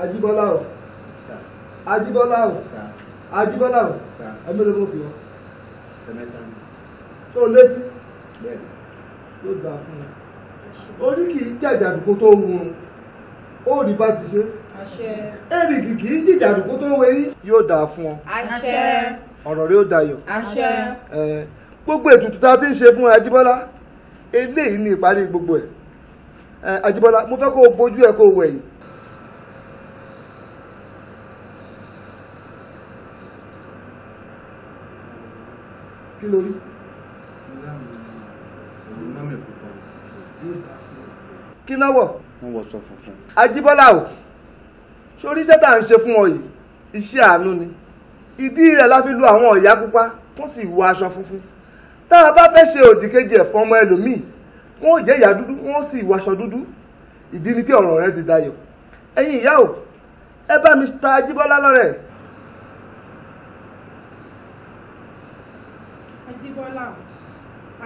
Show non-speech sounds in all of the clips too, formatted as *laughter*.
Ajíbọ́lá o Ajíbọ́lá o Ajíbọ́lá o ẹmẹ́rin mo fi wọn. tó létí ló dáa fún mi orí kì í jàjàdùkú tó wù ú ó rí bá ti ṣe èrìgì kì í jìjàdùkú tó wẹ̀ yín yóò dáa fún ọ ọ̀rọ̀ rẹ ó dayọ̀ gbogbo ètùtù tá a ti ń ṣe fún Ajíbọ́lá eléyìí ni ìparí gbogbo ẹ̀ Ajíbọ́lá mo fẹ́ kó o bójú ẹ kó o wẹ̀yìn. kí ló rí. kí lọ́wọ́. wọ́n wọ sọ funfun. Ajíbọ́lá o sórí iṣẹ́ tá à ń ṣe fún ọ yìí iṣẹ́ àánú ni ìdí rẹ̀ la fi lu àwọn ọ̀yà pupa tó sì wọ aṣọ funfun tá a bá fẹ́ ṣe òdì kejì ẹ̀fọn ọmọ ẹlòmíì wọn ò jẹ́ ìyá dúdú wọn ò sì wọ aṣọ dúdú ìdí ni pé ọ̀rọ̀ rẹ ti dayọ̀ ẹ̀yin ìyá o ẹ bá Mr. Ajíbọ́lá lọ́rẹ̀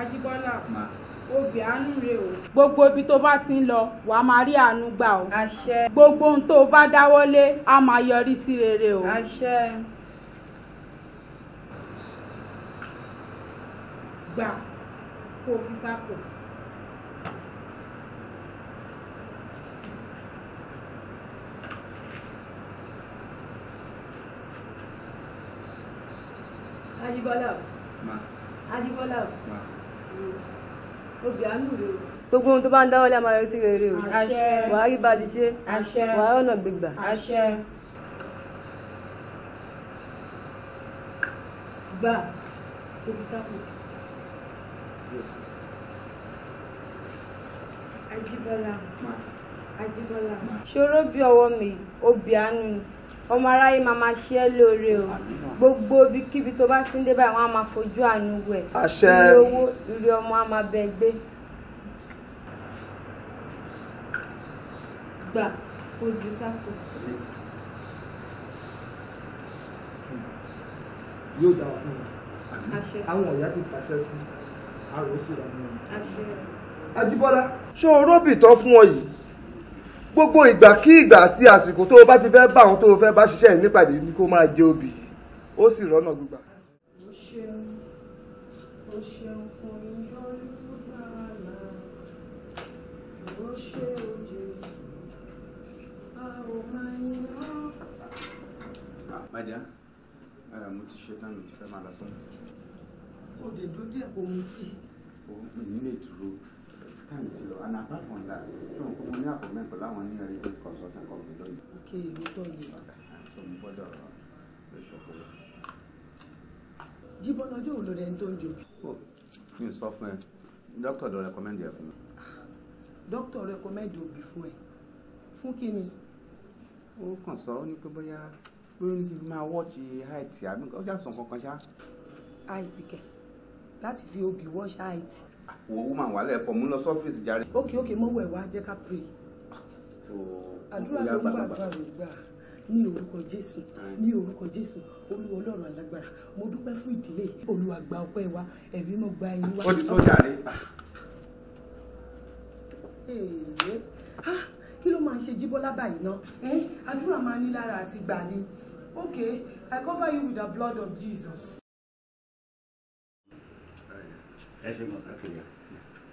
àjíbọ́lá obì àánú rè o. gbogbo ibi tó bá ti ń lọ wàá máa rí àánú gbà o. àṣẹ. gbogbo ohun tó bá dáwọ́lé á máa yọrí sí rere o. àṣẹ. gbà kó o fi sápò. Adibola. Ma. Adibola. Ma gbogbo ohun tó bá ń dáwọ́ lé amáyọ sí rere o wàá rí bá a ti ṣe wàá rọ̀nà gbégbà. gbà tó fi sápò. Ajíbọ́lá Ajíbọ́lá. ṣòro bí ọwọ́ mi obì àánú ni ọmọ aráyé máa máa ṣe é lóore o gbogbo ibikíbi tó bá ti ń dé báyìí wọn á máa fojú àánú wẹ̀ ìrì owó ìrì ọmọ á máa bẹ gbé. gbà ojú sáfù. yóò dá wa fún wa àwọn ọ̀yá ti fàṣẹ sí àròsí ìlànà wọn. Ajíbọ́lá. ṣé o róbì tán fún ọ yìí gbogbo ìgbà kí ìgbà àti àsìkò tó o bá ti fẹ́ bá àwọn tó o fẹ́ bá ṣiṣẹ́ nípàdé ní kó máa jẹ obì ó sì rọ́nà gbígbà. a ò máa yín ọ́. bàjá ah, eh, mo ti ṣetán mo ti fẹ́ máa lọ sọ́dọ̀ sí i. o lè dúró díẹ̀ kó mu tíì. o lè dúró time ti lọ and apart from that ṣé òun fún mi ní appointment pẹ̀lú àwọn ní heritage consultant company lónìí. ok gbogbo mi. so mo gbọ́dọ̀ lè ṣọ̀kọ̀ lọ. jíbọ́ lọ́jọ́ òun ló rẹ̀ ń tó ń jò. ó oh, mi ò sọ fún ẹ dókítà ló rẹkọmẹ́ndì ẹ fún mi. dókítà rẹkọmẹ́ndì òbí fún ẹ fún kí ni. ó kàn sọ ó ní pé bóyá bóyá ní kí n máa wọ́ọ̀tì height àbí nǹkan ó jà sọ nǹkan kan ṣá. height kẹ̀ láti fi obì wọ́ọ̀ṣì height wo woman wàhálà ẹ̀kọ́ mú lọ sọ́fíìsì járe. okay okay mọ́wọ́ ẹ̀ wa jẹ́ ká pray. àdúrà tó gbà àdúrà rẹ̀ gbà ní orúkọ jésù ní orúkọ jésù olúwa ọlọ́run alágbára mo dúpẹ́ fún ìdílé olúwa gba ọpẹ́ wa ẹ̀mí mọ́ gba ẹyin wa. ó ti tó jàre. Ah, kí ló máa ń ṣe jíbọ́lá báyìí ná àdúrà máa ni okay i cover you with the blood of jesus. Ese es nuestro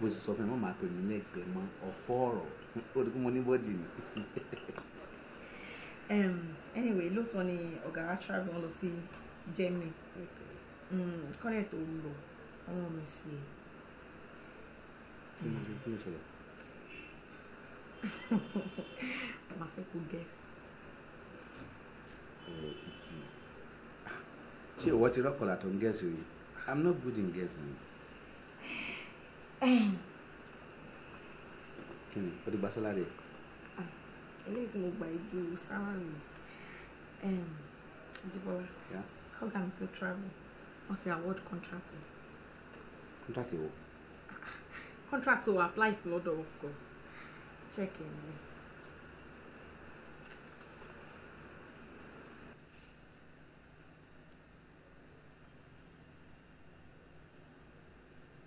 mo sì sọ fún ẹ mọ́ màá pè mí lẹ́gbẹ̀ẹ́ mọ́ ọ̀fọ́ ọ̀rọ̀ ó *laughs* di pé mo ní bọ́dì ni. *laughs* anyway lóòótọ́ ni ọ̀gá travel lọ sí Germany mm, kọ́lẹ̀ tó ń lọ ọmọ mi sí i. kí ni ojú tó ń ṣẹlẹ̀. *laughs* màá fẹ́ kó gẹ́sì. ọ̀rọ̀ títí ṣé ìwọ ti rọ́kọ̀lá tó ń gẹ́sì rí I'm not good in guessing kí ni o ti gba sálárì ẹ. eléyìí tí mo gbà ju sálárì mi Jíbọ́lá ọ̀gá travel wọ́n ṣe award contract. contract wo. contract wo apply for lọ́dọ̀ of course check in.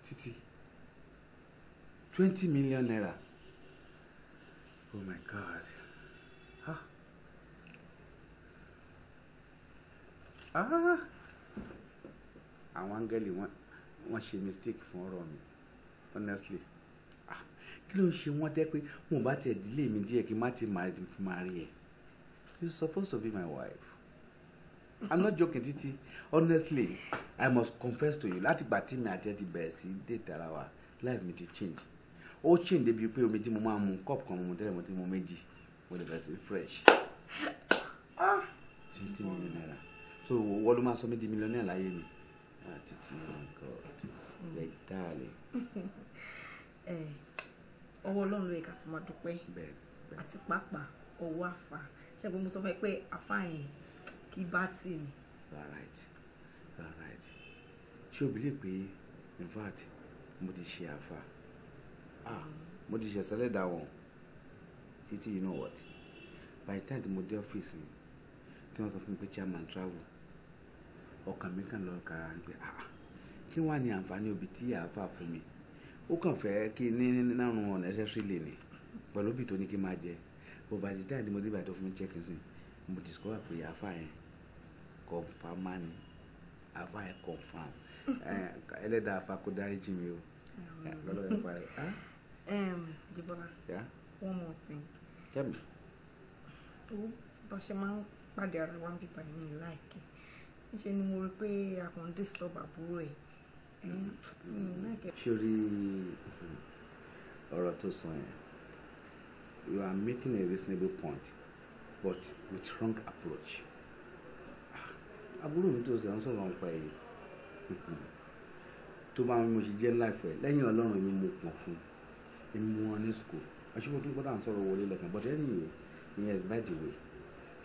títí twenty million naira oh my god ah ah àwọn áńgẹ́lì wọn wọ́n ṣe mistake fún ọ̀rọ̀ mi honestly ah kí ló ń ṣe wọ́n tẹ́ pé wọn ò bá tiẹ̀ dílé mi díẹ̀ kí n má ti máa rí ẹ̀ you supposed to be my wife i'm not joking titi honestly i must confess to you láti gbà tí mi àti ẹ ti bẹ̀rẹ̀ sí date ara wa life mi ti change ó ṣì ń pé omi tí mo máa mu cup kan mo tẹ́lẹ̀ mo ti mu méjì mo lè bẹ̀rẹ̀ sí fresh ah, twenty million naira so wọ́n ló máa sọ mí di mílíọ̀nù láyé mi títí ọ̀gá ìdáàlẹ̀. ọwọ́ ọlọ́run ló yẹ máa dúpẹ́ àti pàápàá ọwọ́ àfà ṣe pé mo sọ fún ẹ pé àfà yẹn kì í bá tì mí. ṣé o bìlẹ̀ pé in fact mo ti ṣe àfà ah mo ti ṣẹ̀ṣẹ̀ lẹ́dà wọn títí you know what by the time tí mo dé ọ́fíìsì ni tí wọ́n sọ fún mi pé chairman travel ọkàn mi kàn lọ kàrà ń pé ah, ah kí wàá ní àǹfààní òbí tí àáfà fún mi ó kàn fẹ́ kí ní nínú ọ̀nà ẹsẹ̀ sí lè ní pẹ̀lú òbí tó ní kí máa jẹ bó by the time tí mo dé ìbàdàn fún mi check-in sí mo discover pé àáfà yẹn confam mani àáfà yẹn confam ẹlẹ́dàá àáfà kó dáríjì mi o lọ́lọ́ yẹn fa ẹ̀ ah. Um, Jibola. Yeah. One more thing. Tell me. Owó bá ṣe máa ń pàdé ara wa ń bíbá ẹ̀mí láìkẹ́. Níṣẹ́ ni mo rí pé a kàn ń disturb àbúrò ẹ̀. Sori ọ̀rọ̀ tó sọ yẹn, you are making a reasonable point but with wrong approach. Ah, àbúrò mi tó sọ ń sọ̀rọ̀ nípa ẹ̀yìn *laughs* tó máa ń mo ṣe jẹ́ láìfẹ́ lẹ́yìn Ọlọ́run mi mo pọ̀ fún èmi mú wọn ní school aṣọ́wó tó gbọ́dọ̀ à ń sọ̀rọ̀ wọlé lẹ́kàn but anyway yes by the way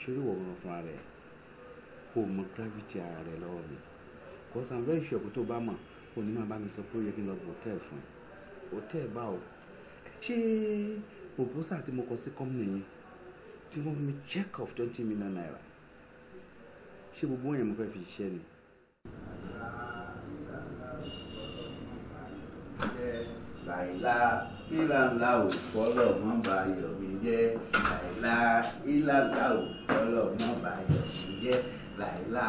ṣeré wọ̀ gan fúnra rẹ̀ kò mọ gravity ara rẹ̀ lọ́wọ́ mi because i'm very sure pé tó bá mọ̀ kò ní máa bá mi sọ pé ó yẹ kí n lọ bọ̀ hotel fún ẹ hotel báwo ṣé proposal tí mo kọ sí company yẹn tí wọ́n fi mi check off twenty million naira ṣé gbogbo yẹn mo fẹ́ fi ṣiṣẹ́ ni láìlá ìlàlá ò kọ́lọ̀ mọ́ bá yọ̀ mí jẹ́ láìlá ìlàlá ò kọ́lọ̀ mọ́ bá yọ̀ mí jẹ́ láìlá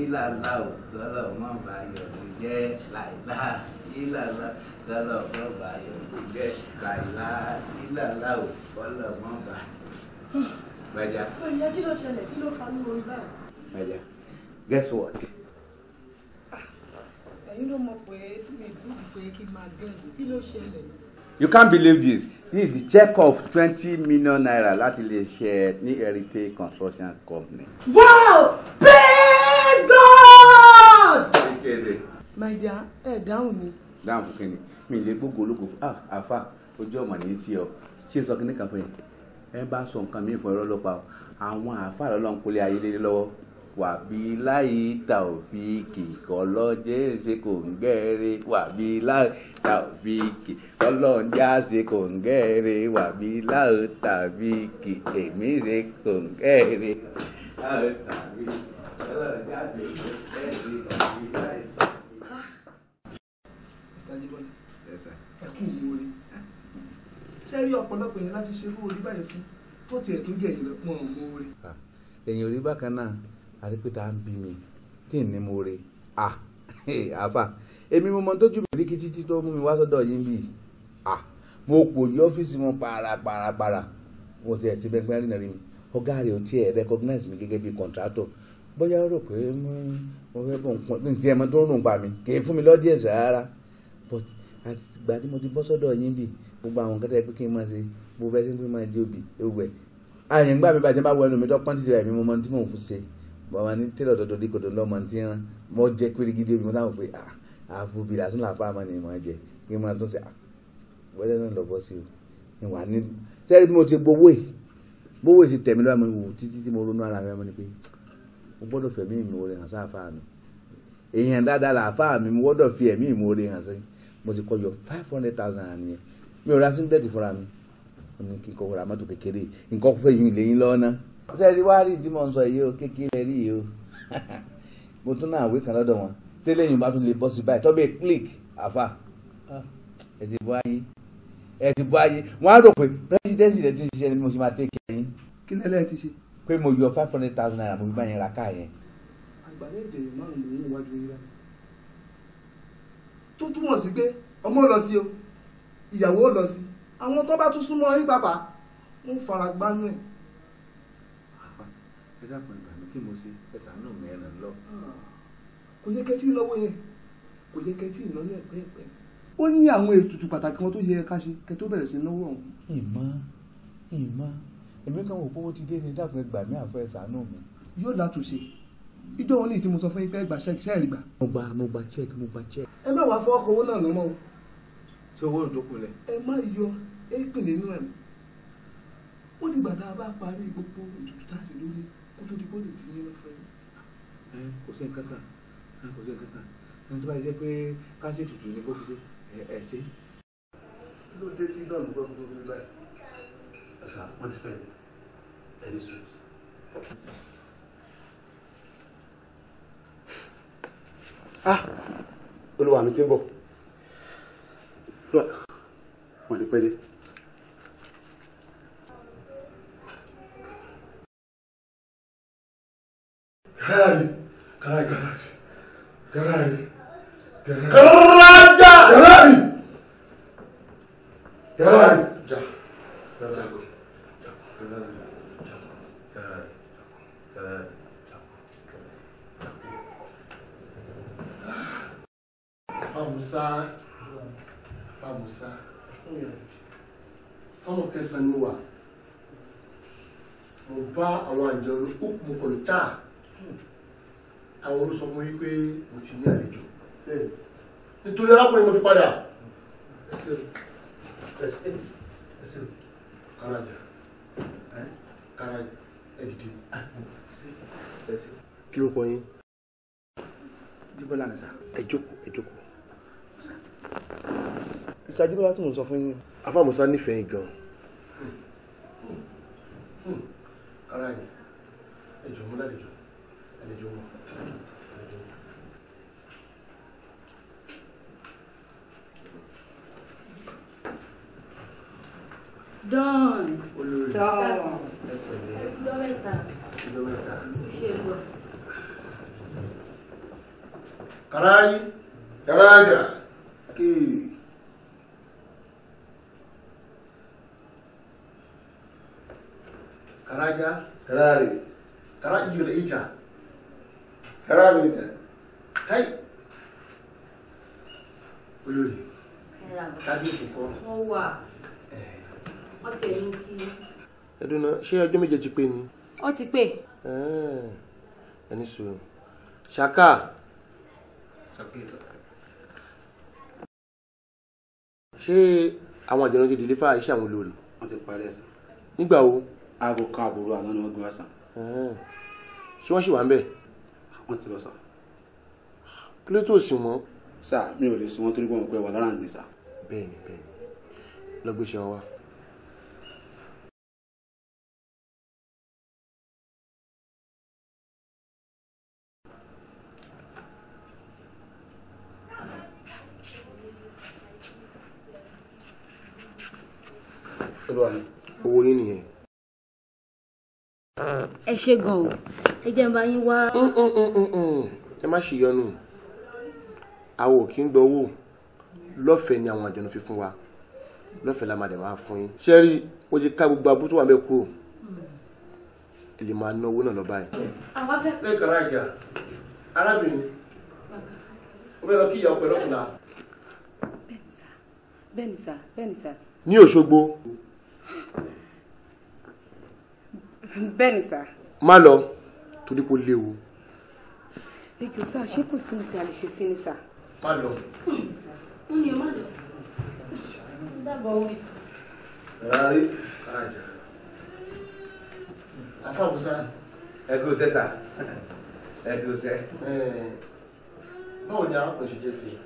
ìlàlá ò kọ́lọ̀ mọ́ bá yọ̀ mí jẹ́ láìlá ìlàlá kọ́lọ̀ mọ́ bá yọ̀ mí jẹ́ láìlá ìlàlá ò kọ́lọ̀ mọ́ bá. Bàjá. Bàjá kí ló ṣẹlẹ̀ kí ló fa nínú orí báyìí? guess what? you can't believe this this the check of twenty million naira láti lè ṣe ní heritage construction company. wow praise god. my dear ẹ dáhùn mi. dáhùn fún kínní mi lè gbógo ológo fún ah àfa ojú ọmọ ní tí ọ ṣé n sọ kínní kan fún yẹn ẹ bá sọ nǹkan mi fún ẹrọ lọpa àwọn àfa lọlọrun kò lè ayé lé lọ́wọ́ wàbíláyì tàòfíìkì kọlọ́jẹ́ ṣe kò ń gẹ́rẹ́ wàbíláyì tàòfíìkì kọlọ́jẹ́ ṣe kò ń gẹ́rẹ́ wàbíláyì tàòfíìkì èmi ṣe kò ń gẹ́rẹ́ ẹkún mi orí ṣé rí ọ̀pọ̀lọpọ̀ yẹn láti ṣerú orí báyìí fún tó tiẹ̀ tún jẹ̀yìn lọ́pọ̀ ọ̀mọ́ orí. Ah, ẹ̀yìn orí bákan náà àrípẹ́tà ń bí mi tí ì ní mo re à àfà èmi mo mọ tójú mi rí kí títí tó mú mi wá sọ́dọ̀ yín bì à mo pò ní ọ́fíìsì wọn parapara wọn ti ẹ̀ ti bẹ́ẹ̀ gbẹ́rin rí mi ọ̀gá rẹ̀ ò tiẹ̀ recognize mi gẹ́gẹ́ bí contractor bóyá ó rò pé mo fẹ́ bọ̀ nǹkan ní ti ẹ̀mọ́ tó ń rùn pa mi kì í fún mi lọ́dí ẹ̀sẹ̀ rárá but àtìgbà tí mo ti bọ́ sọ́dọ̀ yín bì gbogbo àwọn kẹtẹ́ pé kí n máa ṣe gbogbo ẹsẹ̀ pé máa di òbí ewúwẹ̀ àyẹ̀ngbà mi bàjẹ́ bá wọ ẹnu mi dọ́pọ́n títí rẹ̀ mi mo mọ ohun tí mò ń fún ṣe bàbá ní tẹ́lẹ̀ ọ̀dọ́dọ́ díkòdò lọ́mọ tí ń mọ́ jẹ́ pérégidé omi wọn táwọn pé ah, àfubì làásùn làfà máa ní máa jẹ kí n máa tún ṣe wẹ́lẹ́ ah, náà lọ́bọ́ sí o ní wà ní sẹ́yìn bí mo ti gbowó yìí gbowó yìí ti tẹ̀mí lọ́wọ́ mi wò títí tí mo ronú ara mi ọmọ ni pé mo gbọ́dọ̀ fẹ̀mí ìmoore hàn fáà mi èèyàn dáadáa làáfáà mi mo gbọ́dọ̀ fi ẹ̀mí ìmoore hàn sẹ́yìn mo ti kọjọ five hundred thousand naira nìyẹn mi ò ra singlet fúnra mi mo ní kí sẹ́ẹ̀rí wá rí ìdí mọ̀ ń sọ yìí o kékeré rí yìí o *laughs* mo tún náà àwé kan lọ́dọ̀ wọn tẹ́lẹ̀ yìí bá tún lè bọ́ sí báyìí tọ́bẹ̀ click àfà ah. ẹ̀ ti bọ́ ayé ẹ̀ ti bọ́ ayé wọ́n á rò pé presidency rẹ̀ ti ń ṣiṣẹ́ ni mo ṣe máa tẹ́ kí ẹyin. kí lẹ́lẹ́ ti ṣe. pé mo yọ five hundred thousand naira mo fi bá yẹn ra káà yẹn. àgbàdo èdè márùn-ún ní ìwádìí tó túmọ̀ sí pé ọmọ lọ sí o ìyàwó lọ sí àwọn tó bá tún súnmọ́ yín bàbá wọ́n fara gbáyún ẹ dákun ìgbà mi kí mo ṣe ẹ ṣàánú mi ẹ ràn lọ. kò yẹ kẹtí lọ́wọ́ yẹn kò yẹ kẹtí ìnáwó ẹ pẹ́ẹ́pẹ́. ó ní àwọn ètùtù pàtàkì kan tó yẹ ká ṣe kẹ tó bẹ̀rẹ̀ sí náwó ọ̀hún. ìmọ̀ ìmọ̀ èmi kan wò pówó ti dé ni dákun ẹ gbà mí àfọ ẹ ṣàánú mi. yóò látúnṣe ìjọ wọn ní ìtí mo sọ fún yín pé ẹ gbà ṣẹ́ẹ̀kì ṣẹ́ẹ̀rì gbà. mo gba mo gba ṣẹ́ẹ̀kì mo gba ṣẹ́ẹ̀kì. ẹ má wàá fọwọ́ kọwọ́ náà lọ́mọ́ o. ṣé owó ìdókòó lẹ. ẹ má yọ éèpì nínú ẹ̀ ó dìgbà tá a bá parí gbogbo ètùtù tá a ṣe lórí kó tó di kó lè di yín lọ́fẹ́ kò sí nǹkan kan kò sí nǹkan kan ní tó bá jẹ́ pé káṣí tuntun ni kó fi ṣe ẹ̀ ṣe. kí ló dé tí náà gbọ́ gbogbo nígbà yìí ẹ̀sà wọ́n ti fẹ́ẹ̀ ẹni sùn. ah olúwa mi ti ń bọ̀ wọ́n ti pẹ́ dé. Gerari, gerari, gerari, gerari, keraja, gerari, gerari, jah, gerari, Famusa, famusa, sọnù kẹsàn-án wa, mo bá àwọn àwọn olóṣọ mú wípé mo ti ní àlejò nítorí arákùnrin mo fi padà kárajà kárajà ẹ̀dìdì kí ló kọ yín. jíbọ́lá nìsa. ẹ jókòó ẹ jókòó. ìsà jíbọ́lá tí mò ń sọ fún yín. afáàmùsá nífẹ̀ẹ́ yín gan-an. Hmm. Hmm. Hmm. kárajà ẹ jọ̀ọ́ Hari Jumat. Hari Jumat. Don. Don. Dove sta? Dove sta? Scelgo. Caragi? Caragia. Chi? Karaja? Karari. arábìnrin tẹ káyì olórí kábíyèsí kọ. wọ́n wà wọ́n ti ẹ̀mí kí. ẹdùnà ṣé ọjọ́ méje ti pé ni. ó ti pé. ẹni sùúrù ṣáká. ṣé àwọn àjọyọ̀ ti dìlé fáà iṣẹ́ àwọn olórí. wọ́n ti parí ẹ̀sán. nígbà wo. aago kan àbúrò àná ni wọ́n gbé wá sàn. ṣé wọ́n ṣì wà ń bẹ̀ wọ́n ti lọ sọ. kílẹ̀ tó sùn mọ́. sà mi ò lè sùn wọ́n torí pé wọ́n pẹ́ wà lára àgbè sà. bẹ́ẹ̀ni bẹ́ẹ̀ni lọgbẹsẹ wa. owó yín nìyẹn. ẹ ṣe gan o ẹ jẹ́ n bá yín wá. Mm, mm, mm, ẹ má ṣe yọnu àwọn ò kí ń gbowó lọ́fẹ̀ẹ́ ni àwọn àjọ̀nù fi fún wa lọ́fẹ̀ẹ́ la máa dẹ̀ máa fún yín. sẹ́rí ó ti ká gbogbo abúlé tó wà bẹ́ẹ̀ kúrò ẹ lè máa náwó náà lọ báyìí. àwa fẹ́. ẹ kàrà ìjà arábìnrin ó fẹ́ lọ kí ìyá ọkọ ẹ lọ́kùnrin náà. bẹ́ẹ̀ni sá bẹ́ẹ̀ni sá bẹ́ẹ̀ni sá. ní Òṣogbo. bẹ́ẹ̀ni sá. má lọ torí kò léwu. ejò sá ṣé kò sí ohun tí a lè ṣe sí ni sá. má lọ. wọ́n ní ẹ má lọ. dábọ̀ orí. rárí rájà afáàbùsá. ẹ kú sẹ́sà ẹ kú sẹ́. báwo ni arákùnrin ṣe jẹ́ sí i.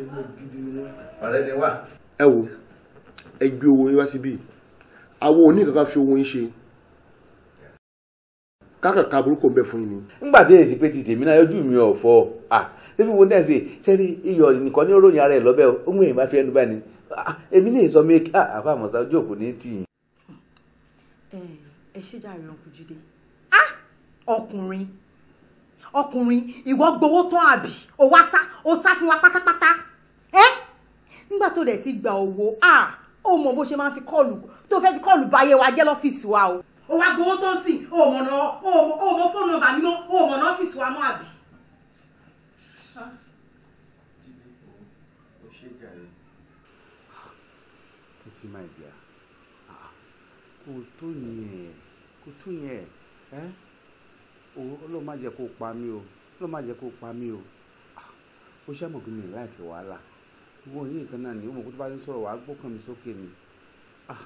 ẹgbẹ́ gidi ni wọ́n. ọ̀rẹ́ ni wà. ẹ wo ẹgbẹ́ owó yín wá síbí àwọn oníkankan fi owó yín ṣe. kákà ká burúkú ń bẹ fún yín ni. ńgbà tí èsì pé ti tèmi náà yọjú mi ò fọ à ṣébi wo náà ṣe ṣẹ́ni iyọ̀ nìkan ní ròyìn ara ẹ̀ lọ́bẹ̀ ó mú èèyàn bá fi ẹnu bá ni èmi ní ìsọ mi àfa àmọ̀sá ojú òkú ní tì yín. ẹ ṣe jàre ọkùnrin jíde ọkùnrin ọkùnrin ìwọ gbowó tán àbí ó wá sá ó sá fún wa pátápátá ẹ nígbà tó dẹ̀ ti gba owó ó mọ bó ṣe máa fi kọ́ọ̀lù tó fẹ́ fi kọ́ọ̀lù báyé wa jẹ́ lọ́fíìsì wa o o wá gbowó tó ń sìn o ò mọ̀ náà o ò mọ̀ fóònù nọ́mbà mi mọ́ o ò mọ̀ náà ọ́fíìsì wa mọ́ àbí. títí máa jẹ kò tó yẹn kò tó yẹn ẹ ọlọ́run má jẹ́ kó pa mí o ọlọ́run má jẹ́ kó pa mí o ah, ó ṣàmọ̀ pé mi láìpẹ́ wàhálà gbogbo yìí kan náà ni ó mọ̀ kó tó bá ń sọ̀rọ̀ wàá gbọ́kàn mi sókè ni. Ah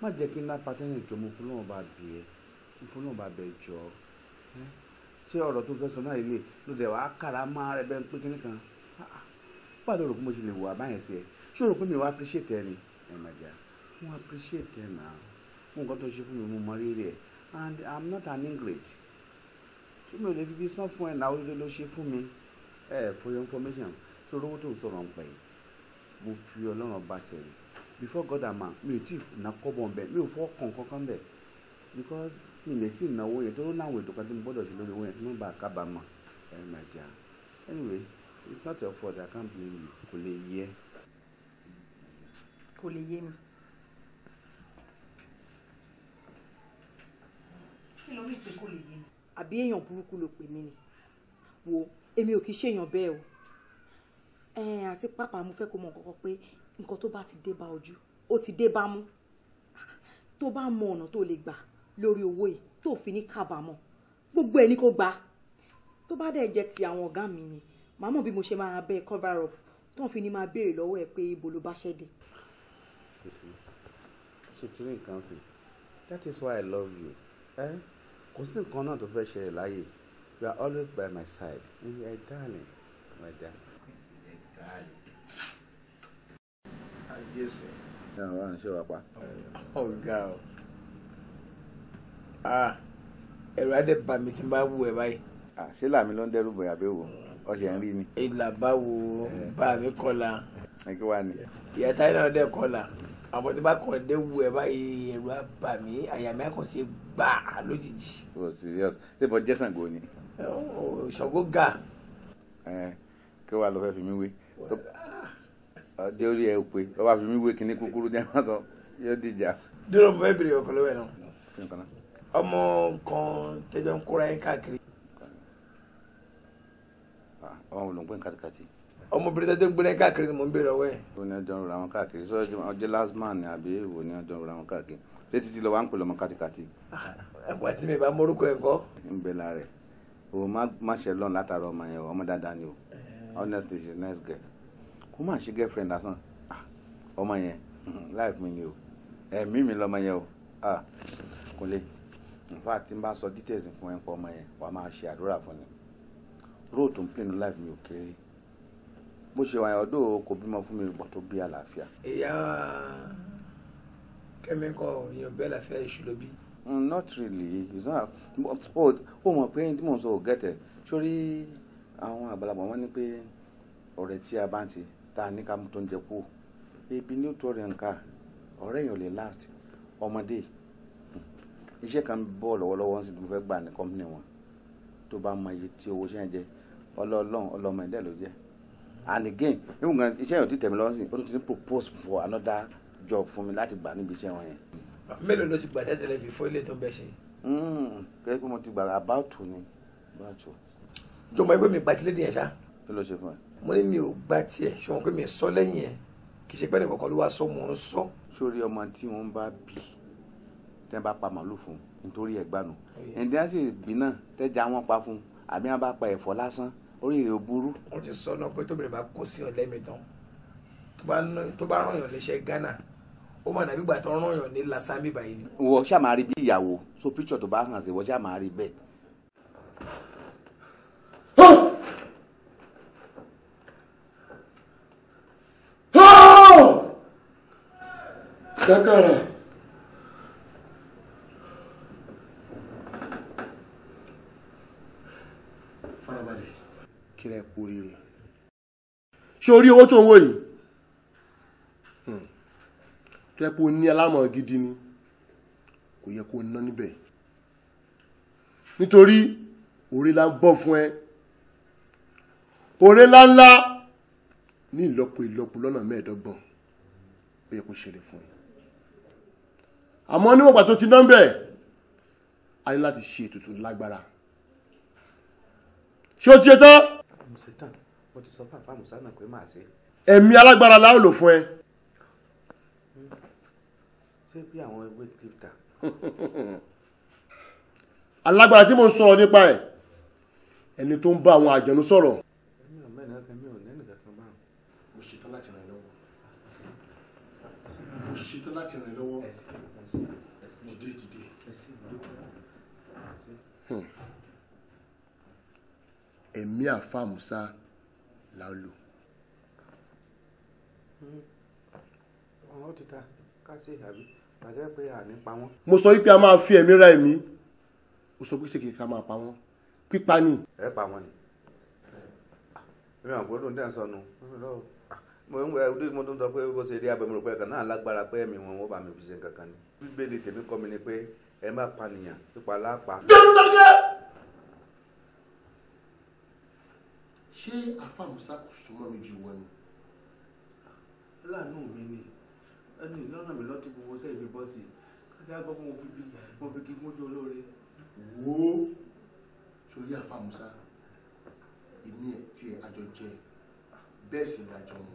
má jẹ́ kí n lápá tẹ́yìn jọ mo fún lọ́wọ́ bá bì ẹ́ mo fún lọ́wọ́ bá bẹ̀ jọ ẹ́ ṣé ọ̀rọ̀ tó fẹ́ sọ náà ilé ló dẹ̀ wá kára máa rẹ bẹ́ẹ̀ pé kíní kan pàdé rò pé mo ṣe lè wà báyẹn sí ẹ ṣé o rò pé mi wá appreciate ẹ ni ẹ má jà mo appreciate ẹ náà mo nǹkan tó ṣe fún mi mo mọ rírì ẹ and i'm not an ingrate ṣé mi ò lè fi bí sán fún ẹ náà oríire ló ṣe fún mi ẹ for your information ṣé olówó tó ń sọ̀rọ̀ ń pẹ̀ yìí mo fi ọlọ́run bá ṣe before God and man mi ò tí ì ná kọ́bọ̀ bẹ́ẹ̀ mi ò fọ́ kàn kankan bẹ́ẹ̀ because mi ò lè tí ì náwó yẹn tó láwọn ètò kan tí mo gbọ́dọ̀ ṣe lórí owó yẹn tí mo bá kábàámọ̀ ẹ̀ máa jà anyway it's not your fault I can't blame you kò lè yẹ. kò lè yé mi. kí ló ní pé kò lè yé mi. àbí èèyàn burúkú ló pè mí ni wo èmi ò kì í ṣèèyàn bẹ́ẹ̀ o àti pápá mo fẹ́ kó mọ̀ kọ́kọ́ pé nǹkan tó bá ti dé bá ojú ó ti dé bá mú tó bá mọ ọ̀nà tó lè gbà lórí owó yìí tó fi ní kábàámọ̀ gbogbo ẹ̀ ní kó gbà tó bá dẹ̀ jẹ́ ti àwọn ọ̀gá mi ni màá bí mo ṣe máa bẹ́ẹ̀ cover up tó ń fi ní máa béèrè lọ́wọ́ ẹ̀ pé ibo ló bá ṣẹ́ dé. kò ṣe tí rí nǹkan sí that is why i love you eh? kò sí nǹkan náà tó fẹ́ ṣẹlẹ̀ láyè you are always by my side my darling my darling. My darling àwọn àṣẹ wa pa. ọ̀gá o ẹ̀rọ adé bá mi ti bá wù ẹ̀ báyìí. ṣé làmì ló ń dẹ́rù bọ̀yà bẹ́ẹ̀ wò ọ̀sẹ̀ ń rí ni. ìlà báwo bá mi kọ́la. ẹ kí wàá ni. ìyá táyé náà dẹ́ kọ́la àwọn tí bá kàn dé wù ẹ báyìí ẹ̀rù abà mí àyà mi kàn ṣe gbà lójijì. o serious ṣé bọ́ jẹ́sàn gò ni. ṣọ̀gbọ́n ga. ẹ kí wàá lọ fẹ́ fi de orí ẹ pé ọba fi mí wé kinní kúkúrú ní ẹ̀ma tán yóò dìjà. dúró mo fẹ́ bèrè ọkọ̀ lọ́wọ́ ẹ̀ náà ọmọ kan tẹjọ ń kóra yín káàkiri. ọmọ ló ń pè ń kàtìkàtì. ọmọbìnrin tẹjọ ń gbé yín káàkiri ni mò ń bèrè ọwọ́ ẹ̀. ìwọ ni ọjọ́ ń ra wọn káàkiri sọ ọjọ́ last man ni àbí ìwọ ni ọjọ́ ń ra wọn káàkiri ṣé títí lọ wá ń pè lọ́mọ kàtìkàtì. Ah, ẹ̀pọ̀ àti mi ìbá morúkọ ẹ̀ kọ́. ń bẹ lára ẹ̀ o má ṣe lọ́n látara ọmọ yẹn ọmọ dáadáa ni o eh. honestly she is nice girl kó má ṣe girlfriend lásán ah, ọmọ yẹn life mi ni o ẹ̀mí mi lọ́mọ yẹn o ah, kò lè in fact n bá sọ details fún ẹ ń ọmọ yẹn wàá máa ṣe àdúrà fún ni road tó ń life mi ò kéré bó ṣe wà yẹn ọdọ kò bímọ fún mi bọ̀ tó bí àlàáfíà. ìyá kẹ́míkọ̀ yẹn bẹ́ẹ̀ láfíà iṣu ló bí. Hmm, not really it's not ó oh, mọ̀ pé tí mò ń sọ ò gẹ̀tẹ̀ sórí àwọn àgbàlagbà wọn ni pé ọ̀rẹ́ tí a bá ń ṣe tá a ní ká mú tó ń jẹ kú ebi ní tó rìn ká ọ̀rẹ́ yẹn ò lè last ọmọdé iṣẹ́ kan bọ̀ lọ́wọ́lọ́wọ́ sí mo fẹ́ gbà ní kọ́mpìnì wọn tó bá mọ iye tí owó ṣẹ́yìn jẹ ọlọ́ọ̀lọ́ọ̀ ọlọ́mọ ẹ̀dẹ́ ló jẹ́ and again even gan iṣẹ́ yẹn ò ti tẹ̀mí lọ́wọ́ sí ó tún ti propose for another job fún mi láti gbà níbi iṣẹ́ wọn yẹn. mélòó ló ti gbà tẹ́tẹ̀lẹ́ bí fún ilé tó ń bẹ ṣe. Hmm, kẹ́kẹ́ pé mo ti gbà about two ni about two. jọmọ ẹgbẹ́ mi gbàtílé dìyẹn ṣá. kí ló ṣe fún ẹ mo ní mi ò gba tiẹ̀ ṣé wọn pé mi sọ lẹ́yìn ẹ̀ kì í ṣe pé ní kọ̀ọ̀kan ló wá sọ mò ń sọ. sórí ọmọ tí wọn bá bí tẹ́ bá pa màálù fún nítorí ẹ̀gbánu ẹ̀ǹdí á sì bí náà tẹ́jà wọn pa fún àbí wọn bá pa ẹ̀fọ́ lásán orí rẹ̀ ò burú. wọ́n ti sọ náà pé tóbìnrin bá kó sí ọ̀lẹ́mi tán tó bá ràn yàn níṣẹ́ Ghana ó mà dàbí ìgbà tó ràn yàn ní lasami báyìí. wọ́n ṣàmárì bí ìyàwó so picture tó bá hàn sí wọ́n ṣàmárì bẹ́ẹ̀ kàkàrà farabalẹ̀ kíra ẹ̀kú rere ṣe orí owó tó ń wò yìí hmm. tó yẹ kó ní alámọ̀ gidi ni kò yẹ kó ná níbẹ̀ nítorí orí la ń bọ̀ fún ẹ orí ńláńlá ní ìlọ́po ìlọ́po lọ́nà mẹ́ẹ̀ẹ́dọ́gbọ̀n ó yẹ kó ṣẹlẹ̀ fún ẹ àmọ́ níwọ̀n pàtó ti nọ́mbẹ̀ a ní láti ṣe ètùtù lágbára ṣé o ti ṣe tán. ẹ̀mí alágbára la ó lò fún ẹ. ṣé bí àwọn ẹgbẹ́ kírípítà. *laughs* alágbára tí mo ń sọ̀rọ̀ nípa ẹ̀ ẹni tó ń bá àwọn àjẹnú sọ̀rọ̀. ẹ̀mí ò mẹ́rin kan mi ò lẹ́nu kankan bá wọn. mo ṣetán láti ràn ẹ́ mo ṣetán láti ràn ẹ́ lọ́wọ́ dìde dìde. Hmm. ẹ̀mí àfa Musa la lò. Hmm. mo sọ wípé a máa fi ẹ̀mí ra ẹ̀mí o sọ pé ṣe kìí ká máa pa wọ́n pípa ni. ẹ pa wọn ni ìrìn àgbọ̀dún dẹ́n sọnù mo ń wẹ ọdún mo tún sọ pé bó ṣe rí abẹ́mi rò pé ẹ̀kan náà lágbára pé ẹ̀mí wọn wọ́n bá mi fi ṣe kankan ni bíbélì tèmi kọ́ mi ni pé ẹ má pànìyàn pípa lápá. jẹ́nu dáríkẹ́. ṣé àfàmùsá kò súnmọ́ mi ju wọn ni. láàánú mi ni ẹni lọ́nà mi lọ́ọ́ ti gbogbo sẹ́yìn mi bọ́ sí i kájí àgbọ̀ fún mo fi bí mo fi kí mójú olóore. wo sórí àfàmùsá èmi ẹ̀ tí àjọ jẹ bẹ́ẹ̀ sì ni àjọ mu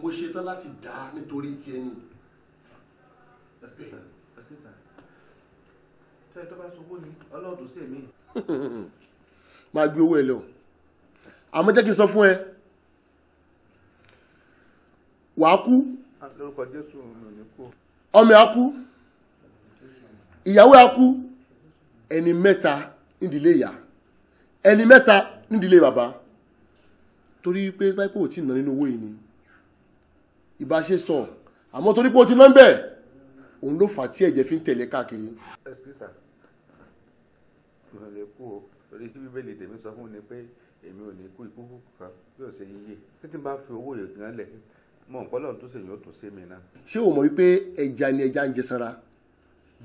mo ṣetán láti dá nítorí tiẹ̀ nìyí tẹ́ ẹ tó bá sọwọ́ ni ọlọ́run tó sèmi. *laughs* máa gbé owó ẹ lọ àmọ́ jẹ́ kí n sọ fún ẹ wàá ah, kú ọmọ á ìyàwó á ẹni mẹ́ta nídìílé ìyá ẹni mẹ́ta nídìílé bàbá torí pé pípò tí ń ná nínú owó yìí ni ìbáṣe sọ àmọ́ torí pé ó ti ná ń bẹ́ẹ̀ òun ló fà á tí ẹ̀jẹ̀ fi ń tẹ̀lé káàkiri. ẹsikísà mo lè kú o orí tí bíbélì tèmi sọ ṣé o mọ̀ wípé ẹja ni ẹja ń jẹ sanra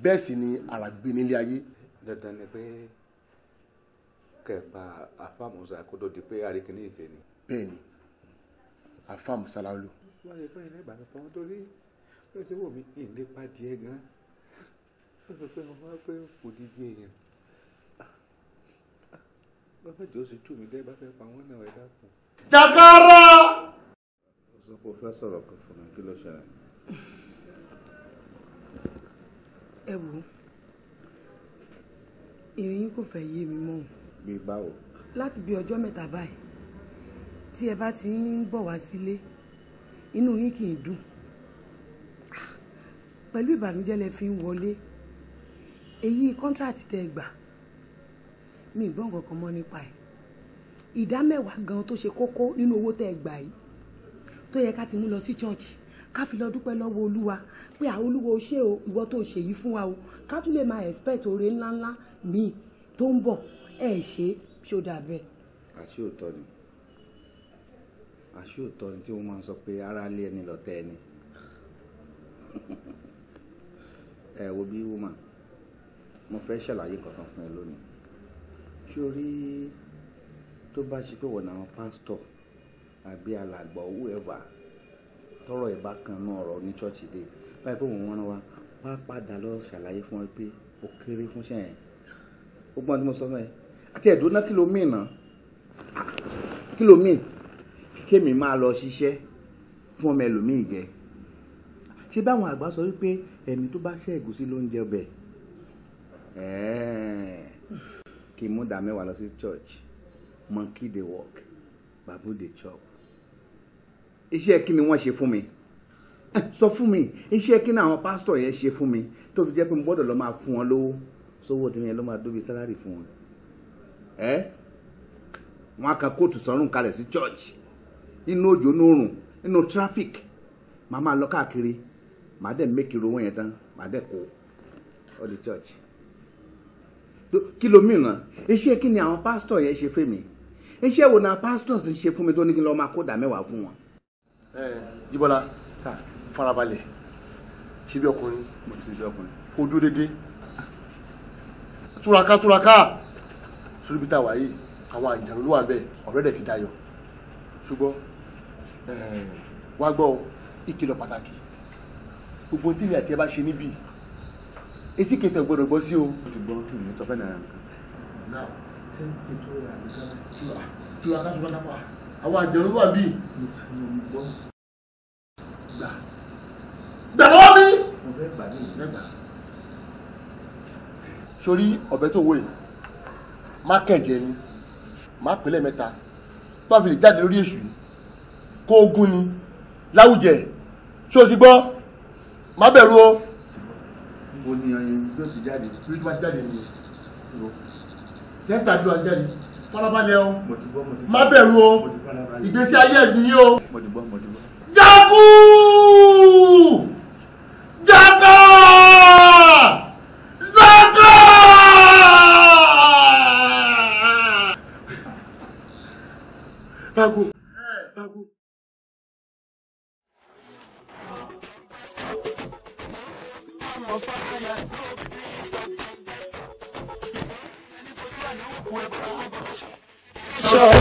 bẹ́ẹ̀ sì ni àràgbé nílé ayé. dandan ni pé kẹpa àfàmùsà kó tó di pé arìkìní ìṣe ni. bẹ́ẹ̀ni àfàmùsà la lò. wọ́n lè pẹ́ ẹ̀ lẹ́gbàá mi fọwọ́ torí ó ti wò mí ìlépa díẹ̀ gan ó sọ pé ọmọ pé kò di di èèyàn bàbá ìjọ sì tù mí dé bá fẹ́ pa wọ́n náà ẹ dákun. jàkárà. ó sọ pé ó fẹ́ sọ̀rọ̀ kan fún mi kí ló ṣẹlẹ̀. ẹ wo ìrìn kò fẹ́ yé mi mọ́. bí báwo. láti bí ọjọ́ mẹ́ta báyìí tí ẹ bá ti ń bọ̀ wá sílé inú yín kì í dùn pẹ̀lú ìbànújẹ́ lẹ fi ń wọlé èyí kọ́ńtrátì tẹ gbà mi ì gbọ́n kankan mọ́ nípa ẹ̀ ìdá mẹ́wàá gan tó ṣe kókó nínú owó tẹ gbà yìí tó yẹ ká ti mú lọ sí chọ́ọ̀chì ká fi lọ dúpẹ́ lọ́wọ́ olúwa pé àwọn olúwa ó o ìwọ tó ṣe yìí fún wa o ká tún lè máa expect oore ńláńlá míì tó ń bọ̀ ẹ̀ ṣe ṣó dà bẹ́ẹ̀. àṣé òótọ́ ni àṣé òótọ́ ni tí wọ́n máa ń sọ pé aráalé ẹni lọ́tẹ̀ ẹni. *laughs* ẹ wo bí woman mo fẹ́ ṣàlàyé kankan fún ẹ lónìí sórí tó bá ṣe pé wọ̀nà àwọn pásítọ̀ àbí alàgbà owó ẹ̀wà tọrọ ìbá kan náà ọ̀rọ̀ ní ṣọ́ọ̀ṣì dé báyìí pé òun wọn wá wá padà lọ ṣàlàyé fún ẹ pé ó kéré fún sẹ́yìn ó gbọ́n tí mo sọ fún ẹ àti ẹ̀dùn náà kí ló mìn náà ah, kí ló mìn kémi máa lọ ṣiṣẹ́ fún ọmọ ẹlòmíì jẹ́ ṣé báwọn àgbà sọ wípé ẹ̀mí tó bá ṣe ẹ̀gúsí ló ń jẹ ọbẹ̀ kí n mú dà mẹ́wàá lọ sí church monkey dey walk babu dey chop iṣẹ́ kí ni wọ́n ṣe fún mi *laughs* sọ fún mi iṣẹ́ kí ni àwọn pásítọ̀ yẹn ṣe fún mi tó fi jẹ́ pé mo gbọ́dọ̀ lọ máa fún wọn lówó sówó tí yẹn ló máa dóbi sálárì fún wọn wọn kan kóòtù sọrùn kalẹ̀ sí church inú òjò inú oòrùn inú traffic màá máa lọ káàkiri màá dẹ̀ mẹ́kì ro wọ́n yẹn tán màá dẹ̀ kó all the church kí ló mìíràn iṣẹ́ kí ni àwọn pásítọ̀ yẹn ṣe fún mi iṣẹ́ wo na pastors ń ṣe fún mi tó ní kí n lọ́ọ́ máa kódà mẹ́wàá fún wọn. ẹ Jíbọ́lá farabalẹ̀ ṣe bí ọkùnrin kó dúró dédé túraká túraká sórí bí táwa yìí àwọn àjànú ló wà bẹ́ẹ̀ ọ̀rẹ́ ti dayọ̀ ṣùgbọ́n wá gbọ́ ìkìlọ̀ pàtàkì gbogbo tí mi àti ẹ bá ṣe níbí etí kẹtẹ gbọ́dọ̀ gbọ́ sí o. o ti gbọ́ kí ni sọ fẹ́ nàá nǹkan. náà ṣé ètò rẹ̀ àbíká tura tura ká ṣùgbọ́n dápọ̀ àwọn àjẹrò wà bíi. gbà gbà lọ́wọ́ mi. mo fẹ́ gbà ní ìlú ẹgbà. sórí ọ̀bẹ tó wò yìí má kẹ̀jẹ ni má pèlè mẹ́ta tó a fi lè jáde lórí èṣù yìí kó o gún ni láwùjẹ ṣé o ti gbọ́ má bẹ̀rù o. mo ní ọyàn yóò ti jáde. yóò ti wá jáde ni sẹ́ńtà dùn àjáde fọlábalẹ̀ o má bẹ̀rù o ìgbésí ayé ẹ̀gbìn yìí o. jákú jákà zákà. báàgò.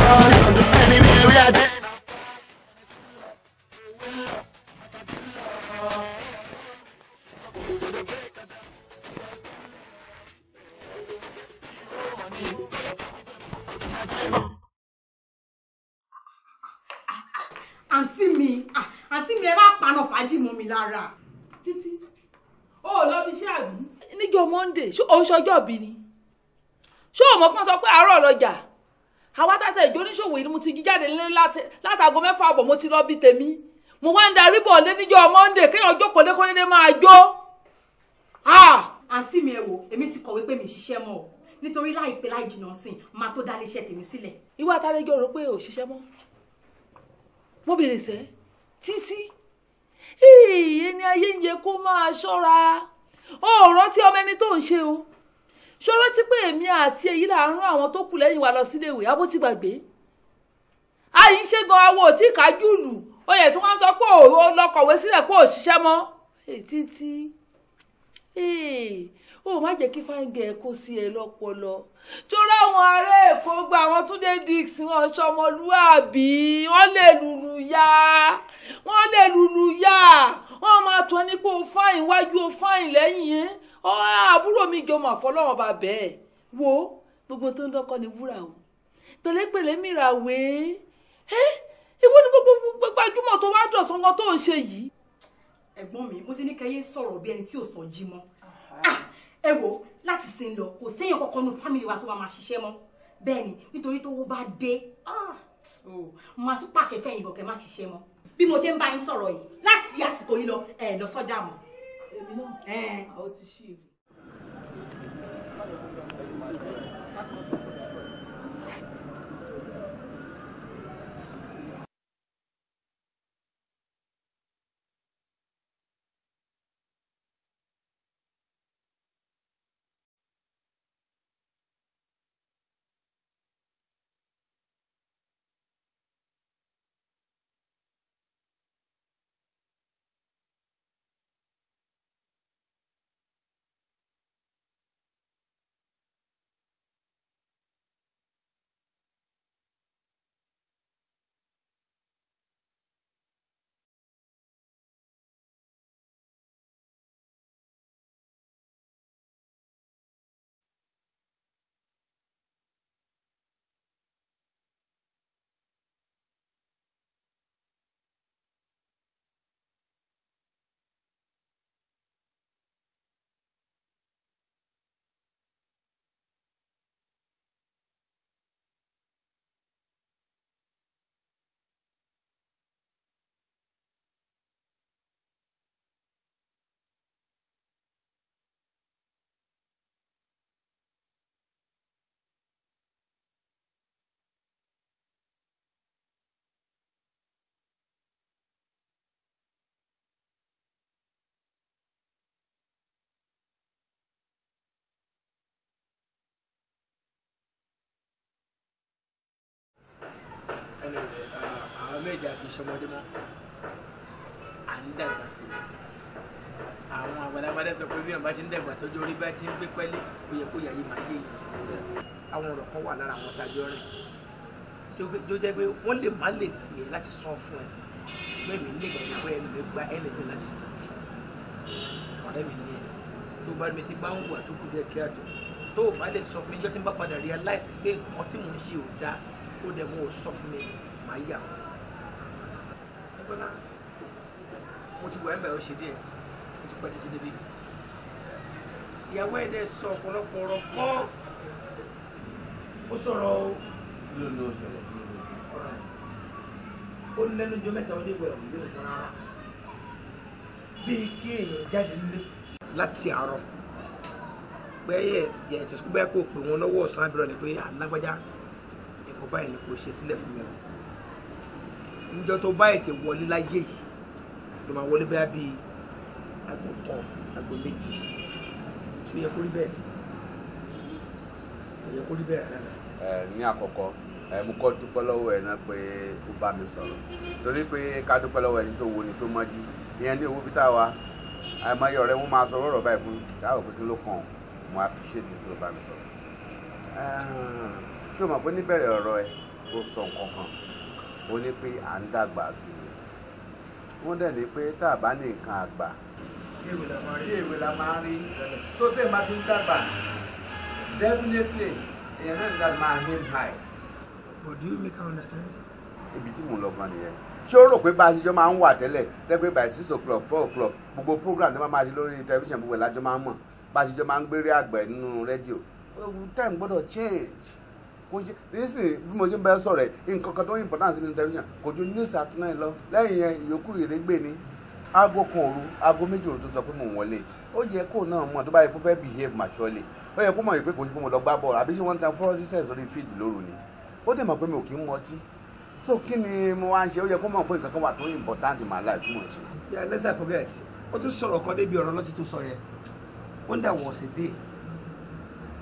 àǹtí mi àǹtí mi ẹ má paná fàájì mọ́ mi lára. títí ó lọ bí iṣẹ́ àbí. níjọ́ monday ṣó oṣù ọjọ́ bí ni ṣó o mọ̀ pọ́n sọ pé àárọ̀ lọ́jà àwa tàtà ìjọ oníṣòwò yìí mo ti jíjáde nílé látago mẹ́fà àbọ̀ mo ti lọ bí tèmi mo wá ń darí bọ̀ lé níjọ́ Monday kéèyàn jókòó lẹ́kọ́ lé máa jó. Ah! àǹtí mi ẹ wo èmi ti kọ̀wé pé mi ṣiṣẹ́ mọ́ o nítorí láìpẹ́ láì jìnnà sí máa tó dálé iṣẹ́ tèmi sílẹ̀. ìwé àtàlẹ́jọ́ rò pé ò ṣiṣẹ́ mọ́ mo bèrè sẹ́ títí ìyẹn ayé ń yẹ kó máa ṣọ́ra ó rántí ọmọ ẹni tó ń ṣe o ṣé o rántí pé èmi àti èyí là ń rán àwọn tó kù lẹ́yìn wa lọ síléèwé abó ti gbàgbé àyìn ṣe gan awo ò tí ì kájú lù oyè tí wọ́n sọ pé òru lọ́kọ̀wé sílẹ̀ pé ò ṣiṣẹ́ mọ́ títí ó má jẹ́ kí fáńgẹ̀ kó sí ẹ lọ́pọlọ torí àwọn ará èkó gba àwọn túnde dix wọn sọmọlúàbí wọ́n lè lùlù yá wọ́n lè lùlù yá wọ́n máa tún ẹni fáìn wájú fáìn lẹ́yìn yẹn àbúrò mi jọ mà fọlọ́wọ́n bá bẹ́ẹ̀ wo gbogbo tó ń dọ́kọ́ ni wúrà o pẹ̀lẹ́pẹ̀lẹ́ mìíràn wèé ẹ́ ìwọ ni gbogbo gbajúmọ̀ tó wá dọ̀sán wọn tó ń ṣe yìí. ẹ̀gbọ́n mi mo ti ní kẹ́yẹ́ sọ̀rọ̀ bí ẹni tí ò sọ jí mọ́ ah, ẹ wo láti sin lọ kò séèyàn kankan nu fámìlì wa tó máa ṣiṣẹ́ mọ́ bẹ́ẹ̀ ni nítorí tó wó bá dé ah, máa tún pàṣẹ fẹ́yìn bọ̀ kẹ́ má ṣiṣẹ́ mọ́ bí mo ṣe ń bá yín sọ̀rọ̀ yìí láti àsìkò yìí lọ ẹ̀ lọ sọ́jà mọ́. Ele não? É. A mẹ́jọ àfi ìṣọmọdé mọ́ à ń dàgbà sí i àwọn àgbàlagbàdà sọ pé bí ọba ti ń dàgbà tọjú orí bá ti ń gbé pẹ́lẹ́ ó yẹ kó yàyí máa yéyìn sí i àwọn ọ̀rọ̀ kan wà lára àwọn tajọ rìn tó pé wọ́n lè má lè pè é láti sọ fún ẹ ṣùgbọ́n èmi ní ìgbàgbọ́ pé ẹni lè gba ẹni tí láti sọ ọ̀rẹ́ mi ní tó bá mi ti bá ń wà tó kù díẹ̀ kí àjọ tó o bá lè sọ fún mi jọ́ tí n bá padà realize pé nǹkan tí mò ń ṣe ò dáa ó dẹ̀ mo ò sọ fún mi màá yà fún gbọ́nà mo ti wọ ẹ̀ ń bẹ̀rẹ̀ ṣe díẹ̀ mo ti pẹ́ títí débi ìyàwó ẹ̀ dẹ̀ sọ ọ̀pọ̀lọpọ̀ ọ̀rọ̀ gan ó sọ̀rọ̀ o ó lẹ́nu jọ mẹ́ta ọdún ìwẹ̀ ọ̀hún yóò tán rárá bíi kí èèyàn jáde nílé. láti àárọ̀ pẹ́yẹ yẹ ẹ̀jẹ̀ sọ́kú bẹ́ẹ̀ kó pè wọ́n lọ́wọ́ ọ̀sán abirọ̀ ni pé alágbájá ẹ̀kọ́ báyìí ni kò ṣe sílẹ̀ fún mi o níjọ́ tó bá ètè wọlé láyé yìí ló máa wọlé bá bíi àgbò kan àgbò méjì ṣé ó yẹ kó rí bẹ́ẹ̀ ni ó yẹ kó rí bẹ́ẹ̀ rárá. ní àkọ́kọ́ mo kọ́ dúpẹ́ lọ́wọ́ ẹ̀ náà pé ó bá mi sọ̀rọ̀ torí pé ká dúpẹ́ lọ́wọ́ ẹni tó wo ni tó mọ́jú ìyẹn ní owó bíi táwa àìmọye ọ̀rẹ́ wọn máa sọ ọ̀rọ̀ báyìí fún táwọn pé kí ló kàn mo appreciate tó bá mi sọ̀rọ̀ ṣé o mọ̀ pé níbẹ̀rẹ̀ ọ̀rọ̀ ẹ ó sọ nǹkan kan ó ní pé à ń dàgbà sí i wọ́n dẹ̀ ní pé tá a bá ní nǹkan àgbà bí èwe la máa rí so tẹ́ ẹ bá ti ń dàgbà definitely èèyàn náà nígbà máa him high. but do you make her understand. ibi tí mò ń lọ gan nìyẹn ṣé ó rò pé bá a ṣe jọ máa ń wà tẹ́lẹ̀ lẹ́gbẹ̀ẹ́ by six o'clock four o'clock gbogbo program tó máa máa ṣe lórí tẹlifíṣàn gbogbo ẹ̀ lájọ máa ń mọ̀ bá a ṣe jọ máa ń gbére àgbẹ̀ nínú rédíò time gbọ́dọ̀ change kò ṣe nísìnyí bí mo ṣe ń bẹ sọ̀rọ̀ ẹ̀ nǹkan kan tó ń important sí mi ní tẹlifíṣàn kò ju news at nine lọ lẹ́yìn yẹn ìyókù ìrégbè ni aago kan òru aago méjì òru tó sọ pé mò ń wọlé ó yẹ kó náà mọ̀ tó bá yẹ kó fẹ́ behave maturely ó yẹ kó mọ̀ pé kò sí pé mo lọ gbá bọ́ọ̀lù àbí ṣé wọ́n ń tan fúrọ́dísẹ̀ sórí fíìdì lóru ni ó dẹ̀ mọ̀ pé mi ò kí ń mọtí so kí ni mo wá ń ṣe ó yẹ kó mọ̀ pé nǹkan kan wà tó important in my life tí let's not forget ó tún sọ̀rọ̀ kan débi ọ̀rọ̀ lọ́tí tó sọ yẹn ó ń dà wọ̀ ọ̀sẹ̀ dé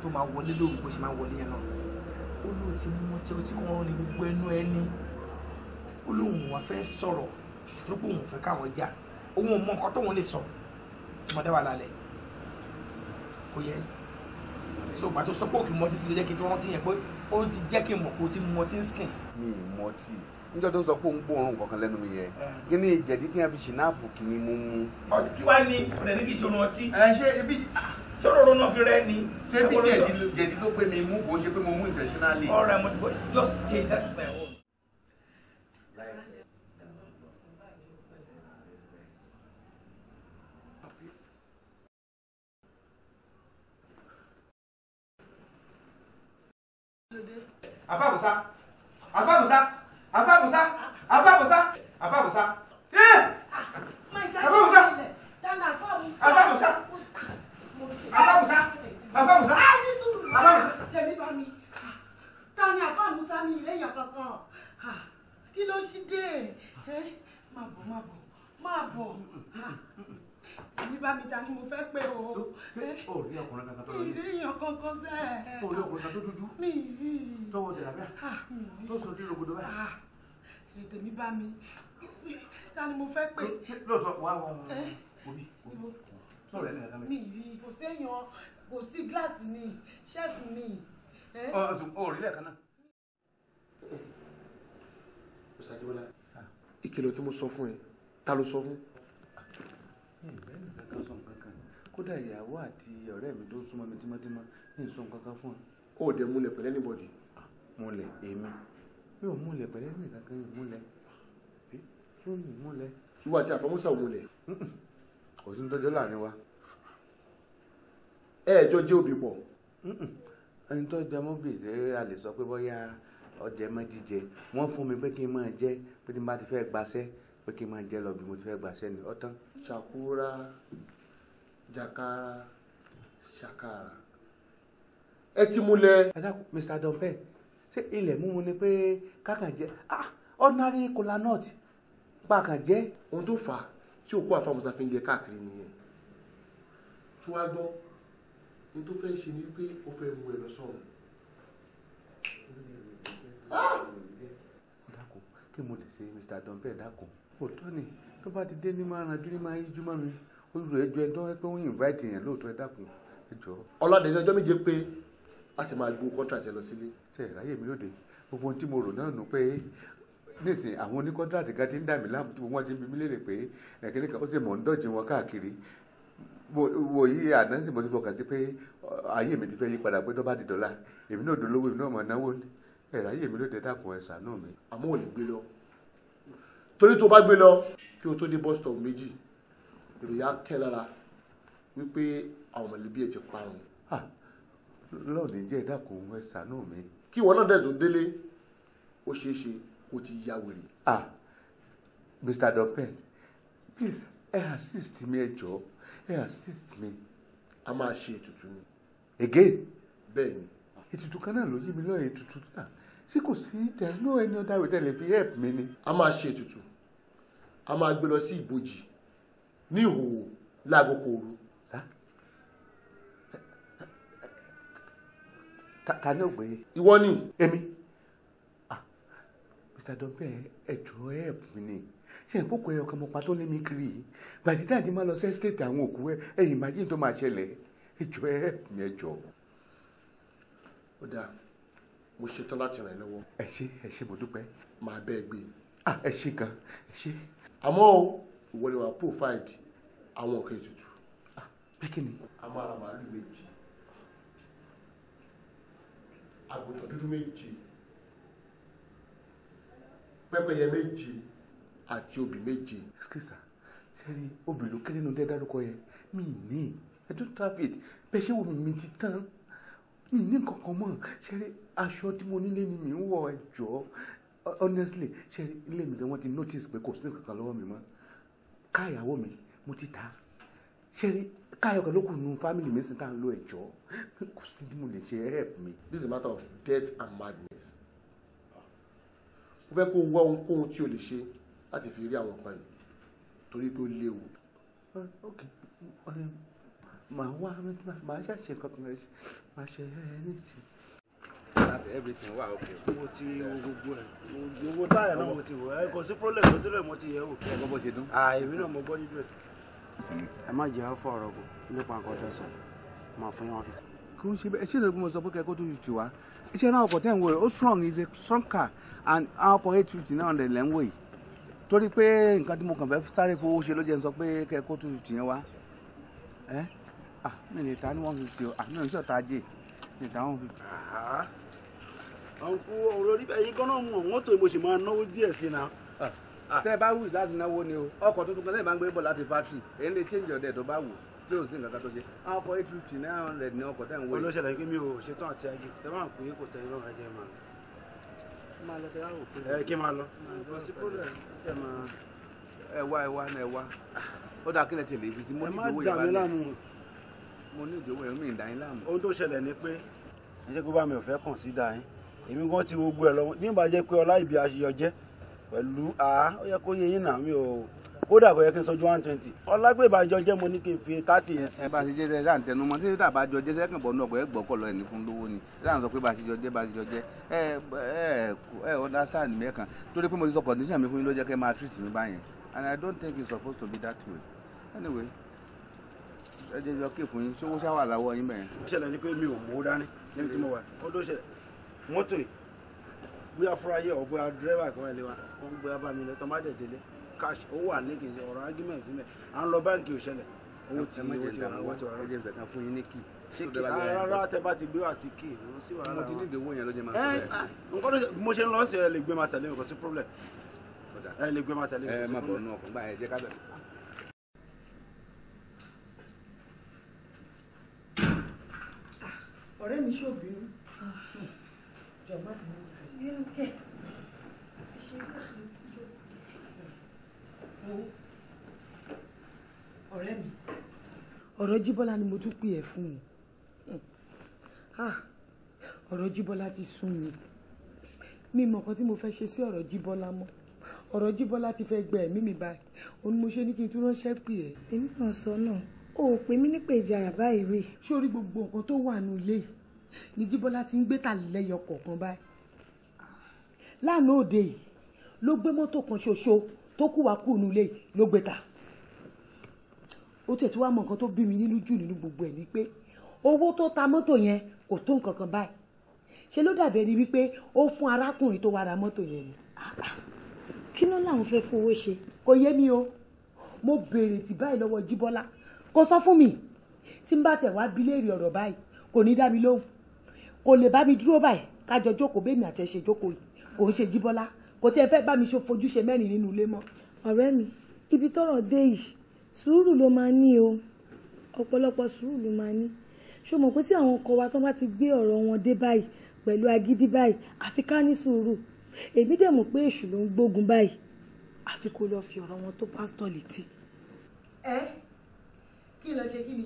tó máa wọlé lóru bó ó lóun ti mú ọtí ọtí kan rán ní gbogbo ẹnu ẹni ó lóun wà fẹ́ sọ̀rọ̀ tó pé òun fẹ́ káwọn já òun ò mọ nǹkan tóun lè sọ ọmọdé wà lálẹ́ kò yẹ so gbà tó sọ pé òkè mọtí sí ló jẹ́ kí n tó rántí yẹn pé ó ti jẹ́ kí n mọ̀ pé ó ti mú ọtí ń sìn. mi ì mọtí níjọ́ tó ń sọ pé òun gbóòórùn kankan lẹ́nu mi yẹn kí ni ìjẹ̀dí tí wọ́n fi ṣìnáàpù kì í mú mú. ọtí kí wàá ní ọ̀dẹ̀ ní kí ìṣòro ọtí. ẹ ṣe ibi ah, sọ̀rọ̀ ronú fi rẹ ni. ṣé bí jẹ̀dí ló pé mi mú kó ṣe pé mo mú intentionally. all right mo ti bọ just change that is my own. afabusa afabusa afabusa afabusa afabusa ee afabusa afabusa bàbá musa bàbá musa. a ní sùúrù bàbá tẹ̀mí bá mi ta ni àfa musa mi ìlẹ́yìn kankan kí ló ṣí dé máa bọ̀ máa bọ̀ máa bọ̀ èmi bá mi ta ni mo fẹ́ pé o. ṣé o rí ọkùnrin kankan tó lọ ní. ìrìyàn kankan sẹ́. o rí ọkùnrin kankan tó dúdú. mi rí i. tọwọ jẹrà bẹ́ẹ̀ tó sọ dín rogodo bẹ́ẹ̀. ètè mi bá mi ni mo fẹ́ pé. lóòótọ́ wà wà wà wà omi sọ̀rọ̀ ẹni kankan bẹ́ẹ̀. mi yìí kò séèyàn kò sí gíláàsì ni ṣẹ́ẹ̀fù ni. ọ̀rọ̀ ilé kan náà. ọ̀sà àdìbọ́lá ìkìlọ̀ tí mo sọ fún ẹ ta ló sọ fún. ìbẹ́ nìkan kan sọ nǹkan kan kódà ìyàwó àti ọ̀rẹ́ mi tó ń súnmọ́ mi tímọ́tímọ́ ní ìsọ nǹkan kan fún ẹ. ó dẹ̀ múlẹ̀ pẹ̀lẹ́ anybody. múlẹ̀ èmi mi ò múlẹ̀ pẹ̀lẹ́ ní ìkankan yìí múlẹ̀ ló ní múlẹ̀. ìwà àti àfọmọ́sà ò múlẹ̀. kò sí ní tọ́jọ́ láàrin wa ẹ̀ẹ́jọ́ jẹ́ òbí pọ̀. ẹni tó jẹ mọ́bì ṣe a lè sọ pé bóyá ọjẹ́ mọ́ jíjẹ wọ́n fún mi pé kí n máa jẹ pé tí n bá ti fẹ́ gbaṣẹ́ pé kí n máa jẹ lọ bí mo ti fẹ́ gbaṣẹ́ ni ọ̀tán. ṣàkúrà jàkàrà ṣàkàrà ẹ ti múlẹ̀. ẹ dákun Mr. Dompe ṣé ilẹ̀ mímu ni pé kákan jẹ ah ordinary kola nut pàkàn jẹ. ohun tó fà á tí òkú àfa musa fi ń jẹ káàkiri nìyẹn tí wàá gbọ́ n tó fẹ́ ṣe ni pé ó fẹ́ mú ẹ lọ sọ́run. Ah! dákun kí mo lè ṣe Mr. Dunbar dákun òótọ́ ni tó bá ti dé ní máa ranjú ní máa yíjú mọ́ mi olùrẹ̀ ẹjọ́ ẹjọ́ pé wọ́n invite yẹn lóòótọ́ ẹ dákun ẹjọ́. ọ̀làdé ní ọjọ́ méje pé láti máa gbó contract yẹn lọ sílé. tẹ ẹ ráyè mi lóde gbogbo ohun tí mo rò náà nù pé nísìnyí àwọn oníkọ́ńtàtì gan ti ń dà mí láàmú tí wọ́n ti ń bi mí léèrè pé ẹ̀kíní kan ó ti mọ̀ ń dọ̀jì wọn káàkiri wo yí àdánsì mo ti fọkàn sí pé ayé mi ti fẹ́ yí padà pé tó di dọ́là èmi náà dolówó èmi náà mọ̀ náwó ẹ̀rọ ayé mi ló dé dàpọ̀ ẹ̀ sànú mi. àmọ́ ò lè gbé lọ torí tó bá gbé lọ kí o tó dé bus stop méjì ìròyìn á lára wípé àwọn mọ̀lẹ́bí ẹ̀ ti parun. lọ́ọ̀dì jẹ́ ìdàkùn ẹ̀ sànú mi. kí ìwọ náà dẹ̀ tó délé ó ṣeé ṣe kó ti ya wèrè. ah Mr. Dopen please ẹ assist mi ẹ jọ̀ọ́ ẹ assist me. a máa ṣe ètùtù ni. again bẹ́ẹ̀ ni ètùtù kan náà ló yí mi lọ ètùtù náà ṣé kò sí there is no any other way tẹ́lẹ̀ fi help me. ni. a máa ṣe ètùtù a máa gbé lọ sí ìbòjì ní ìhòòhò láago kòòrú. sá ta ni ò gbé. ìwọ ni. èmi ah mr dompe ẹ jọ̀ọ́ help me. ni ṣe ìkókò ẹyọ kan mo pa tó lé mi kiri yìí bàdídàdí má lọ sí ẹ́sítéètì àwọn òkú ẹ ẹ̀yìn imagine tó máa ṣẹlẹ̀ ẹjọ ẹ mi ẹjọ. ó dáa mo ṣetán láti ràn ẹ́ lọ́wọ́. ẹ ṣé ẹ ṣé mo dúpẹ́. máa bẹ́ẹ̀ gbé. ah ẹ ṣé gan ẹ ṣé. àmọ́ ìwọ ni wàá provide àwọn nǹkan ètùtù. pé kí ni. a máa ra màálù méje àgùntàn dúdú méje pẹ́pẹ́yẹ méje àti obì méje. excuse sir sẹ́rí obì ló kéré nu dẹ́ dárúkọ yẹn mi ní i don't have it bẹ́ẹ̀ ṣé wo mi ti tán mi ní kankan mọ́ sẹ́rí aṣọ tí mo nílé ni mi ń wọ ẹ̀jọ́ honestly sẹ́rí ilé mi gan wọ́n ti notice pé kò sí kankan lọ́wọ́ mi mọ́ ká ìyàwó mi mo ti ta sẹ́rí káyọ̀ kan ló kù nù family mi sì tá à ń lo ẹ̀jọ́ kò sí ní mo lè ṣe help me? this is a matter of death and madness. mo fẹ́ kó wá ohunkóhun tí o lè ṣe láti fi rí àwọn kan yìí torí pé ó léwu. Um, màá wá màá ṣàṣe nǹkan kan màá ṣe ẹnìtì. láti everything wà ok. mo ti gbogbo ẹ owó táyà náà mo ti wò ẹ kò sí problem kò sí problem mo ti yẹ̀ wò. ẹ gbọ́ ṣe dún. èmi náà mo gbọ́ nínú ẹ má jẹ́ ọ́ ọ̀rọ̀ gùn nípa nǹkan tó sọ máa fún yín wọn fífi kò ń ṣe bẹ́ẹ̀ ṣé ìdàgbọ́n sọ pé kẹ́kọ́ tó fifty wá ṣé náà ọkọ̀ tẹ̀ ń wò ó strong is a strong car and ọkọ̀ eight fifty náà lẹ̀ ń wò yìí torí pé nǹkan tí mo kàn fẹ́ sáré fowó ṣe ló jẹ́ n sọ pé kẹ́ kó tún tìyẹn wá ẹ́ ah mi ni ta ní one fifty o ah mi ò ní sọ̀tà ajé lè ta one fifty. ọ̀nkú ọ̀rọ̀ rí ẹ̀yin kan náà mú ọ̀wọ́n tó mo sì máa náwó díẹ̀ sí na. tẹ́ ẹ bá wù láti náwó ni o ọkọ̀ tuntun kan lẹ́yìn bá ń gbé bọ̀ láti fáṣì èyí lè change ọ̀dẹ̀ tó bá wù tí o sì nǹkan kan tó ṣe ọkọ̀ eight fifty nine hundred ni ọkọ̀ tẹ̀ ń wé ẹ kí n máa lọ ẹ wá ẹ wá ẹ wá ó dáa kí n tẹ̀lé ibi sí mo ní ìdíwọ́ yẹn wá lẹ́yìn mo ní ìdíwọ́ yẹn mi ì dá yín láàmú. ohun tó ṣẹlẹ̀ ni pé ẹ jẹ́ kó bá mi ò fẹ́ kàn sí dá yín èmi gan ti gbogbo ẹ̀ lọ́wọ́ bí n bá jẹ́ pé ọlá ìbí aṣeyọjẹ́ pẹ̀lú àá ó yẹ kó yẹ yín náà mi ò kódà kò yẹ kí n sọjú one twenty ọlágbé ìbàjọ jẹ́ mo ní kí n fi thirty yẹn sí. ẹ bá ṣe jẹ́ ẹ dáhùn tẹnu mọ́ títí tàbá jọ jẹ́ sẹ́kàn bọ̀ náà kò yẹ lọ ẹni fún lówó ni dáhùn sọ pé bá ṣe jọ jẹ́ bá ṣe jọ jẹ́ ẹ ẹ ẹ understand mi torí pé mo ti sọ condition mi fún yín ló jẹ́ kẹ́ máa treat mi báyẹn and I don't think it's supposed to be that way anyway ẹ jẹ́ jọ kí fún yín ṣé owó ṣáwà láwọ́ yín bẹ́ẹ̀. ó ṣẹlẹ̀ ni pé mi ò mú dání níbi tí mo wà ó tó ṣẹlẹ̀ mọ́tò cash ó wà ní ọ̀rọ̀ argument sílẹ̀ à ń lọ báńkì òṣẹlẹ̀ owó tí owó tí owó tí ṣé kì rárá tẹ bá ti gbé àti ti ní ìdòwò yẹn ló jẹ mo ṣe ń lọ sí ẹ lè gbé máa tẹ̀lé nǹkan sí problem ẹ lè gbé máa tẹ̀lé nǹkan sí problem. ọ̀rẹ́ mi ṣòbínú jọ̀gbọ́n mi kẹ́ ọ̀rẹ́ mi ọ̀rọ̀ jíbọ́lá ni mo tún pè ẹ́ fún un ọ̀rọ̀ jíbọ́lá ti sún mi mi mọ̀ kan tí mo fẹ́ ṣe sí ọ̀rọ̀ jíbọ́lá mọ́ ọ̀rọ̀ jíbọ́lá ti fẹ́ gbẹ ẹ̀mí mi báyìí òun mo ṣe ní kí n tún ránṣẹ́ pè ẹ́. èmi kàn sọ náà o ò pè mí nípa ìjà àbá ìrè. sórí gbogbo nǹkan tó wà nù ilé yìí ni jíbọ́lá ti ń gbé tàlẹ́yọ kọ̀ọ̀kan báyìí lánàá òde yìí ló gbé mọ́tò kan ṣoṣo tó kú wá kú nínú ilé ló gbé ta ó tẹ̀ tí wàá mọ nǹkan tó bí mi nínú jù nínú gbogbo ẹ̀ ni pé owó tó ta mọ́tò yẹn kò tó nǹkan kan báyìí ṣe ló dàbí ẹni wípé ó fún arákùnrin tó wá ra mọ́tò yẹn ni. Ah, kí ló láwọn fẹ́ fowó ṣe. kò yé mi o mo béèrè tí báyìí lọ́wọ́ jíbọ́lá kò sọ fún mi tí n bá tẹ̀ wá bíléèrè ọ̀rọ̀ báyìí kò ní dá mi lóhùn kò lè bá mi dúró báyìí kájọ jókòó bẹ́ẹ̀ mi àti ẹ̀ ṣe jókòó yìí kò ń ṣe jíbọ́lá kò tiẹ̀ fẹ́ bá mi ṣe fojúṣe mẹ́rin nínú ilé mọ́. ọ̀rẹ́ mi ibi tọ́rọ̀ dé yìí sùúrù ló máa ní o ọ̀pọ̀lọpọ̀ sùúrù ló máa ní ṣó mọ̀ pé tí àwọn ọkọ wa tó bá ti gbé ọ̀rọ̀ wọn dé báyìí pẹ̀lú agídí báyìí àfi ká ní sùúrù èmi dẹ̀ mọ̀ pé èṣù ló ń gbógun báyìí àfi kó lọ fi ọ̀rọ̀ wọn tó pásítọ̀ létí. ẹ kí ló ṣe kí ni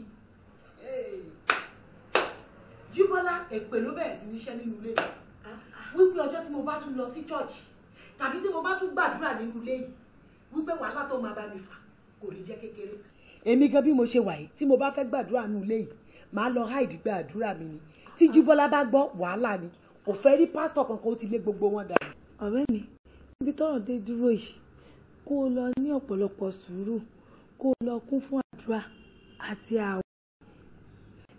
Jíbọ́lá èpè ló bẹ̀rẹ̀ sí níṣẹ́ nínú ilé ah, ah. wípé ọjọ́ tí mo bá tún lọ sí chọ́ọ̀chì tàbí tí mo bá tún gbàdúrà nínú ilé yìí wípé wàhálà tó máa bá mi fà kò ní jẹ́ kékeré. èmi gan bí mo ṣe wà yìí tí mo bá fẹ́ gbàdúrà nínú ilé yìí màá lọ háìdì gbàdúrà mi ni tí jíbọ́lá bá gbọ́ wàhálà ni kò fẹ́ rí pásítọ̀ kankan ó ti lé gbogbo wọn dànù. ọ̀rẹ́ mi ibi tọ́rọ̀ dé dúró yìí kó o lọ ní ọ̀pọ̀lọpọ̀ sùúrù kó o lọ kún fún àdúrà àti àwọ̀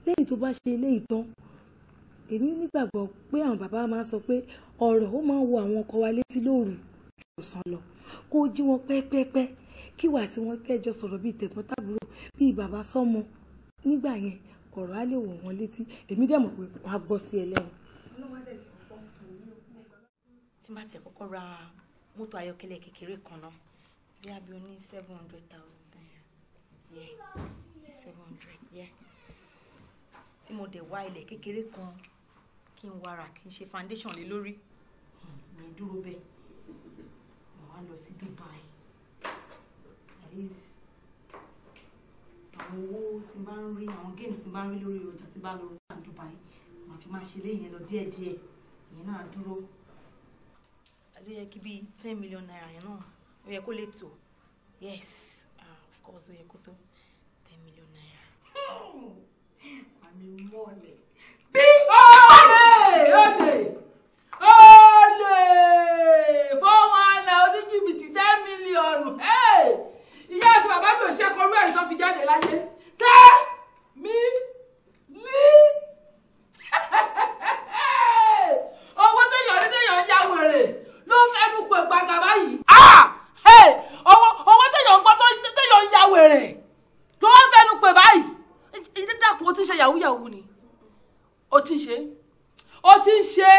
lẹ́yìn tó bá ṣe eléyìí tán èmi nígbàgbọ́ pé àwọn bàbá máa ń sọ pé ọ̀rọ̀ ó máa wo àwọn ọkọ wa létí lóru ju ọ̀sán lọ kó jí wọn pẹ́pẹ́pẹ́ kí wà tí wọ́n kẹ́jọ sọ̀rọ̀ bíi tẹ̀gbọ́ntàbúrò bíi bàbá sọ́mọ nígbà yẹn ọ̀rọ̀ á lè wọ̀ wọ́n létí èmi dẹ̀ mọ̀ pé wọ́n gbọ́ sí ẹlẹ́wọ̀n. tí bá tiẹ̀ ra mọ́tò ayọ́kẹ́lẹ́ kékeré kan náà bí abẹ́ oní seven hundred thousand seven hundred tí mo dẹ̀ wá ilẹ̀ kékeré kan kí n wàrà kí n ṣe foundation lé lórí. mi dúró bẹ́ẹ̀ mo wá lọ sí Dubai àwọn owó tí n bá ń rí àwọn géèmù tí n bá ń rí lórí ọjà tí n bá lọ rí ní Dubai màá fi máa ṣe léyìn lọ díẹ̀díẹ̀ ìyẹn náà dúró ló yẹ kí bíi ten million naira yẹn náà ó yẹ kó lè tó yes ah, of course ó yẹ kó tó ten million naira. àmì mọ́ọ̀lẹ̀ bí. olè olè olè fọwọ́n àlà oníjìbìtì ten million. mílíọ̀nù ìyá àti bàbá mi ò ṣe kọrú ẹ̀ sọ fi jáde láyé tẹ́ mi lí. owó téèyàn ní téèyàn ń ya wèrè ló fẹ́nu pè gbàgà báyìí. owó téèyàn ń gbọ́ téèyàn ń ya wèrè ló fẹ́nu pè báyìí. ìdí dàkú ó ti ṣe yàwúyàwú ni ó ti ń ṣe ó ti ń ṣe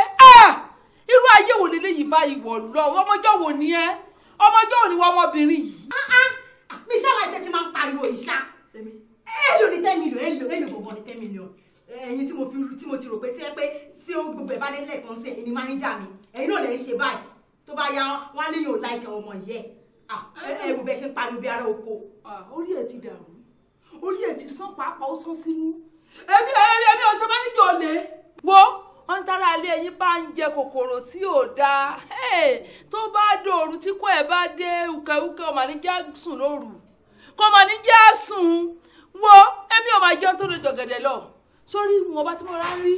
irú ayé wo leléyìí báyìí wọ̀ lọ ọmọjọ́ wo ni ẹ ọmọjọ́ wo ni wọ́n ọmọbìnrin yìí. Ah, ah! mi ṣáà tẹ̀sí máa ń pariwo ìṣá èlò ní ten million èlò èlò gbogbo ní ten million ẹ̀yin tí mo fi tí mo ti rò pé tí ẹ pé tí ó gbogbo ẹ̀ bá dé lẹ́ẹ̀kan sí ẹ̀yin ni máníjà mi ẹ̀yin náà lè ṣe báyìí tó bá yá wọn léyìn ò láìka ọmọ yẹ ẹ wo bẹ ṣe ń pariwo bí ara oko. orí ẹ ti dàrú orí ẹ ti sán pàápàá ó sán sínú èmi èmi ò ṣe máníjà olè wo wọ́n tára alẹ́ yín bá ń jẹ kòkòrò tí ò dáa tó bá dòru tí kò ẹ̀ bá dé ukẹ́ukẹ́ ọmọ níjà sùn lóru kò mọ̀ níjà sùn wo èmi ò máa tó lè jọ̀gẹ̀dẹ̀ lọ sórí wọn bá tí mo rá rí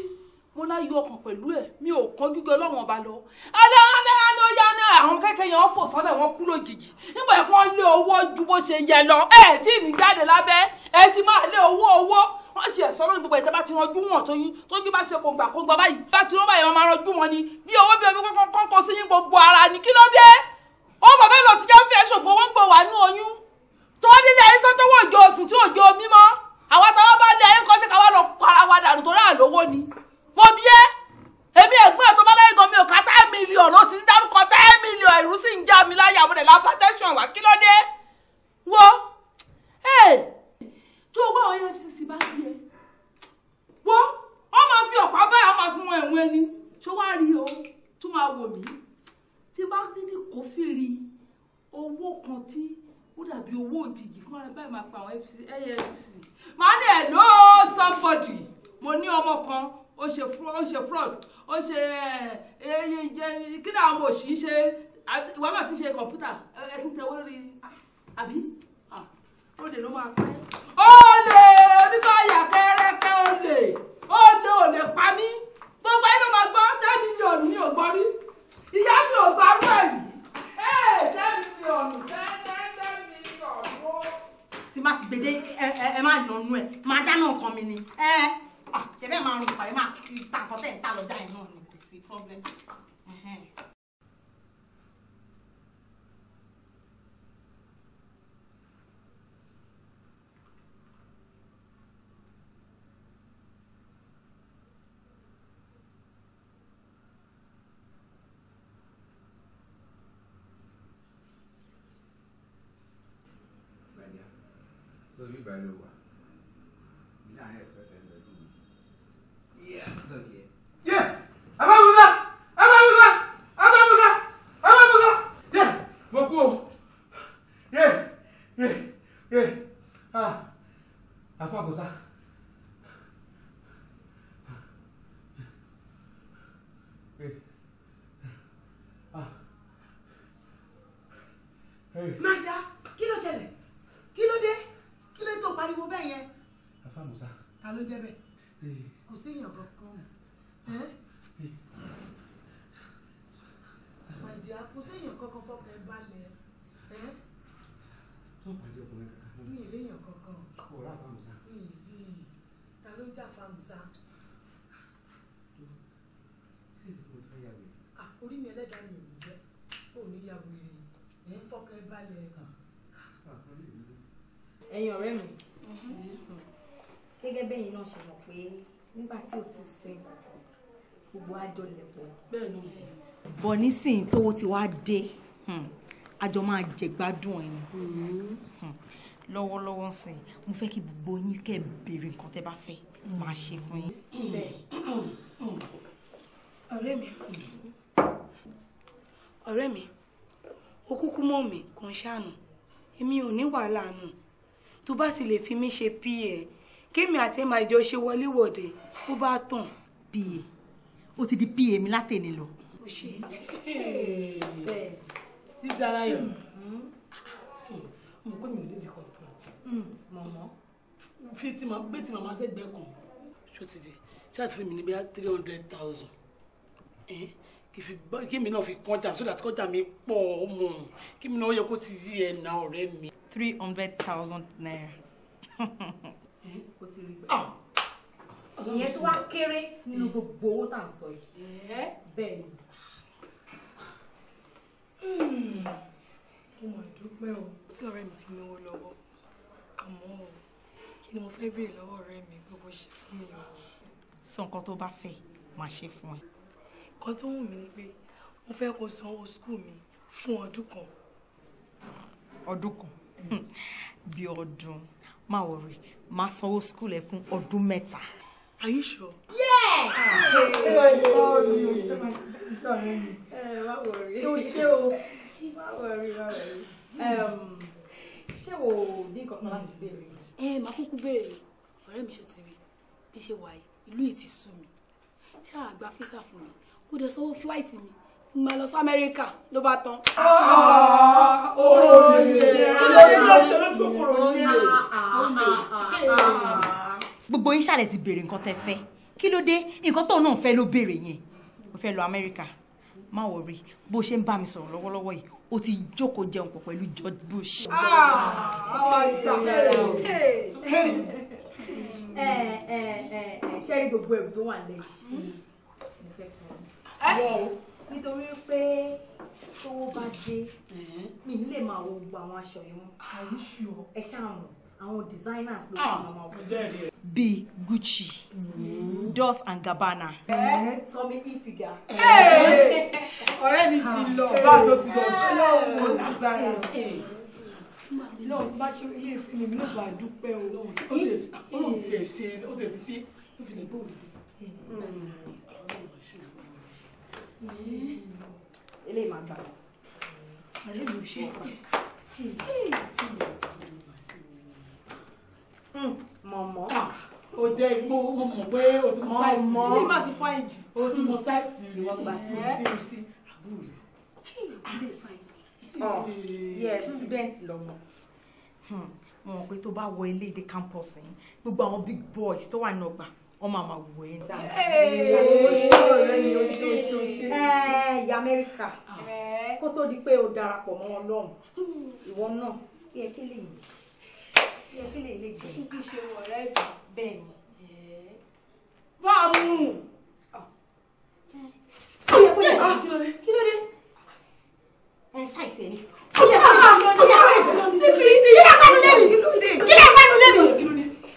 mo náà yọ ọkàn pẹ̀lú ẹ̀ mi ò kán gígé ọlọ́wọ́n ọba lọ. alẹ́ alẹ́ àwọn kẹ́kẹ́ yẹn wọ́n fò sọ́dọ̀ wọn kú lójijì nígbà yẹn wọ́n lé owó ju bó ṣe yẹ lọ ẹ̀ tí ì ní jáde lábẹ́ ẹ ti máa lé owó owó wọ́n ti ẹ̀sọ́ lórí gbogbo ìtẹ́ bá ti ranjú wọn tóyún tójú bá ṣe kòǹgbà kòǹgbà báyìí bá ti rán báyìí wọn máa ranjú wọn ni bí owó bí omi kankan kọ́kọ́ sí yín gbogbo ara ni kí ló dé wọn mọ̀ bẹ́ẹ̀ lọ ti jẹ́ fi ẹ̀sùn gbọ́ wọ́n gbọ́ wà oyún tó nílé ayé tó wọ́n jọ oṣù tí òjò mímọ́ àwa táwọn bá lé ayé kan káwá lọ para wa dànù torí àlówó ni mo bí ẹ́ èmi ẹ̀gbọ́n ẹ̀ tó bá báyìí gan mi ò ká ten million ló sì ń dárúkọ ten million ẹ̀rú sì ń já mi láyà mo dẹ̀ lápá tẹ́sán wá kí ló wo. Hey! tó o bá àwọn efcc bá sí ẹ wo wọn máa fi ọ̀pá báyà wọn máa fi wọn ẹ̀wọ̀n ẹni ṣó wàá rí o tó máa wò mí tí bá dídì kó fèrè owó kan tí ó dàbí owó òjijì fún ara báyìí máa pa àwọn efcc máa ní ẹ̀ ló somebody mo ní ọmọ kan ó ṣe fraud ó ṣe kí ni àwọn ọmọ òṣì ń ṣe ìwà máa ti ṣe kọ̀ǹpútà ẹ ti tẹ wọ́n rí àbí olè ló máa pa ẹ́. olè oníbàyà kẹrẹkẹ olè olè olè pa mí gbogbo ẹ̀ ló máa gbọ́ ten million mi ò gbọ́ rí ìyá mi ò gbà rú ẹ̀ yìí ẹ̀ ten million ten ten ten million ó. tí má sì gbèdé ẹ ẹ má nànú ẹ má dáná nǹkan mi ni ẹ ṣe bẹ́ẹ̀ máa rún pàrọ̀ máa ta nǹkan tẹ̀ ń ta lọ́jà ẹ̀ náà ni kò sí problem. nígbà tí o ti sin gbogbo àjọlẹ̀ pọ̀. bẹ́ẹ̀ni. bọ̀ nísìnyí tó ti wá dé àjọ hmm, máa jẹ̀gbádùn ẹ̀ mm-hmm. hmm, lọ́wọ́lọ́wọ́ sìn mo fẹ́ kí gbogbo yín kẹ́ béèrè nǹkan tẹ́ bá fẹ́ máa ṣe fún yín. ọ̀rẹ́ mi ọ̀rẹ́ mi o kúkú mọ̀ mi kò ń ṣàánú èmi ò ní wàhálà nù tó bá sì lè fi mí ṣe pa ẹ̀ kémi àti ẹ̀ máa jọ ṣe wọléwọ̀de bó bá tàn. pa ó ti di pa mi látẹ̀ni lọ. dídá aláyọ̀ hmm. hmm. mo kọ́ mi ò nídìí kan tó hmm. mọ̀mọ́ fi ti ma gbé ti màmá sẹ́gbẹ́ kan ṣó ti di ṣáàtì fún mi ní bí i three hundred thousand eh? kí mi náà fi kọjá so that kọjá mi pọ̀ ọmọ kí mi náà yẹ kó ti yí ẹ̀ na ọ̀rẹ́ mi. three hundred thousand naira. *laughs* kò ti rí gbà. Ah! ìyẹn tó wá kéré nínú mm. gbogbo owó tá ń sọ yìí. bẹ́ẹ̀ ni. Hmm. mo mà dúpẹ́ o tí ọ̀rẹ́ mi ti náwó lọ́wọ́ àmọ́ o kí ni mo fẹ́ béèrè lọ́wọ́ ọ̀rẹ́ mi pé bó ṣe fún mi o. sọ nǹkan tó bá fẹ́ máa ṣe fún ẹ. nǹkan tó wù mí ni pé mo fẹ́ kó sanwó skul mi fún ọdún kan. ọdún kan hmm. bí ọdún má worry má sanwó school ẹ fún ọdún mẹ́ta. Are you sure? Yes! Ṣé wo ní ìkọ̀kan láti béèrè? Ẹ máa kúkú béèrè, ọ̀rẹ́ mi ṣe ti rí, bí ṣe wà yìí, ìlú yìí ti sú mi. Ṣáà gba físà fún mi, kó dẹ̀ sanwó fúláìtì mi n máa lọ sí amẹ́ríkà ló bá tán. gbogbo yín ṣàlẹ̀ ti béèrè nǹkan tẹ́ fẹ́ kí ló dé nǹkan tóun náà fẹ́ ló béèrè yẹn ó fẹ́ lọ amẹ́ríkà má wọrí bó ṣe ń bá mi sọ̀rọ̀ lọ́wọ́lọ́wọ́ yìí ó ti jókòó jẹun pọ̀ pẹ̀lú George Bush. ṣé rí gbogbo ẹ̀rù tó wà lẹ́yìn? nítorí pé tówó bá dé mi nílè máa wo gbogbo àwọn aṣọ yìí mú àyíṣù ẹ ṣàmù àwọn designers ló ti máa wọ. Ah, bíi Gucci mm. dos and Gabbana. Tommy Hilfiger. *laughs* ọ̀rẹ́ mi ti ah. lọ. bá a tó ti lọ jù lọ́wọ́ lágbára lọ́wọ́ bá ṣe ilé ìfún mi ló bá dúpẹ́ o. ó lè ṣe ó lè ṣe ó fi lè gbóòdì eléyìí máa gbà lọ. ọ̀rẹ́ ṣe é. mọ̀mọ́. o jẹ́ ipò mo mọ̀ pé o ti mọ sáìsì mi. mọ̀mọ́ nígbà tí fáìn jù. o ti mọ sáìsì mi wọ́n gbà sí sí sí àbúrò rẹ̀. Hmm. Oh, yes student lọ́mọ hmm, mo pé tó bá wọ ilé èdè campus yìí gbogbo àwọn big boys tó wà ní ọgbà wọ́n máa máa wò yín. ẹ̀ẹ́dì amẹ́ríkà kó tó di pé o darapọ̀ mọ́ ọlọ́run ìwọ náà bí ẹ kí lè yí bí ẹ kí lè lè gbé. ibi ṣe wọ̀ ọ̀rẹ́ ìgbà bẹ́ẹ̀ ni. bá a mú un. kí ló dé? ẹ ń ṣàìsẹ́ ni. kí ló dé? kí ló dé? kí ló dé? kí ló dé? kí ló dé?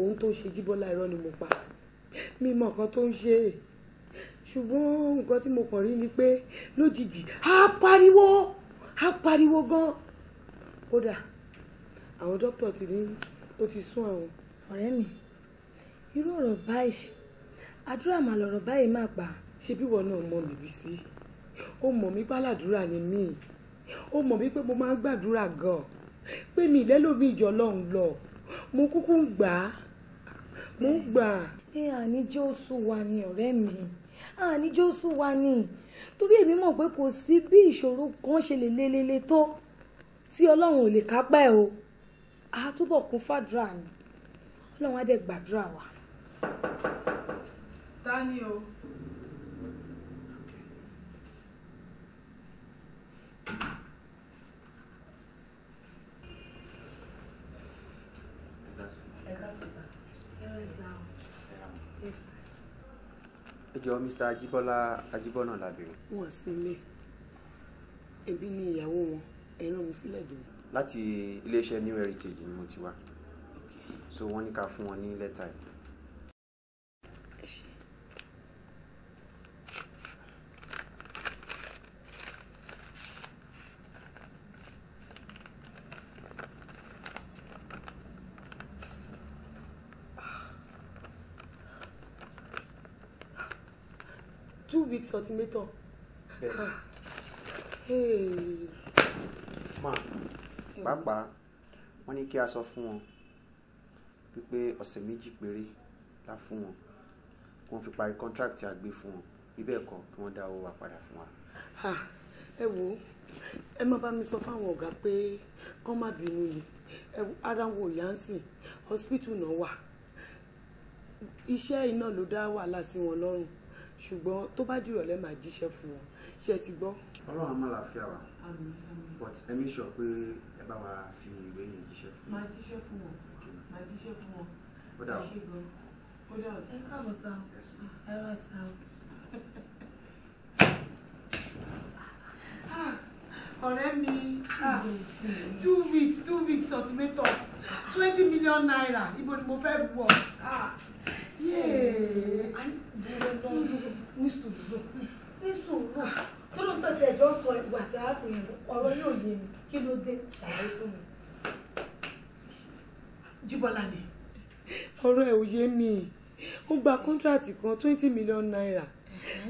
ohun tó ń ṣe Jíbọ́lá irọ́ ni mo pa mi mọ nǹkan tó ń ṣe ṣùgbọ́n nǹkan tí mo kàn rí ni pé lójijì á pariwo á pariwo gan kódà àwọn dókítà ti ní ó ti sún àwọn. ọ̀rẹ́ mi irú ọ̀rọ̀ báyìí àdúrà mà lọ̀rọ̀ báyìí máa pa. ṣé bí wọn náà mọ bìbí sí ó mọ̀ mí pálàdúrà ni mí ó mọ̀ mí pé mo máa ń gbàdúrà gan-an pé mi ìlẹ́lòmíì jọ lọ́hùn lọ mo kúkú ń gbà á mo ń gbà. ẹ àníjẹ́ ó sùn wa ni ọ̀rẹ́ mi àníjẹ́ ó sùn wa ni torí èmi mọ̀ pé kò sí bí ìṣòro kan ṣe lè lelele tó tí ọlọ́run ò lè kápá ẹ̀ o a túbọ̀ kún fàdúrà ni ọlọ́run á dẹ̀ gbàdúrà wa. ta ni o. ẹjọ mr ajibola ajibona labiri. wọn sì ní ẹbí ni ìyàwó wọn ẹ mi sílẹ̀ dùn. láti iléeṣẹ́ new heritage ni mo ti wá so wọ́n ní ká fún wọn ní lẹ́tà yìí. six ultimatum. Ah. ma pàápàá wọ́n ní kí a sọ fún wọn wípé ọ̀sẹ̀ méjì péré la fún wọn kí wọ́n fi parí kọ́ńtrákìtì àgbé fún wọn bí bẹ́ẹ̀ kí wọ́n dá owó wa padà fún wa. ẹ wo ẹ má bá mi sọ fáwọn ọ̀gá pé kán má bínú ni ara wo yansi hospital náà wà iṣẹ́ iná ló dá wàhálà sí wọn lọ́rùn ṣùgbọ́n tó bá dìrọ̀lẹ́ máa jíṣẹ́ fún wọn ṣé ẹ ti gbọ́. ọlọ́run á máa láàfíà wa but ẹ mi sọ pé ẹ bá wa fi ìwé yìí jíṣẹ́ fún wọn. máa jíṣẹ́ fún wọn máa jíṣẹ́ fún wọn ẹ ṣe gan ó dà ọ. ẹ káàbọ̀ sá ẹ wá sá o ọ̀rẹ́ mi ah, two weeks two weeks ultimatum twenty million naira ibo ni mo fẹ́ bu ọ. Ah, ní sùúrù ní sùúrù kí ló ń tọ́jú ẹ̀jọ́ sọ ìwà tí arákùnrin ọ̀rọ̀ yóò yé mi kí ló dé ṣàlàyé fún mi. jíbọ́lá ni ọ̀rọ̀ ẹ̀ ò yé mi ó gba kọ́ńtíráàtì kan twenty million naira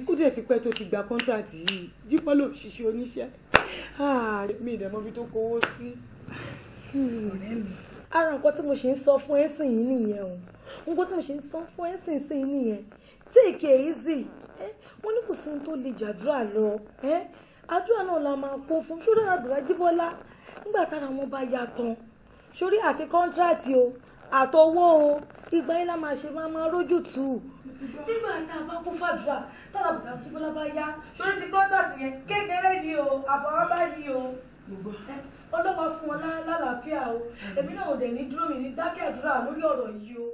ó dẹ̀ ti pẹ́ tó ti gba kọ́ńtíráàtì yìí jíbọ́ ló ṣiṣẹ́ oníṣẹ́. Ah, mi ìdẹ̀mọ́ bí tó kówó sí. Hmm. ọ̀rẹ́ mi. ara nǹkan tí mo ṣe ń sọ fún ẹ sìn nìyẹn o nǹkan tí mo ṣe ń sọ fún ẹ sìn nìyẹn take it easy wọ́n ní kò sí ohun tó le jàdúrà lọ àdúrà náà la máa kó fún ṣó dára dùrà jíbọ́lá nígbà tára wọn bá ya tán sórí àti kọ́ńtíráàtì o àtọwọ́ o ìgbà yín la máa ṣe máa máa rójú tù ú nígbà tá a bá kún fàdúrà tára bùkà tí bọ́lá bá yá ṣọlá ti pọ́tàtì yẹn kékeré ni o àbọ̀wá bá yí o ọlọ́wà fún wọn lálàáfíà o èmi náà ò dẹ̀ ní dúró mi ní dákẹ́ àdúrà lórí ọ̀rọ̀ yìí o.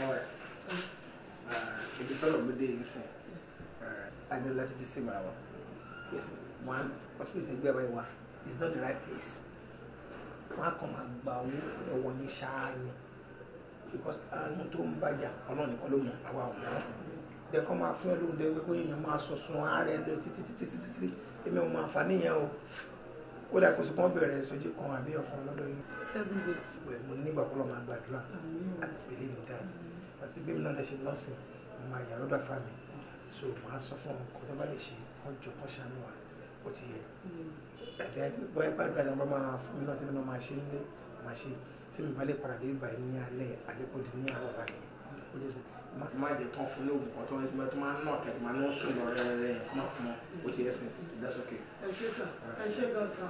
Uh, ibi tọ́lọ̀ ló dé yìí sìn àjọ láti di sí ìmọ̀ràn wa wọn hospital ẹgbẹ́ ẹ̀rọ wa is not the right place wọn á kàn máa gba owó lọ́wọ́ yín ṣáá ni because àánú tó ń bàjá ọlọ́run nìkan ló mọ̀ àwa ò mọ̀ dẹ́kọ́ máa fún ẹ lóhùn dẹ́gbẹ́ pé èèyàn máa sọ̀sùn ààrẹ lọ títí títí títí èmi ò mọ àǹfààní o ó dà kó sì kàn bẹ̀rẹ̀ ìsọjí kan àbí ọ̀kan lọ́dọ̀ yìí. seven days. mo nígbà kọ́ lọ máa gbàdúrà àti bèlè ní dáàbò àti bí mi náà lè ṣe lọ́sìn mo máa yà lọ́dọ̀ fámi so màá sọ fún wọn kó tó bá lè ṣe wọn jọ kán ṣàánú wa ó ti yẹ hmm. ẹ̀dá bóyá gbàdúrà ni wọ́n máa fún mi náà tẹ́lẹ̀ náà máa ṣe nílé máa ṣe tí mi bá lè padà dé ibà ní alẹ́ àjẹkọ́dé ní àwọn ọba nìyẹn ó jẹ́ sẹ́ máa ti jẹ tán fún lóògùn kan tó máa tó máa ń nà kẹ́tì máa ń sùn lọ rẹ́rẹ́rẹ́ kó má fún wọn ó ti yẹ sẹ́ ìdásókè. ẹ ṣe sà ẹ ṣe gan sà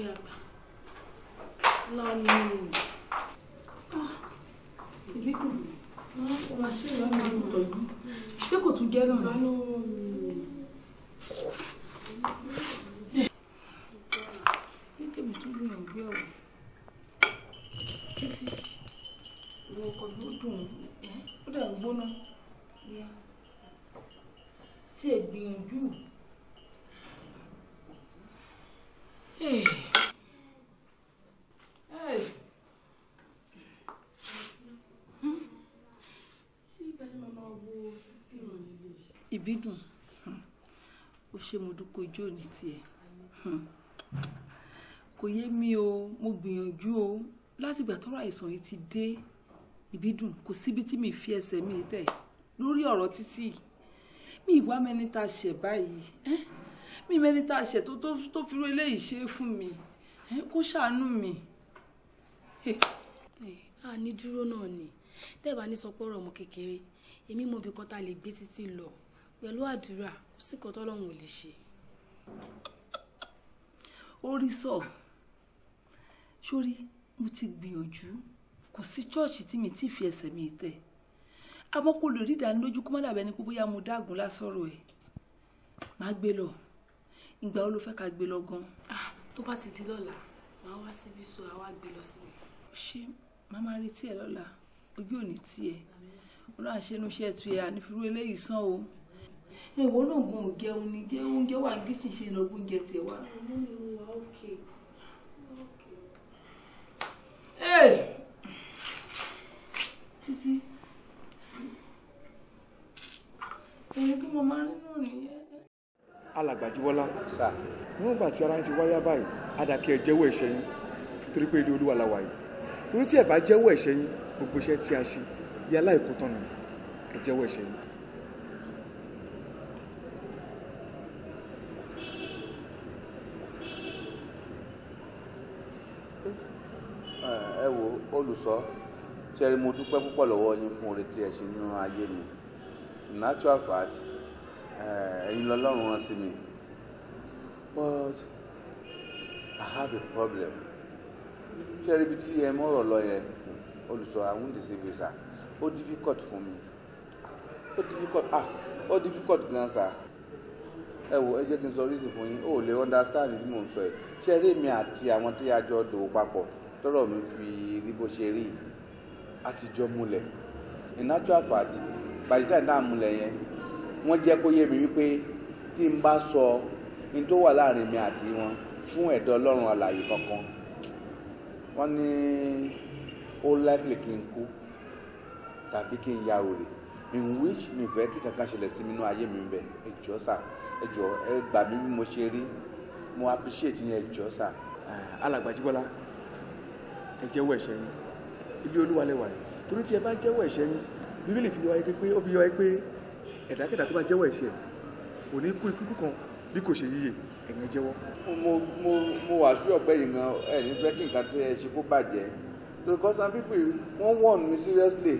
òwe àgbà lọ́nà ìbíkù ó máa ṣe ìwà máa ń tọ́jú hmm. ṣé kò tún jẹ́ náà ni. kékeré tún gbìyànjú ọ̀wọ́ gbóná. ìbídùn ó ṣe mo dúpọ̀ ojú òní tiẹ̀ kò yé mi o mo gbìyànjú o láti ìgbà tọ́rọ̀ àìsàn yìí ti dé ìbídùn kò síbi tí mi fi ẹsẹ̀ mi tẹ̀ lórí ọ̀rọ̀ títì mi ìwá mẹni tá a ṣẹ̀ báyìí mi mẹni tá a ṣẹ̀ tó tó fi eléyìí ṣe fún mi kó ṣàánú mi. a ní dúró náà ni tẹ́ẹ̀ bá ní sọ pé ọ̀rọ̀ ọmọ kékeré èmi mọ̀ bí kan tá a lè gbé títí lọ pẹ̀lú àdúrà kò sí kan tọ́lọ́run ò lè ṣe. ó rí sọ sórí mo ti gbìyànjú kò sí chọ́ọ̀chì tí mi ti fi ẹsẹ̀ mi tẹ̀ àmọ́ kò lè rí ìdánilójú kó má dàbẹ́ ni pé bóyá mo dágun lásọ̀rọ̀ ẹ̀ má gbé lọ ìgbà wo ló fẹ́ ká gbé lọ gan. Ah, tó bá ti di lọ́la màá wá síbí so àwa gbé lọ síbi. ṣé màá máa retí ẹ lọ́la ojú ò ní tiẹ̀ ọlọ́run àṣẹnú iṣẹ́ tu ẹ̀ ànífirú eléyìí sàn o èwo náà gun òjẹun ni jẹ oúnjẹ wà ní kìsìn ṣe lọ oúnjẹ tiẹ̀ wá. títí èyí kí mo máa ń nù nìyẹn. alàgbàjíwọlá sà níwọ̀ngbà tí ara yín ti wáyá báyìí adàkẹ́ ẹ̀ jẹ́wọ́ ẹ̀ṣẹ̀ yín torí pé ilé olúwa la wà yìí torí tí ẹ bá jẹ́wọ́ ẹ̀ṣẹ̀ yín gbogbo iṣẹ́ tí a ṣe yálà ìkótán ni ẹ jẹ́wọ́ ẹ̀ṣẹ̀ yín. olùsọ ṣẹ́rí mo dúpẹ́ púpọ̀ lọ́wọ́ yín fún oore tí ẹ ṣe nínú ayé mi natural fact eh, ẹ̀yin lọ́lọ́run rán sí mi but I have a problem ṣẹ́rí ibi tí ẹ mọ̀rọ̀ lọ yẹn olùsọ àwọn ìdìsẹ́gbẹ̀ sà ó difficult fún mi ó difficult ah ó difficult gan sà ẹ wò ẹ jẹ́ kí n sọ reason fún yín ó lè understand bí mo ń sọ ẹ̀ ṣẹ́rí mi àti àwọn tí a jọ dòwò papọ̀ tọ́rọ̀ mi fi rí bó ṣe rí àtijọ́ múlẹ̀ in actual fact by the time náà múlẹ̀ yẹn wọ́n jẹ́ kó yé mi wípé tí n bá sọ ní tó wà láàrin mi àti wọn fún ẹ̀dọ́ ọlọ́run àlàyé kankan wọ́n ní ó likely kí n kú tàbí kí n ya òrè in which mi fẹ́ kí kankan ṣẹlẹ̀ sí mi nú ayé mi bẹ̀ ẹ jọ̀ọ́ sà ẹ jọ̀ọ́ ẹ gbà mí bí mo ṣe rí mo appreciate yẹn ẹ jọ̀ọ́ sà. alàgbàjì ẹ jẹ́wọ́ ẹ̀ṣẹ̀ yín ilé olúwa lẹ́wà yìí torí tí ẹ bá jẹ́wọ́ ẹ̀ṣẹ̀ yín bíbélì fi yọ ayé pé ó fi yọ ayé pé ẹ̀dákẹ́dà tó bá jẹ́wọ́ ẹ̀ṣẹ̀ kò ní kú ikú kan bí kò ṣe yíyẹ ẹ̀yìn jẹ́wọ́. mo mo mo wàásù ọ̀pẹ yìí gan ẹ ní fẹ́ kí nǹkan tẹ ẹ ṣe kó bàjẹ́ torí kọ́sán pípì wọ́n warn mi seriously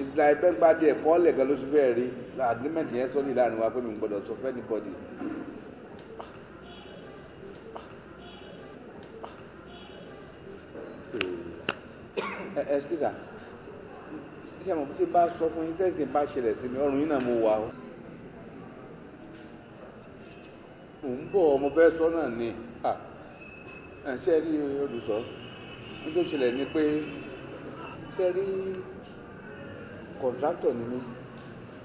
ìsìlá ẹgbẹ́ gba tiẹ̀ kọ́ lẹ̀ gan ló ti fẹ́ rí agreement yẹn sọ́ọ́lì láàrin wa pé mi gbọ́dọ̀ sọ fẹ́ anybody ẹ ṣíṣà ṣíṣà mo ti bá sọ fún yín tẹ́tí bá ṣẹlẹ̀ sí mi ọrùn yín náà mo wà ó mò ń bọ̀ mo fẹ́ sọ náà ni ṣe rí olùsọ nítorí ṣẹlẹ̀ ni pé ṣe rí kọ̀ǹtrátọ̀ ni mí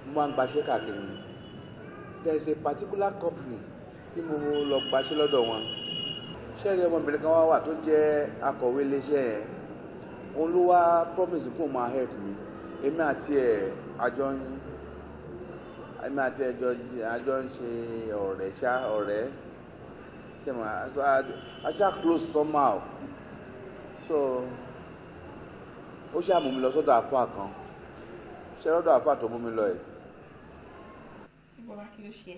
mo máa ń gbaṣẹ́ káàkiri ni there is a particular company tí mo lọ gbaṣẹ́ lọ́dọ̀ wọn ṣẹ́ẹ̀rí ọmọbìnrin kan wá wà tó jẹ́ akọ̀wé iléeṣẹ́ ẹ̀ òun ló wá promise kó máa help mi èmi àti ẹ̀ àjọ ń èmi àti ẹ̀ àjọ ń ṣe ọ̀rẹ́ ṣá ọ̀rẹ́ ṣe mọ̀ àṣà close somehow so ó ṣáà mú mi lọ sọ́dọ̀ àfa kan ṣe lọ́dọ̀ àfa tó mú mi lọ ẹ̀. tí bọ́lá kí ló ṣe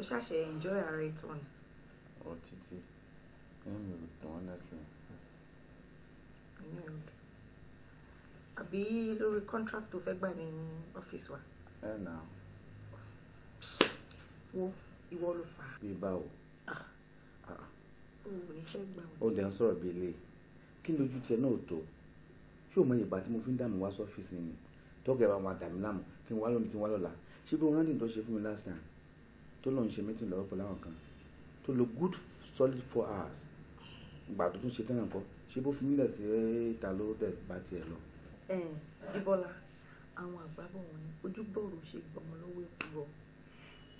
ó ṣàṣẹ enjoy ara ẹ̀ tán ni. ó títí. I'm rude, honestly. I'm rude. Àbí lórí contract tó fẹ́ gbà ní ọ́fíìsì wa. Ẹ eh, nà. Wo ìwọ ló fà á. Bí báwo? Ah. Ah, ah. O ò ní fẹ́ gbà wọ́n. O dẹ̀ ń sọ̀rọ̀ bí ilé. Kí lójú tiẹ̀ náà tó? Ṣé o mọ ìgbà tí mo fi ń dààmú wá sọ́fíìsì ni? Tọ́kẹ́ bá máa dàmí láàmú kí n wá lónìí kí n wá lọ́la. Ṣé bí wọ́n rántí tó ṣe fún mi last time? Tó lóun ṣe mítìn lọ́wọ́ pẹ̀lú àwọn kan. Tó lo good solid four hours ìgbà tó tún ṣe tán nǹkan ṣé bó fi nílẹ̀ sí ìta ló tẹ̀ bá tiẹ̀ lọ. ẹ jíbọ́lá àwọn àgbàbọ̀ wọn ni ojúbọ̀rọ̀ ṣe gbọmọ lọ́wọ́ èkó rọ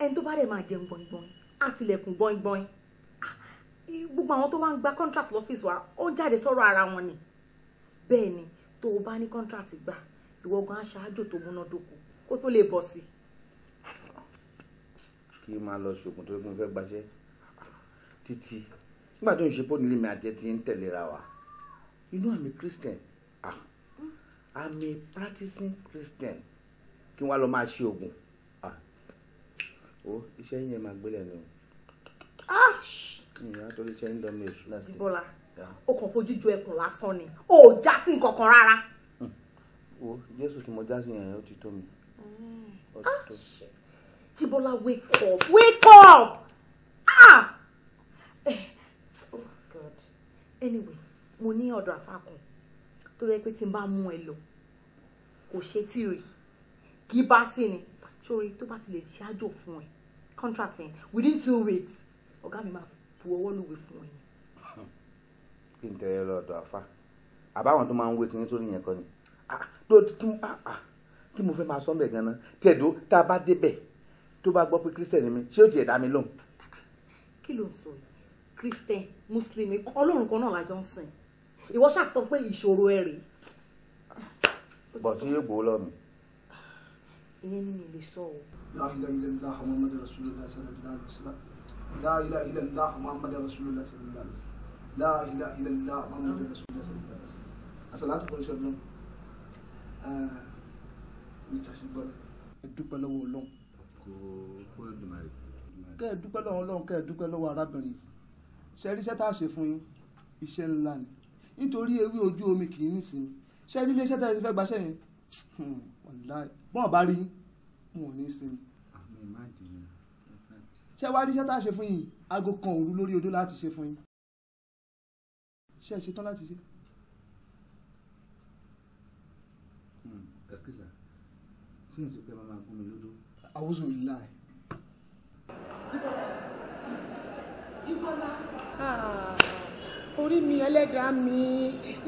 ẹni tó bá rẹ̀ máa jẹun bọ́inbọ́in àtìlẹ̀kùn bọ́inbọ́in ah, gbogbo àwọn tó wá ń gba contract lọ́fíìsì wa ó ń jáde sọ́rọ̀ ara wọn ni bẹ́ẹ̀ ni tó o bá ní contract gbà ìwọ gan aṣáájú tó múnádóko kó tó lè bọ̀ sí i. kí n máa lọ ṣoògùn tó lókun fẹ́ gbaṣẹ́ títí nígbà tó ń ṣe pọ́ nílé mi àti ti ń tẹ̀léra wa you know i'm a christian ah i'm a practicing christian kí wọ́n á lọ máa ṣe oògùn ah o iṣẹ́ yín yẹn máa gbélé ni o ah ìyá tó iṣẹ́ yín dánmí èṣù lásìkò. Dìbọ́lá o kàn fojú ju ẹkùn lásán ni o ò já sí nǹkan kan rárá. Hmm. wo jésù tí mo já sí yẹn ó ti tó mi. Dìbọ́lá hmm. ah! wake up wake up ah. anyway mo ní ọ̀dọ̀ àfàkùn tó yẹ pé tí n bá mú ẹ lọ kò ṣe tí rì kí bá sí ni sórí tó bá ti lè ṣáájò fún ẹ contract yẹn within two weeks ọ̀gá mi máa bu ọwọ́ lùwẹ̀ fún ẹ. *laughs* kí n tẹ̀lé lọ́dọ̀ àfa àbáwọn tó máa ń wé kinní tó nìyẹn kọ́ ni ah, ah, ah, kí mo fẹ́ máa sọ ọ́nbẹ̀ gan-an tí tá a bá débẹ̀ tó bá gbọ́ pé kírísítẹ̀ ni mi ṣé ó tiẹ̀ dá mi lóhùn. kí ló ń sọ yìí christian muslim ọlọ́run kan náà la jọ ń sìn ìwọ ṣáà ti sọ pé ìṣòro ẹ rèé. bọ̀ tí yóò gbowó lọ́nu. ìyẹn ni mi lè sọ o. láhìlá ilẹ̀ ńlá muhammad rasulillah sallallahu alayhi wa sallam láhìlá ilẹ̀ ńlá muhammad rasulillah sallallahu alayhi wa sallam láhìlá ilẹ̀ ńlá muhammad rasulillah sallallahu alayhi wa sallam asalaatu ah, fún iṣẹ́ lọ́n mr ṣùgbọ́n ẹ dúpẹ́ lọ́wọ́ ọlọ́run. kẹ́ ẹ dúpẹ́ lọ́wọ́ ọlọ́run kẹ́ ẹ dúpẹ́ lọ́wọ́ arábìnrin ṣẹ́ríṣẹ́ tá a ṣe fún yín iṣẹ́ ńlá ni nítorí ewé ojú omi kì í nísinmi ṣẹ́rí iléeṣẹ́ tá a ti fẹ́ gbaṣẹ́ yẹn hmm, bọ́n bá rí wọn ò ní sinmi. ṣé wàá rí iṣẹ́ tá a ṣe fún yín aago kan òru lórí odó láti ṣe fún yín ṣé ẹ ṣetán láti ṣe. ẹsikisa hmm, ṣé o ti pẹ́ máa gún mi lódó. àwòsàn ìlà ẹ̀ orí mi ẹlẹ́dàá mi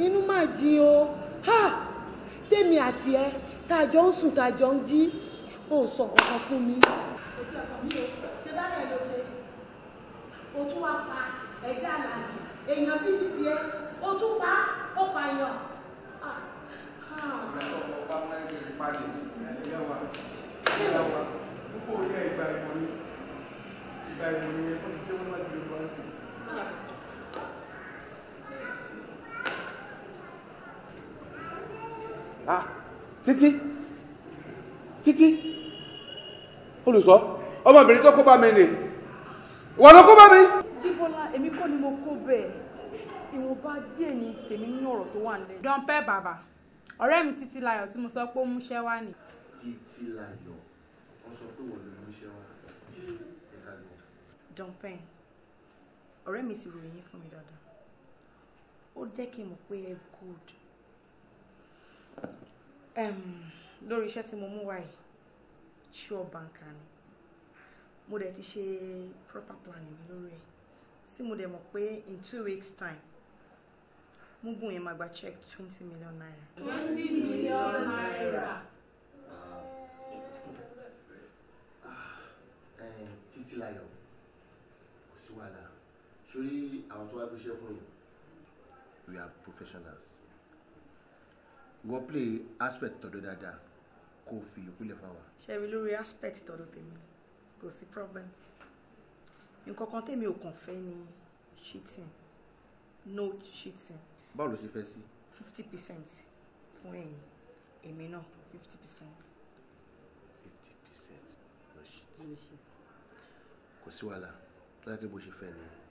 inú mà jí o tèmi àti ẹ tá a jọ ń sùn tá a jọ ń jí ò sọ kankan fún mi. kò tí ẹ kàn mí o ṣe dára ẹ ló ṣe o tún wá pa ẹ̀dá àlàyé èèyàn bíi títí ẹ o tún pa ó pa yàn. Ìgbà ìmọ̀ ni ẹ̀kọ́ ti jẹ́ wọ́n láti lè wá sí i ah títí títí olùsọ ọmọbìnrin tó kó bá mi nì wọ́n ló kó bá mi. jíbọ́lá èmi kọ́ ni mo kó bẹ́ẹ̀ ìwọ̀nba díẹ̀ ni tèmi ní ọ̀rọ̀ tó wà nílẹ̀. dọ́ńpẹ́ bàbá ọ̀rẹ́ mi títí láyọ̀ tí mo sọ pé ó múṣẹ́ wá ni. títí láyọ̀ wọ́n sọ pé wọ́n lè múṣẹ́ wá ẹ̀ka lọ. dọ́ńpẹ́ ọ̀rẹ́ mi ti ròyìn fún mi dáadáa ó jẹ́ kí n mọ̀ pé ẹ good lórí iṣẹ́ tí mo mú wá yìí sure banker ni mo dẹ̀ ti ṣe proper planning mi lórí ẹ̀ tí mo dẹ̀ mọ̀ pé in two weeks time mo gùn yẹn máa gba check twenty million naira. twenty million naira. Ah, títí láyọ̀ kò sí wàhálà sórí àwọn tó wá gbéṣẹ́ fún yìí. we are professionals wọ́n play aspect tọ̀dọ̀ dáadáa kó o fi ìyókù lẹ̀ fáwa. ṣẹ́rí lórí aspect tọ̀dọ̀ tèmi kò sí problem nǹkan kan tèmi ò kàn fẹ́ ni cheating no cheating. báwo ló ṣe fẹ́ sí. fifty percent fún ẹ̀yin èmi náà fifty percent. fifty percent no cheat. no cheat. kò sí wàhálà tó yẹ kí bó ṣe fẹ́ nìyẹn.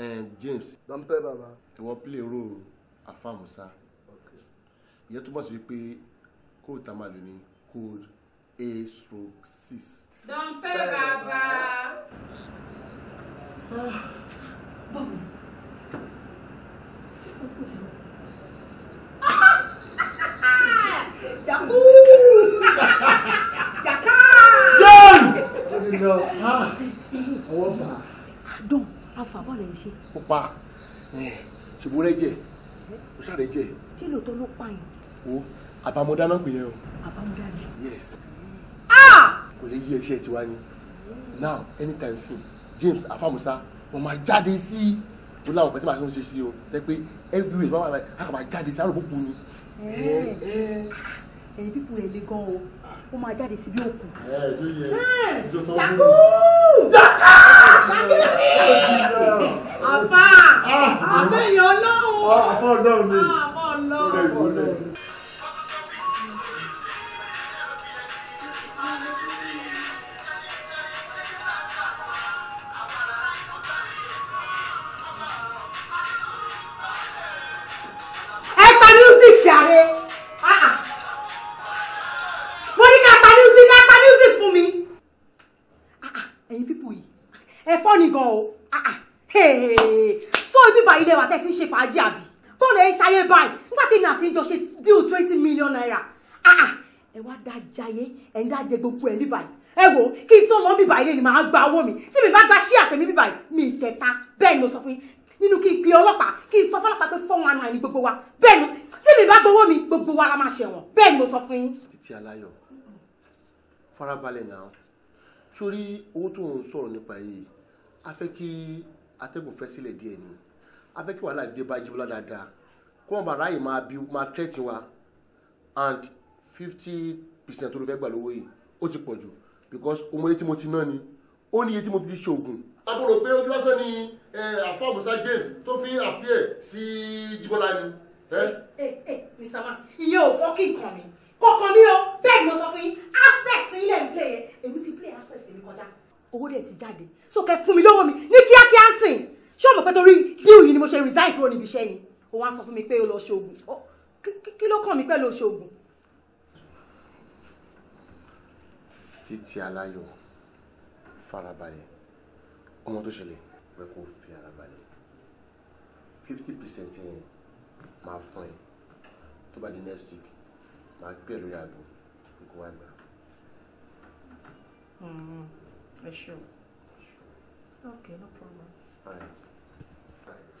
Eh, James dọ́mpẹ́ bàbá ìwọ play role Àfà Músà ìyẹn túmọ̀ sí wípé kóòtù tá a máa lò ní code a stroke six. dọ́mpẹ́ bàbá. bọ́ọ̀lù Jaku! Jaka! James! I ah! don't know. Ah, I don't àfà bọ́ọ̀lù yìí ṣe. ó pa ṣùgbọ́n rẹ jẹ ó ṣàrẹ jẹ. tí lóòótọ́ ló pààyàn. o àbámọ́dá náà pè yẹn o. àbámọ́dá ni. yes. kò lè yí ẹṣẹ tiwa ni now anytime soon James afamusa wọn máa jáde sí i ó láwọn pẹ̀tẹ́ màá ṣe sí o jẹ́ pé everywhere bá wà láì a kò máa jáde sí arúgbó kun ni. ẹ̀yin pípọ̀ ẹ̀ lé gan o ó máa jáde sí bí òkú. ẹ ẹ ló yẹ ìjọsọ ọdún. jàkú. jàkú. Apa? Apa Àfẹ́yìn ọlọ́run! Apa? ọlọ́run ni. Àfọ̀ ayé ẹ̀yin dá jẹ gbogbo ẹ̀ níbàyìí ẹ wò kí n tó lọ bíbàyìí lè ní màá gba owó mi tí mi bá gba ṣí àtẹ̀mí bíbàyìí mi ìtẹ̀ta bẹ́ẹ̀ ni mo sọ fún yín nínú kí n pe ọlọ́pàá kí n sọ fọlọ́pàá pé fọ́n wa náà ní gbogbo wa bẹ́ẹ̀ ni tí mi bá gbowó mi gbogbo wa la máa ṣẹ̀wọ̀n bẹ́ẹ̀ ni mo sọ fún yín. títí aláyọ̀ farabalẹ̀ náà sórí owó tó ń sọ̀rọ̀ nípa yìí a fẹ́ kí atẹ́gùn fẹ́ sílẹ̀ díẹ̀ ni a fẹ́ kí wàhálà dé bá jíbọ́lá dáadáa kó wọn bá ráàyè máa bí máa tẹ́tí wa and fifty percent tó ló fẹ́ gbà lówó yìí ó ti pọ̀ jù because ọmọ yẹn tí mo ti ná ni ó ní iye tí mo fi ṣoògùn. àbúrò pé ojú lásán ni àfáà Musa James tó fi appear sí Jíbọ́lá ni. Mr. Man iye ò fọ́ kí nǹkan mi kọ̀ọ̀kan mi o bẹ́ẹ̀ ni mo sọ fún yín access sí ilé ìgbé yẹn èmi ti play access mi kọjá owó dẹ̀ ti jáde so kẹ fún mi lówó mi ní kíákíá sìn ṣé o mọ̀ pé torí díù yìí ni mo ṣe resign kúrò níbi iṣẹ́ ni o wá sọ fún mi pé o lọ ṣoògùn kí ló kàn mí pẹ̀lú ṣoògùn títí aláyọ̀ farabalẹ̀ ọmọ tó ṣẹlẹ̀ pé kó fi ara balẹ̀ fifty percent yẹn máa fún ẹ tó bá di next week máa gbé ẹ lórí aago pé kó wá gbà. Mm-hmm. ẹ ṣe o okay no problem. All right. All right.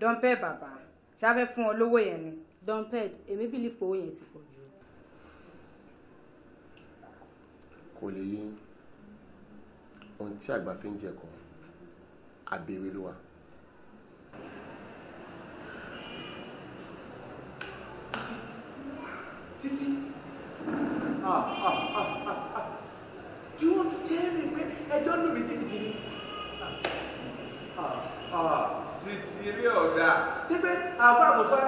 dọ́ńpẹ́ bàbá ṣáfẹ́ fún ọ lówó yẹn ni. dọ́ńpẹ́ èmi bìlífù owó yẹn ti pọ̀ jù. kò lè yín ohun tí àgbà fi ń jẹ̀kọ́ àbẹ̀wé ló wà. títí ah, ah ah ah ah ah do you want to tell me pé ẹjọ́ lù mí jìbìtì ni ah ah, ah. títí rí ọ̀dà. ṣé pé àbá àmọ̀sá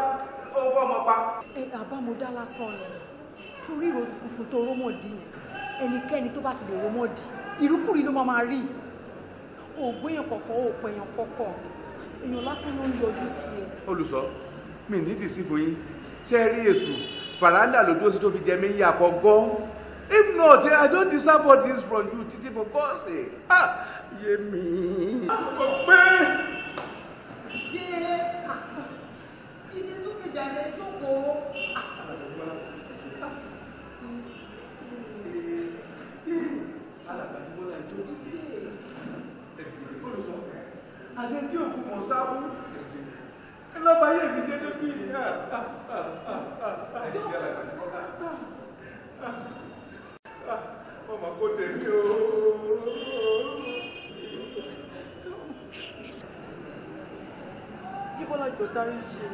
owó ọmọ pa. ẹ àbá mo dá lásán ni torí ìròyìn funfun tó rómọ̀ dì yẹn ẹnikẹ́ni tó bá ti lè romọ́ọ̀dì ìrúkúrí ló máa rí ògbéyàn kọ̀ọ̀kan òpèyàn kọ̀ọ̀kan èèyàn lásán ló ń yọjú sí ẹ. olùsọ mi ní sí fún yín ṣe rí èṣù fàràǹdà ló dúró sí tó fi jẹ mí yà kọ if not i don't deserve all this from you Titi, for god's sake ah yé mi. mo pé. jíde ah, jíde sókè jàre jókòó. alàgbàjúmọ́ náà tó ní díẹ̀ ẹ̀dìdì olùsọ àti tí òkú mọ̀ sáfún ẹ̀dìdì ẹlọ́bàáyé mi dédé bí i ọmọ kò tẹ̀lé o jíbọ́lá jọ dárí jì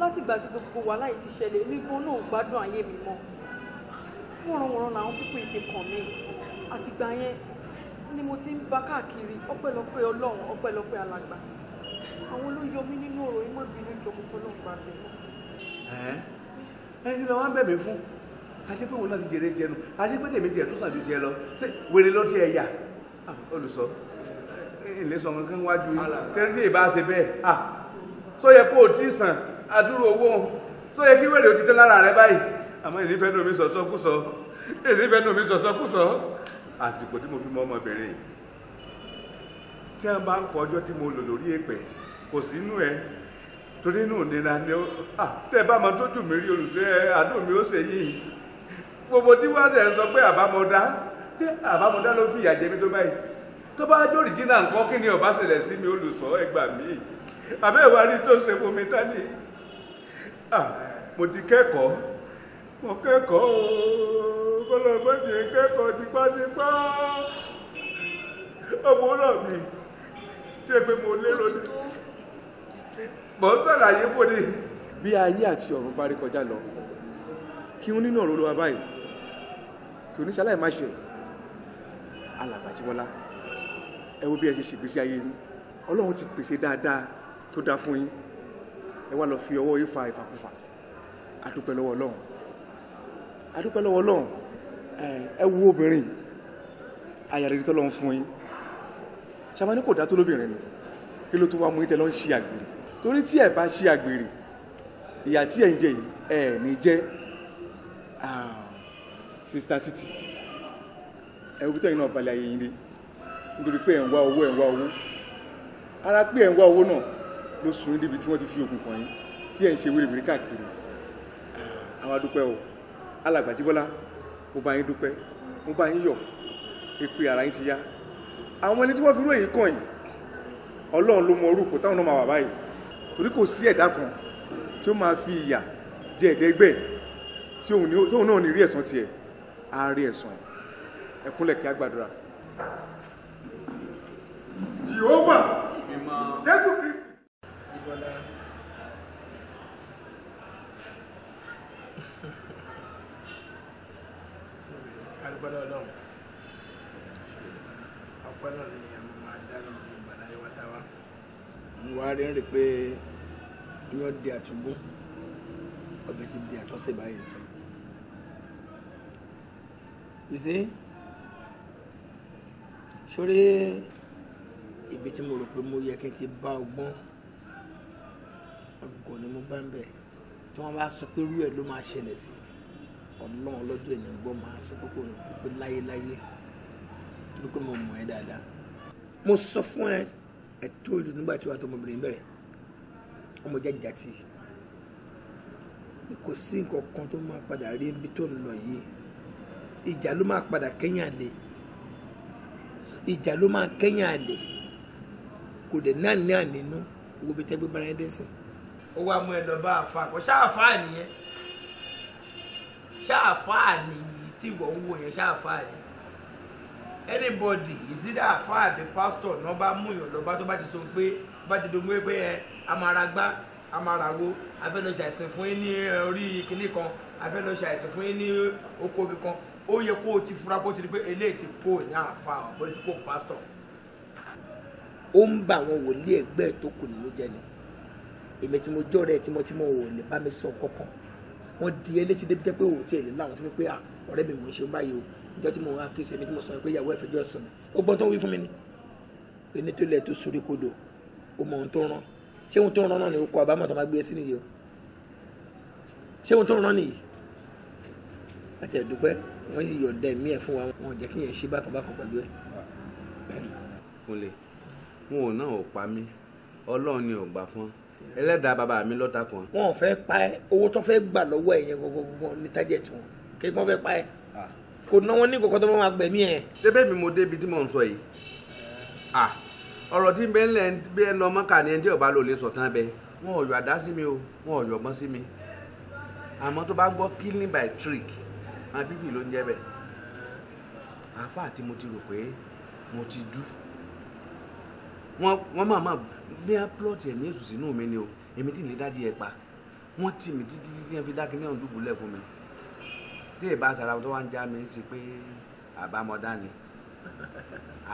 látìgbà tí gbogbo wàhálà yìí ti ṣẹlẹ̀ mi gan náà gbádùn ayé mi mọ́ wọ̀rànwọ̀ràn làwọn púpọ̀ ìfi kàn mí àtìgbà yẹn ni mo ti ń bá káàkiri ọpẹ́lọpẹ́ Ọlọ́run ọpẹ́lọpẹ́ alàgbà àwọn ló yọ mí nínú ọ̀rọ̀ imọ ìbínú ìjọba fọ́lọ́run gbà tẹ. ẹ ẹ ṣe lọ wá bẹ̀ mí fún àti pé òun náà ti jèrè tiẹ̀ nù àti pé tèmi tiẹ̀ tó sàn ju tiẹ̀ lọ wèrè ló tiẹ̀ yà olùsọ ilé sọ nǹkan wájú tẹ́rí tí ìbá ṣe bẹ́ẹ̀ ah tó yẹ kó o ti sàn àdúrò owó tó yẹ kí wèrè o ti tẹ́ lára rẹ báyìí àmọ́ èdè fẹ́ nu mi sọ sọkúsọ èdè fẹ́ nu mi sọ sọkúsọ àsìkò tí mo fi mọ ọmọbìnrin yìí tí a bá ń kọ ọjọ́ tí mo lò lórí èpè kò sí inú ẹ torí inú ìnira ni ó à tẹ bá máa tójú mi rí olùsẹ àdó mi ó ṣe yìí gbogbo tí wọ́n ṣe sọ pé àbámọ̀dá tí àbámọ̀dá ló fi ìyà jẹ mi tó báyìí tó bá jó rìjìnà nǹkan kí ni ó bá ṣẹlẹ̀ sí mi olùsọ ẹgbà mi àbẹ́ tó ṣe fún mi tání mo ti kẹ́kọ̀ọ́ mo kẹ́kọ̀ọ́ o kọ́lọ́gbọ́n ti kẹ́kọ̀ọ́ tipátipá ọmọ náà mi tí pé mo lérò ní mọ̀ ń sàlàyé fún ni. bí ayé àti ọ̀run bá rí kọjá lọ kí n nínú ọ̀rọ̀ olúwa báyìí kí oníṣẹ́ aláìmáṣe alàgbàjíwọ́lá ẹ wo bí ẹ ṣe ṣègbésí ayé yín ọlọ́run ti pèsè dáadáa tó dáa fún yín ẹ wá lọ fi ọwọ́ yín fa ìfàkùfà a dúpẹ́ lọ́wọ́ ọlọ́run adúpẹ́ lọ́wọ́ Ọlọ́run ẹ wo obìnrin ayàrẹ̀rí tọ́lọ́ fún yín ṣàmà ní kò dá tó lóbìnrin ni kí ló tó wá mú ìtẹ́ lọ ń ṣe àgbèrè torí tí ẹ bá ṣe àgbèrè ìyà tí ẹ ń jẹ yìí ẹ ní jẹ sista títì ẹ wípé tẹ́yìn náà balẹ̀ ayé yín rí nítorí pé ẹ̀ ń wá owó ẹ̀ ń wá owó ara pé ẹ̀ ń wá owó náà ló sùn níbi tí wọ́n ti fi òkun yín tí ẹ̀ ń ṣe wérewère káàkiri àwa dúpẹ́ o alàgbà Jíbọ́lá mo bá yín dúpẹ́ mo bá yín yọ̀ ìpè ara yín ti yá àwọn ẹni tí wọ́n fi rú èyí kàn yìí Ọlọ́run ló mọ orúkọ táwọn náà máa wà báyìí torí kò sí ẹ̀dá kan tí ó máa fi ìyà jẹ ẹ̀dẹ́gbẹ́ tí òun náà ní rí ẹ̀san tiẹ̀ á rí ẹ̀san ẹ̀ ẹ kí á Jehovah Jésù Kristi. adúgbọ́dọ̀ ọlọ́run ọpẹ́ náà ni àwọn máa dáná ọdún ìgbàláyé wá táwa. mo wá rí rí pé iyán di àtúgbún ọbẹ̀ ti di àtúnṣe báyìí sí. you see sórí ibi tí mo rò pé mo yẹ kí n ti bá ọgbọ́n ọgọ́ ni mo bá ń bẹ̀ tí wọ́n bá sọ pé irú ẹ̀ ló máa ṣẹlẹ̀ sí i ọlọ́run ọlọ́dún ẹ̀yìn gbọ́ máa sọ pé kò ní pípé láyéláyé torí pé mo mọ̀ ẹ́ dáadáa mo sọ fún ẹ ẹ tó ìlú nígbà tí wàá tó ọmọbìnrin bẹ̀rẹ̀ ọmọ jáde àti kò sí nǹkan kan tó máa padà rí ibi tó ń lọ yìí ìjà ló máa padà kẹ́yìn àlè ìjà ló máa kẹ́yìn àlè kò dẹ̀ náà ní ànínú gbogbo ibi bára ẹ dẹ́sìn ó wàá mú ẹ lọ bá àfa àkọ́ṣá àfa nìyẹn ṣáàfáà ni yìí tí wọ́n ń wò yẹn ṣáàfáà ni anybody is either àfáà àbí pastor náà bá múyàn lọ́ba tó bá ti sọ pé bá ti dogun pé ẹ amaragbá amarawo afẹ́lọ́ṣe àìsàn fún yín ní orí kinní kan afẹ́lọ́ṣe àìsàn fún yín ní oko omi kan ó yẹ kó o ti fura kó o ti di pé eléyìí ti kó o ní àfáà ọ̀bọ̀n ti kó o pastor ó ń bá àwọn wòlíì ẹgbẹ́ tó kù nínú jẹ ni èmi tí mo jọ́ rẹ̀ tímọ́tímọ́ wò lè bá mi sọ kọ́kọ́ wọ́n di ẹ létí débi pé òun tiẹ̀ lè láwọn fún mi pé ọ̀rẹ́ mi mò ń ṣe báyìí o ìjọ tí mo wá kí sẹ́mi tí mo sọ pé ìyàwó ẹ̀ fẹjọ́ sùn mi ó gbọ́n tó wí fún mi ni pé nítorí ẹ̀ tó sórí kodò ó mọ ohun tó rán ṣé ohun tó rán náà ni ó kọ àbámọ̀ tó máa gbé e sí nìyí o ṣé ohun tó rán nìyí àti ẹ̀dùpẹ́ wọ́n yí yọ̀ǹda ẹ̀mí ẹ̀ fún wa wọn jẹ́ kí yẹn ṣe bákan bákan pẹ̀lú ẹ̀. kúnlẹ̀ wọn ò náà ò pa mí ọlọ́run ni ò gbà fún ẹlẹ́dàá bàbá mi lọ́ta kan. wọn ò fẹ́ pa ẹ́ owó tó fẹ́ gbà lọ́wọ́ ẹ̀ yẹn gbogbogbò ní tájẹ̀tì wọn kí wọ́n fẹ́ pa ẹ́ kò náwó ní kòkó tó bá máa gbẹ̀mí ẹ̀. ṣé bẹ́ẹ̀ mi mo débi tí mò ń sọ yìí ọ̀rọ̀ tí bẹ́ẹ̀ lẹ́ bẹ́ẹ̀ lọ mọ́kà ni ẹni ọba ló lè sọ tán bẹ́ẹ̀ wọn ò yọ àdá sí mi o wọn ò yọ ọgbọ́n sí mi àmọ́ tó bá gbọ́ killing by trick àwọn bíbí ló ń jẹ́ bẹ́ẹ̀ àáfàá tí mo ti rò pé mo ti dú wọ́n máa máa ní plọ́ọ̀tì ẹ̀mí èṣù sínú mi ni o èmi tí nílé dájú ẹ pa wọ́n tì mí títí títí ẹ fi dákì ní ọ̀dùnkù lẹ̀ fún mi tí èèbá sara tó wá ń já mi sí pé àbámọ́dá ni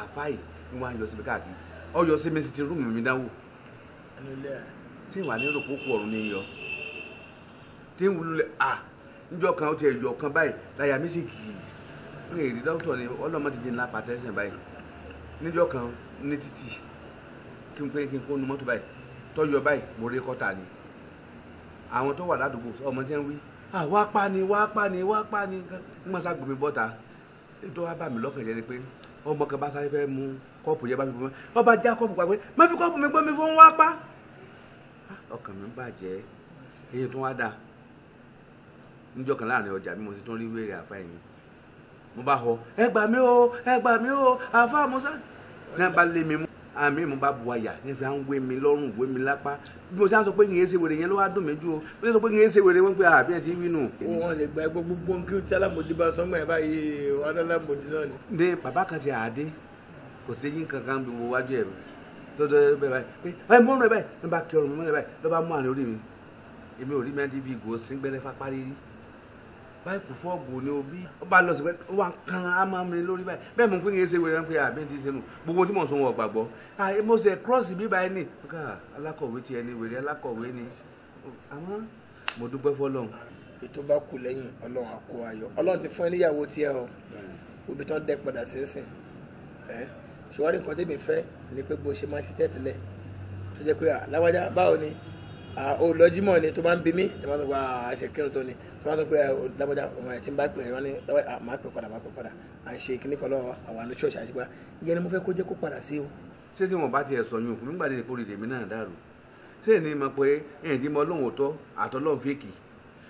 àfáì ni wọ́n á yọ sí mi káàkiri ọ yọ sí mi sí ti rúùmù mi dáwò tí ìwà ní rò kókó ọ̀run ní yọ tí ń wululẹ̀ à níjọ́ kan ó ti ẹ̀yọ̀ kan báyìí láyà mí sì kì í ń èrè dókítà ni ọlọ́mọdé jẹ́ ńlá pàtẹ́sìn kí n pé kí n kó nu mọ́tò báyìí tọ́jú ọ báyìí mo rí kọ́ta ni àwọn tó wà ládùúgbò ọmọ tí ń wí wá pa ni wá pa ni wá pa ni ń mọ̀ sá gbomi bọ́ta ètò wa bà mí lọ́kàn jẹ́ ni pé ọmọ kan bá sáré fẹ́ mu kọ́ọ̀pù yẹn bá fi bọ́ ọba já kọ́ọ̀pù pa má fi kọ́ọ̀pù mi gbọ́ mi fún wá pa ah, ọkàn mi bàjẹ́ èyí tó wá dáa níjọ́ kan láàrin ọjà mi mo sì tún rí wéèrè àfa ẹ̀yìn mo bá họ ẹ gbà o ẹ gbà o àfa musa náà bá lé mi mú àmì ìmú bá bu àyà ní fi à ń wé mi lọ́rùn wé mi lápá bí mo ṣe à ń sọ pé yìnyín ṣe wèrè yẹn ló wá dùn mí jù o bí mo sọ pé yìnyín ṣe wèrè wọn pé àbí ẹ ti wí nù. wọn lè gba ẹgbẹ gbogbo kí ó ti alámòdì bá sọgbọn ẹ báyìí wọn náà ni. ní bàbá kan ti àdé kò sí yín kankan bí mo wájú ẹ tọdọ bẹ́ẹ̀ báyìí báyìí mọ́nà báyìí ló bá kí ọrùn mọ́nà báyìí ló mú àárín orí mi èmi ò rí mẹ́tí bí gòsín gbẹ́rẹ́ fapá rírí báyìí kò fọ́ọ̀gù ni o bí ó bá lọ sí pé ó wà kan á máa mi lórí báyìí bẹ́ẹ̀ mo pín in ṣe wẹ̀rẹ̀ rán é àbí ti ṣe nù gbogbo tí mò ń sọ wọn gbàgbọ́ mo ṣe cross bí báyìí nì ká alákọ̀wé ti ẹni wẹ̀rẹ̀ alákọ̀wé ni àmọ́ mo dúpẹ́ fọlọ́run. ètò bá kù lẹ́yìn ọlọ́run àkó ayọ̀ ọlọ́run ti fún ẹ níyàwó tiẹ̀ o obì tán dẹ padà sínsìn ẹ ṣùgbọ́n nǹkan tèmi fẹ́ ni pé bó ṣe máa ṣiṣẹ́ tẹ́lẹ̀ tó jẹ́ pé aláwájá báwo ni olójúmọ̀ ni tó máa ń bí mí tó máa ń sọ pé àṣẹ kírun tó ni tó máa ń sọ pé lábọ́jà ọmọ ẹ̀ tí ń bá pè é wọ́n ní máa pè padà máa pè padà à ń ṣe kíní kan lọ́wọ́ àwọn àánú ṣọ́ọ̀ṣì àṣìpá ìyẹn ni mo fẹ́ kó jẹ́ kó padà sí o. ṣé tí wọn bá tiẹ̀ sọ yún fún mi gbàdé ìpòrí tèmi náà dàrú ṣé ni mo pé ẹ̀yìn tí mo lóun òótọ́ àtọ́lọ́n fèkì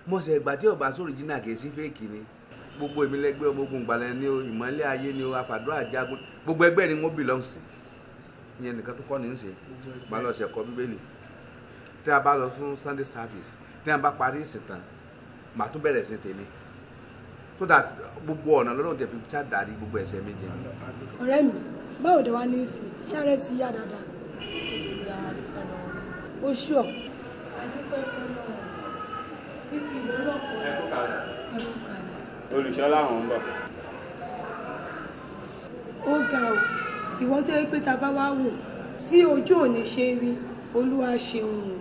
mo sì ẹ̀gbà tí ọba sórí jìnnà kì í sí fèkì ni gbogbo èmi lẹgbẹ́ ọmọ ogun ìgbàlẹ̀ ni o ìmọ̀lẹ́ ayé ni o àfàdúrà jagun gbogbo ẹgbẹ́ ni mo belong sí ìyẹn nìkan tó kọ́ ní í ṣe màá ṣẹ̀kọ́ bíbélì tí a bá lọ fún Sunday service tí a bá parí ìsìn tán màá tún bẹ̀rẹ̀ sí tèmi so that gbogbo ọ̀nà lọ́dún tẹ̀ fi ṣàdarí gbogbo ẹ̀ṣẹ̀ méje mi. ọ̀rẹ́ mi báwo de wá ní ìsìn ṣáré ti yá dáadáa. ó ṣù ọ́. olùṣọ́ làwọn ń bọ̀. ó ga ọ ìwọ́n tó yẹ pé ta bá wá wò tí ojú ò ní ṣe rí olúwa ṣeun o.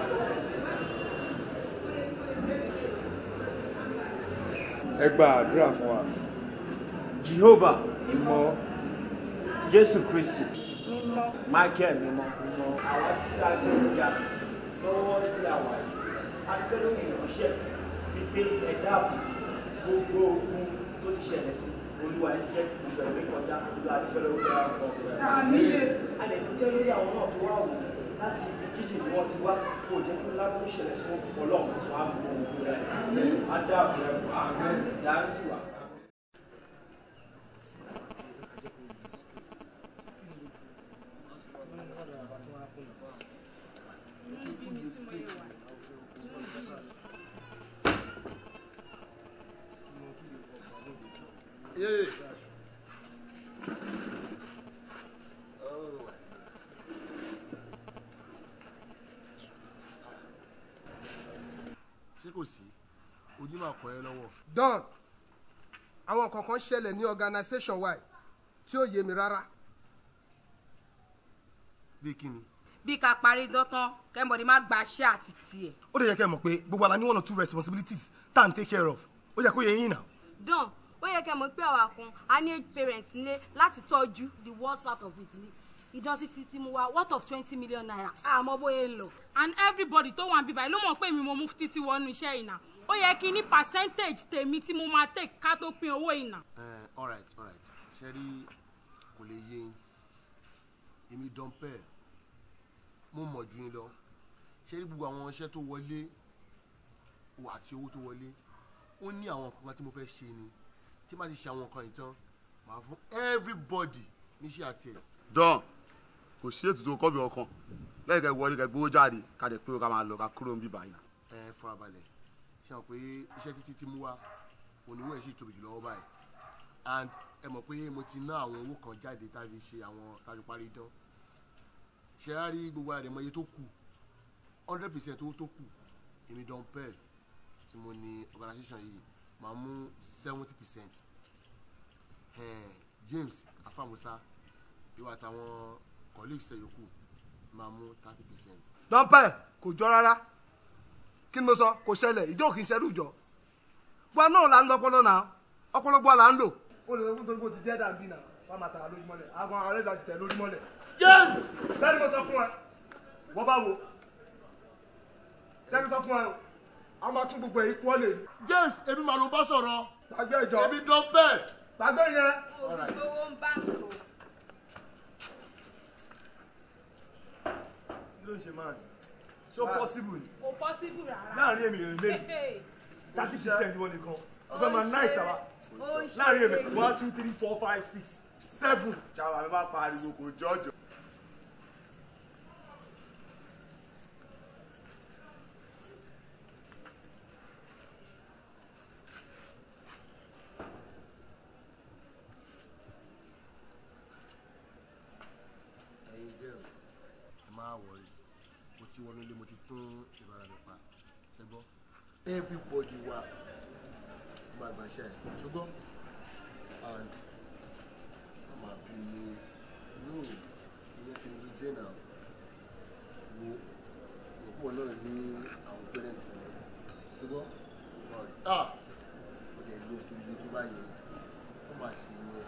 ẹ àdúrà fún wa. Jehovah mímọ́ Jésù Kristi Michael mímọ́ mímọ́ àwọn tí a gbé ìjà lọ́wọ́ sí àwa yìí agbẹ́lẹ́ ìránṣẹ́ ẹ̀dá gbogbo ogun tó ti ṣẹlẹ̀ sí olúwa ẹ ti jẹ́ kí ìgbẹ̀rẹ̀ kọjá olúwa ti fẹ́rẹ̀ ó fẹ́ràn kan. àmì àwọn náà tó wà wò láti ibi jíjì ni wọ́n ti wá kó jẹ́ kí lábẹ́ ìṣẹ̀lẹ̀ sí ọlọ́run tó á mú ohun kúrẹ́ á dáàbò ẹ̀kọ́ àárín ìdáríjì wà. Yeah. máa kọ́ ẹ lọ́wọ́. don àwọn kankan ṣẹlẹ̀ ní organisation wa tí ò yé mi rárá. bí kíni. bí ká parí dọ́tán kẹ́mbọ̀dé má gba ṣẹ́ àti tiẹ̀. ó lè yẹ kẹ́ ẹ mọ̀ pé gbogbo àlá ní one or two responsibilities tá à ń take care of ó yẹ kó yẹ yín náà. don ó yẹ kẹ́ ẹ mọ̀ pé àwa kan a ní parents nílé láti tọ́jú the worst part of it ni ìdọ̀tí ti ti mu wa worth of twenty million naira àmọ́ bóyá ń lọ. and everybody tó wà ń bíbá yìí ló mọ̀ pé mi mo mú títí wọnú iṣẹ́ ìnà ó yẹ kí ní percentage tèmi tí mo máa take ká tó pín owó ìnà. ẹ all right all right ṣe rí kò lè yé yín èmi dọ́ńpẹ́ mo mọ̀ ju yín lọ ṣe rí gbogbo àwọn iṣẹ́ tó wọlé àti owó tó wọlé ó ní àwọn nǹkan tí mo fẹ́ ṣe ni tí má ti ṣe àwọn nǹkan ìtàn màá fún everybody níṣẹ́ àti ẹ̀. done kò sí ètùtù kọ́bì ọkàn lẹ́yìn kẹ́ wọlé kẹ́ gbowó jáde ká dẹ̀ pé ká máa lọ ká kúrò níbí báyìí. ẹ fara balẹ̀ ṣe àwọn pé iṣẹ́ títí ti mú wa oníwọ̀n ẹ̀ sì tóbi jù lọ́wọ́ báyìí and ẹ mọ̀ pé mo ti ná àwọn owó kan jáde tá a fi ṣe àwọn tá a fi parí dán ṣe á rí gbogbo ara rẹ̀ mọ iye tó kù hundred percent owó tó kù èmi don pell tí mo ní organisation yìí máa mú seventy percent James afamusa ìwà àtàwọn colleagues ẹ yòókù máa mú thirty percent. dọ́pẹ́ kò jọ rárá kí ni mo sọ kò ṣẹlẹ̀ ìjọ kì í ṣẹlú ìjọ wa náà là ń lọ ọpọlọ náà ọpọlọ gbọ́ là ń lò. ó lè lọ́kùn tó gbó ti jẹ́ dàbí náà wọ́n máa ta lójúmọ́lẹ̀ àwọn àwọn ẹlẹ́dàá ti tẹ̀ lójúmọ́lẹ̀. James sẹ́ni mo sọ fún ẹ wọ́n bá wo sẹ́ni sọ fún ẹ a máa tún gbogbo èyí kú James èmi màlúù bá sọ̀rọ̀. gbàgbé ìjọ èmi dọ́pẹ́. gbàgbé yẹn. òfin ń bá ń kó. ló ń ṣe máa ní ṣó ah. possible ni. kò possible rárá. láàrin èmi èmi méjì thirty percent wọn nìkan ó fẹ́ máa náì sábà láàrin èmi one two three four five six seven. ṣàwọn àmì máa pariwo kò jọjọ. wọnú ilé mo ti tún ìrora mi pa ṣẹgbọ́ everybody wa máa gbàṣẹ ṣùgbọ́n and ọmọ àbí no ìyẹn fi mi jẹ́ náà wo òkú wọn náà ní àwọn parents rẹ ṣùgbọ́n ah ọ̀dẹ̀ ló fi mi tó bá yẹ ó máa ṣe yẹn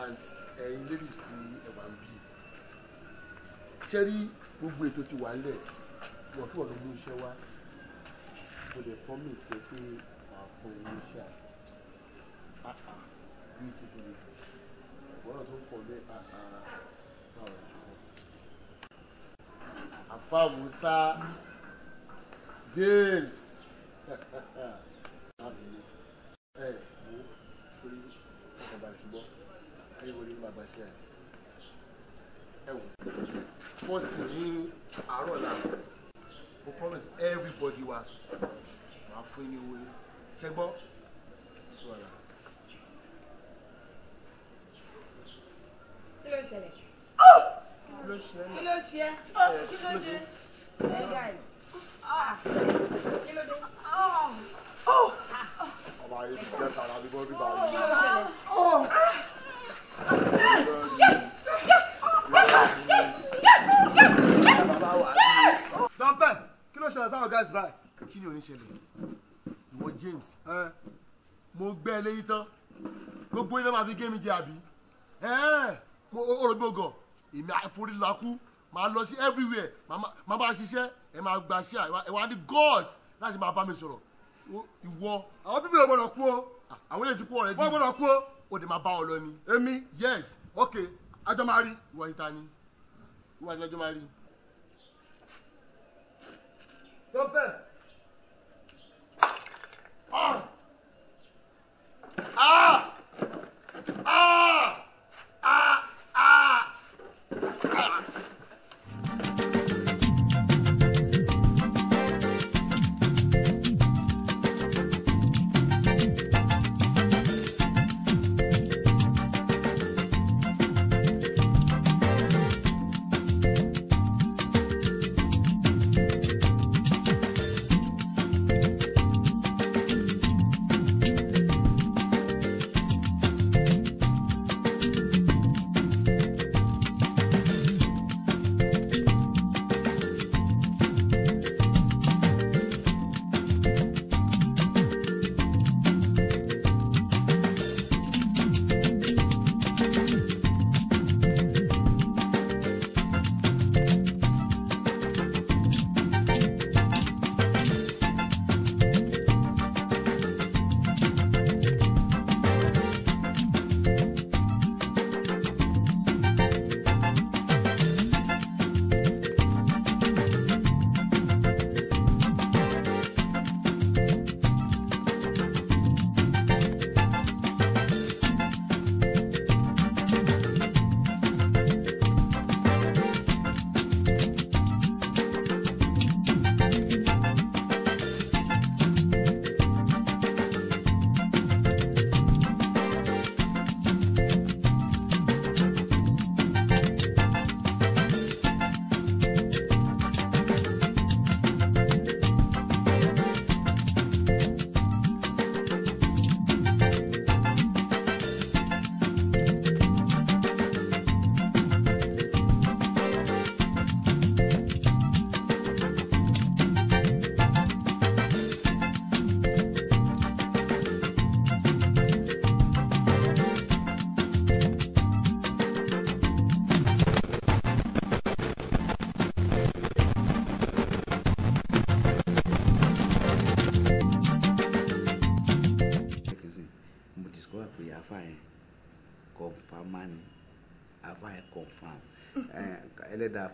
and ẹ̀yin ladies ti ẹ̀wà ń bí ṣe rí gbogbo ètò ti wà lẹ̀ wọ́n kí wọ́n lọ mú iṣẹ́ wá mo lè fọ́ mi ṣe pé màá fún ilé iṣẹ́ àá bí ti fi lè wọ́n tó pọ̀ lé àá àfa Musa James *laughs* ẹ wo torí ọkọ̀ bàrẹ̀ ṣùgbọ́n ẹ wọlé ní bàbá ṣe àyè first ní àárọ̀ la mo promise everybody wa màá fún yín owó yín ṣe gbọ́ sí wàhálà. kí ló ṣẹlẹ̀ kí ló ṣe kí ló ṣe kí ló ṣe hey guys Oh. ló oh. Oh. yìí ti jẹ́ tààrà bí bọ́ọ̀bì bá a lè. ṣọlá sáwọn guys báyìí kí ni ò ní ṣẹlẹ̀ ìwọ James mo gbẹ́ eléyìí tán gbogbo ilé máa fi gé mi jẹ àbí orògbògàn èmi àforí lakú màá lọ sí everywhere màá bá ṣiṣẹ́ ẹ máa gba ṣíà ẹ wá ní God láti máa bá mi sọ̀rọ̀ ìwọ. àwọn bíbí ò gbọ́dọ̀ kú o. Ah, àwọn ilé ti kú ọ̀rẹ́ bí. wọ́n gbọ́dọ̀ kú o. o de ma bá ọ lọ ni. èmi. yes ok ajọ́ máa rí. ìwà ìta ni ìwà ìta ajọ́ máa rí. Zafer. Ah! Ah!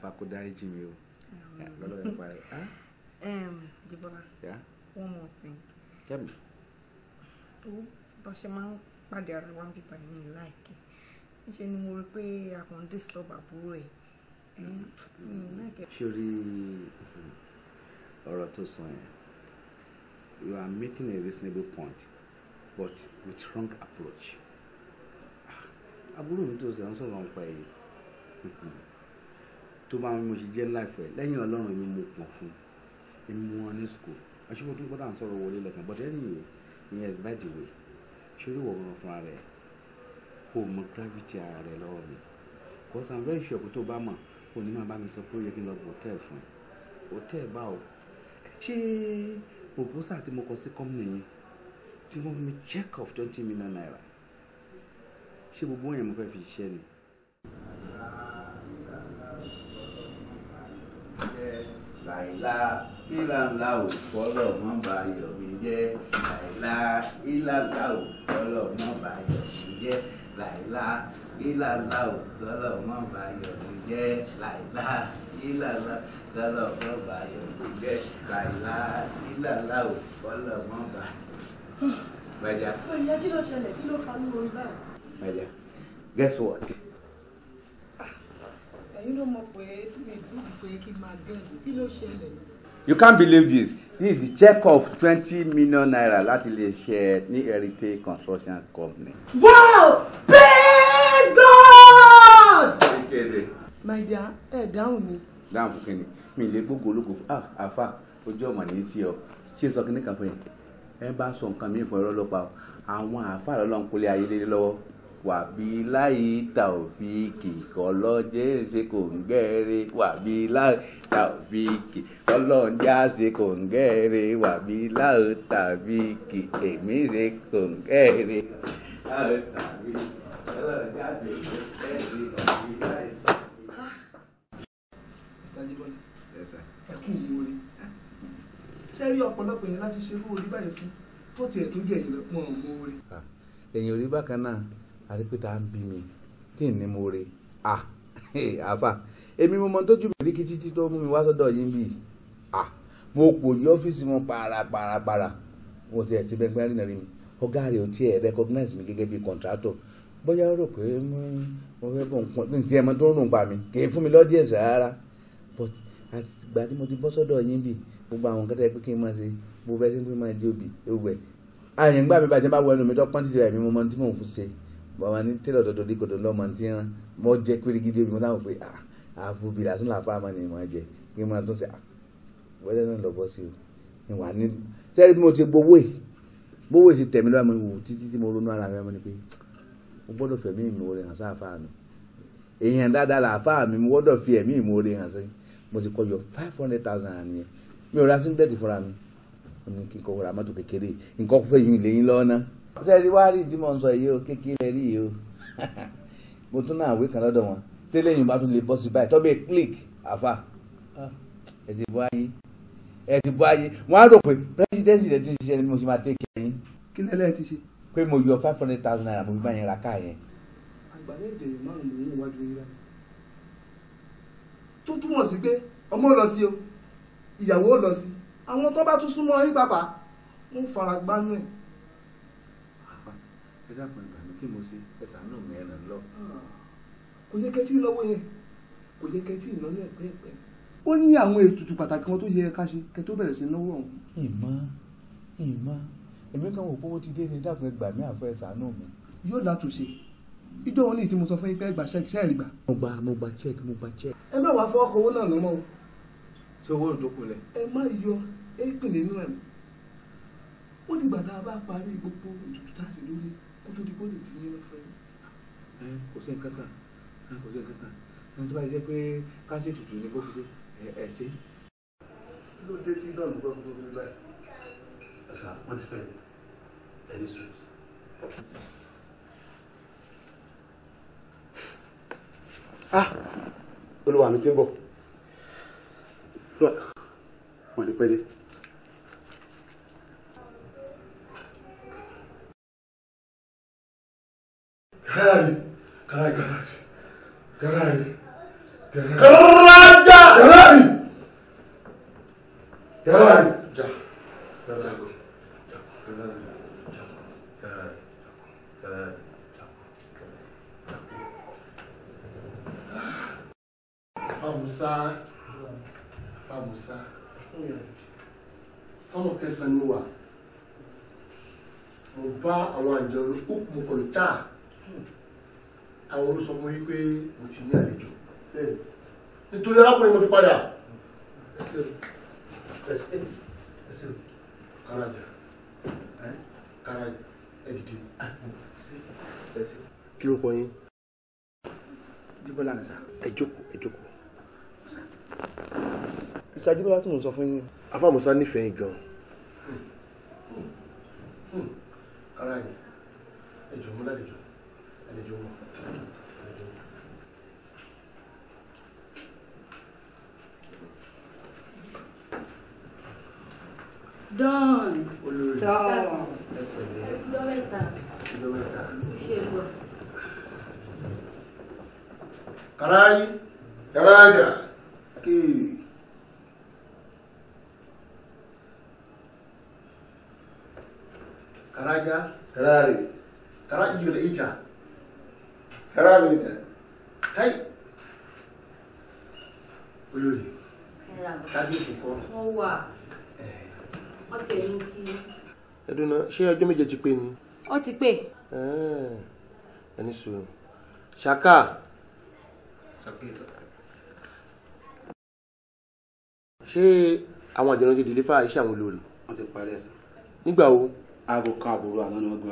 Ifá kó dáríjì mi o mm. lọ́dọ̀ Ifá rẹ̀. Ah. Jíbọ́lá one more thing. jẹ́mi. owó bá ṣe máa ń pàdé ara wa ń bíbá mi láìkí níṣẹ́ ni mo rí pé a kàn ń disturb àbúrò ẹ̀ ṣé orí hmm, ọ̀rọ̀ tó sọ yẹn you are making a reasonable point but with wrong approach ah, àbúrò mi tó sọ ń sọ̀rọ̀ ń pa ẹ̀yìn. Hmm, hmm tó máa ń mo ṣe jẹ́ láìfẹ́ lẹ́yìn ọlọ́run èmi mo kàn fún èmi mo wọn ní school aṣọ́wó tó ń gbọ́dọ̀ à ń sọ̀rọ̀ wọlé lọ́kàn but anyway yes by the way ṣorí wọ̀ gan fúnra rẹ̀ kò mọ gravity ara rẹ̀ lọ́wọ́ mi cause i'm very sure pé tó bá mọ̀ kò ní máa bá mi sọ pé ó yẹ kí n lọ bọ̀ hòtẹ́ẹ̀ fún ẹ hòtẹ́ẹ̀ bá o ṣé proposal tí mo kọ sí company yẹn tí wọ́n fi mi check off twenty million naira ṣé gbogbo yẹn mo fẹ́ fi ṣiṣẹ́ ni jẹ́ láìlá ìlànà ò fọlọ́ mọ́ bá yọ̀ mí jẹ́ láìlá ìlànà ò fọlọ́ mọ́ bá yọ̀ mí jẹ́ láìlá ìlànà ò fọlọ́ mọ́ bá yọ̀ mí jẹ́ láìlá ìlànà lọ́lọ́ mọ́ bá yọ̀ mí jẹ́ láìlá ìlànà ò fọlọ́ mọ́ bá. Bàjá. Bàjá kí ló ṣẹlẹ̀ kí ló fa nínú orí báyìí? guess what? you can't believe this this the check of twenty million naira láti lè ṣe ní heritage construction company. wow praise God. my dear ẹ dáhùn mi. dáhùn fún kínní mi lè gbógo ológo ah àfa ojú ọmọ ní tí ọ ṣé sọ kínní kan fún yẹn ẹ bá sọ nǹkan mi fún ẹ lọ́lọ́pàá àwọn àfa lọ́lọ́ ń kólé ayé lé lọ́wọ́ wàbíláyì tàòfíìkì kọlọ́jẹ́ ṣe kò ń gẹ́rẹ́ wàbíláyì tàòfíìkì kọlọ́jẹ́ ṣe kò ń gẹ́rẹ́ wàbíláyì tàòfíìkì èmi ṣe kò ń gẹ́rẹ́ ẹkún ìmúre ọ̀pọ̀lọpọ̀ yẹn láti ṣerú orí báyìí fún tó tiẹ̀ tó jẹ́ ìjìnlẹ̀ pọ́n ọ̀mọ́ orí. ẹ̀yìn orí bákan náà àrípẹ́tà ń bí mi tí ì ní mo re à àfà èmi mo mọ tójú mi ríkì títí tó mú mi wá sọ́dọ̀ yín bí à mo pò yí ọ́fíìsì wọn parapara wọn ti ẹ̀ sí bẹ́ẹ̀ gbẹ́rìn rí mi ọ̀gá rẹ̀ ò tiẹ̀ recognize mi gẹ́gẹ́ bí contractor bóyá ó rò pé hmm, mo fẹ́ bọ̀ nǹkan ní ti ẹ̀mọ́ tó ń rùn pa mi kì í fún mi lọ́dí ẹ̀sẹ̀ rárá but àtìgbà tí mo ti bọ́ sọ́dọ̀ yín bì gbogbo àwọn kẹta ẹ pé kí n máa ṣe gbogbo ẹ sí pé máa jẹ́ òbí ewúwẹ̀ àyẹ̀ngbà mi bàjẹ́ bá wọ ẹnu mi tó pọ́n títí ẹ̀ mi mo mọ ohun tí mò ń ṣe bàbá ní tẹ́lẹ̀ ọ̀dọ́dọ́ díkòdò lọ́mọ tí ń ah, mọ́ jẹ́ pérégidé obìnrin táwọn pé àfubì lásán làfà máa ní ìmọ̀ jẹ kí n máa tún ṣe ah, wẹ́lẹ́ náà lọ́bọ́ sí o ìwà ní sẹ́yìn bí mo ti gbowó yìí gbowó yìí ti tẹ̀mí lọ́wọ́ mi wò títí tí mo ronú ara mi mo ní pé mo gbọ́dọ̀ fẹ̀mí ìmoore hàn sáfà mi èèyàn dáadáa làfà mi mo gbọ́dọ̀ fi ẹ̀mí ìmoore hàn sí mo ti kọjọ five hundred thousand rand yẹn mi ò ra singlet fúnra sẹ́ẹ̀rí wá rí ìdímọ̀ ń sọ yìí o kékeré rí yìí o *laughs* mo tún náà wé kan lọ́dọ̀ wọn tẹ́lẹ̀ yìí bá tún lè bọ́ sí báyìí tọ́bẹ̀ click àfà ah. ẹ̀ ti bọ́ ayé ẹ̀ ti bọ́ ayé wọ́n á rò pé presidency rẹ̀ ti ń ṣiṣẹ́ ni mo ṣe máa tẹ́ kẹ́ yín. kí lẹ́lẹ́ ti ṣe. pé mo yọ five hundred thousand naira mo fi bá yẹn ra káà yẹn. àgbàdo èdè márùn-ún ń wájú yín báyìí. tó túmọ̀ sí pé ọmọ lọ sí o ìyàwó lọ sí àwọn tó bá tún súnmọ́ yín pàpà ń fara gbáyún ẹ dákun ìgbà mi kí mo ṣe ẹ ṣàánú mi ẹ ràn lọ. Ah, kò yẹ kẹtí lọ́wọ́ yẹn kò yẹ kẹtí ìnáwó ẹ̀pẹ́ ẹ̀pẹ́. ó ní àwọn ètùtù pàtàkì kan tó yẹ ká ṣe kẹ tó bẹ̀rẹ̀ sí náwó ọ̀hún. ìmọ̀ ìmọ̀ èmi kan wò pé owó ti dé ní dákun ẹ gbà mí àfẹ́ ṣàánú mi. yóò látúnṣe ìjọ òní tí mo sọ fún yín pé ẹ gbà ṣẹ́ẹ̀kì ṣẹ́ẹ̀rì gbà. mo gba mo gba ṣẹ́ẹ̀kì mo gba ṣẹ́ẹ̀kì. ẹ má wàá fọ́ ọkọ̀ owó náà lọ́mọ́ o. ṣé owó ìdókòó lẹ. ẹ má yọ éèpì nínú ẹ̀ ó dìgbà tá a bá parí gbogbo ètùtù tá a ṣe lórí kó di kó lè dín ní fún un kò sí nǹkan kan kò sí nǹkan kan ẹni tó bá jẹ́ pé káṣí ni kó fi ṣe ẹ ṣe. kí ló dé tí náà ló gbọ́ gbogbo ah olúwa mi ti ń bọ̀ wọ́n Gerari, Gerari, Gerari, Keraja, Gerari, Gerari, Jah, Gerari, ja, Gerari. Famusa, Famusa, sọmọ kẹsàn-án ni wa mo bá àwọn àjọ mo àwọn olóṣọ mú wípé mo ti ní àlejò nítorí arákùnrin mo fi padà karaja karaja ẹdìdì kí ló kọ yín. jíbọ́lá ni sà. ẹ jókòó ẹ jókòó. mr jíbọ́lá tún mò ń sọ fún yín. afáàmùsá nífẹ̀ẹ́ yín gan-an. Hmm. Hmm. Hmm. karaja ẹ jọ̀ọ́ mú lálejò. Don. Don. Kilometer. Kilometer. Kiri. Karaja. Karari. Karaji udah खराब है बेटा है olórí kábíyèsí kọ́. wọ́n wà wọ́n ti ẹ̀yìn kí. ẹdùnà ṣé ọjọ́ méje ti pé ni. ó ti pé. ẹni sùúrù ṣáká. ṣé àwọn àjọyọ̀ ti dìlífà iṣẹ́ àwọn olórí. wọ́n ti parí ẹ̀sán. nígbà wo. aago kan àbúrò àná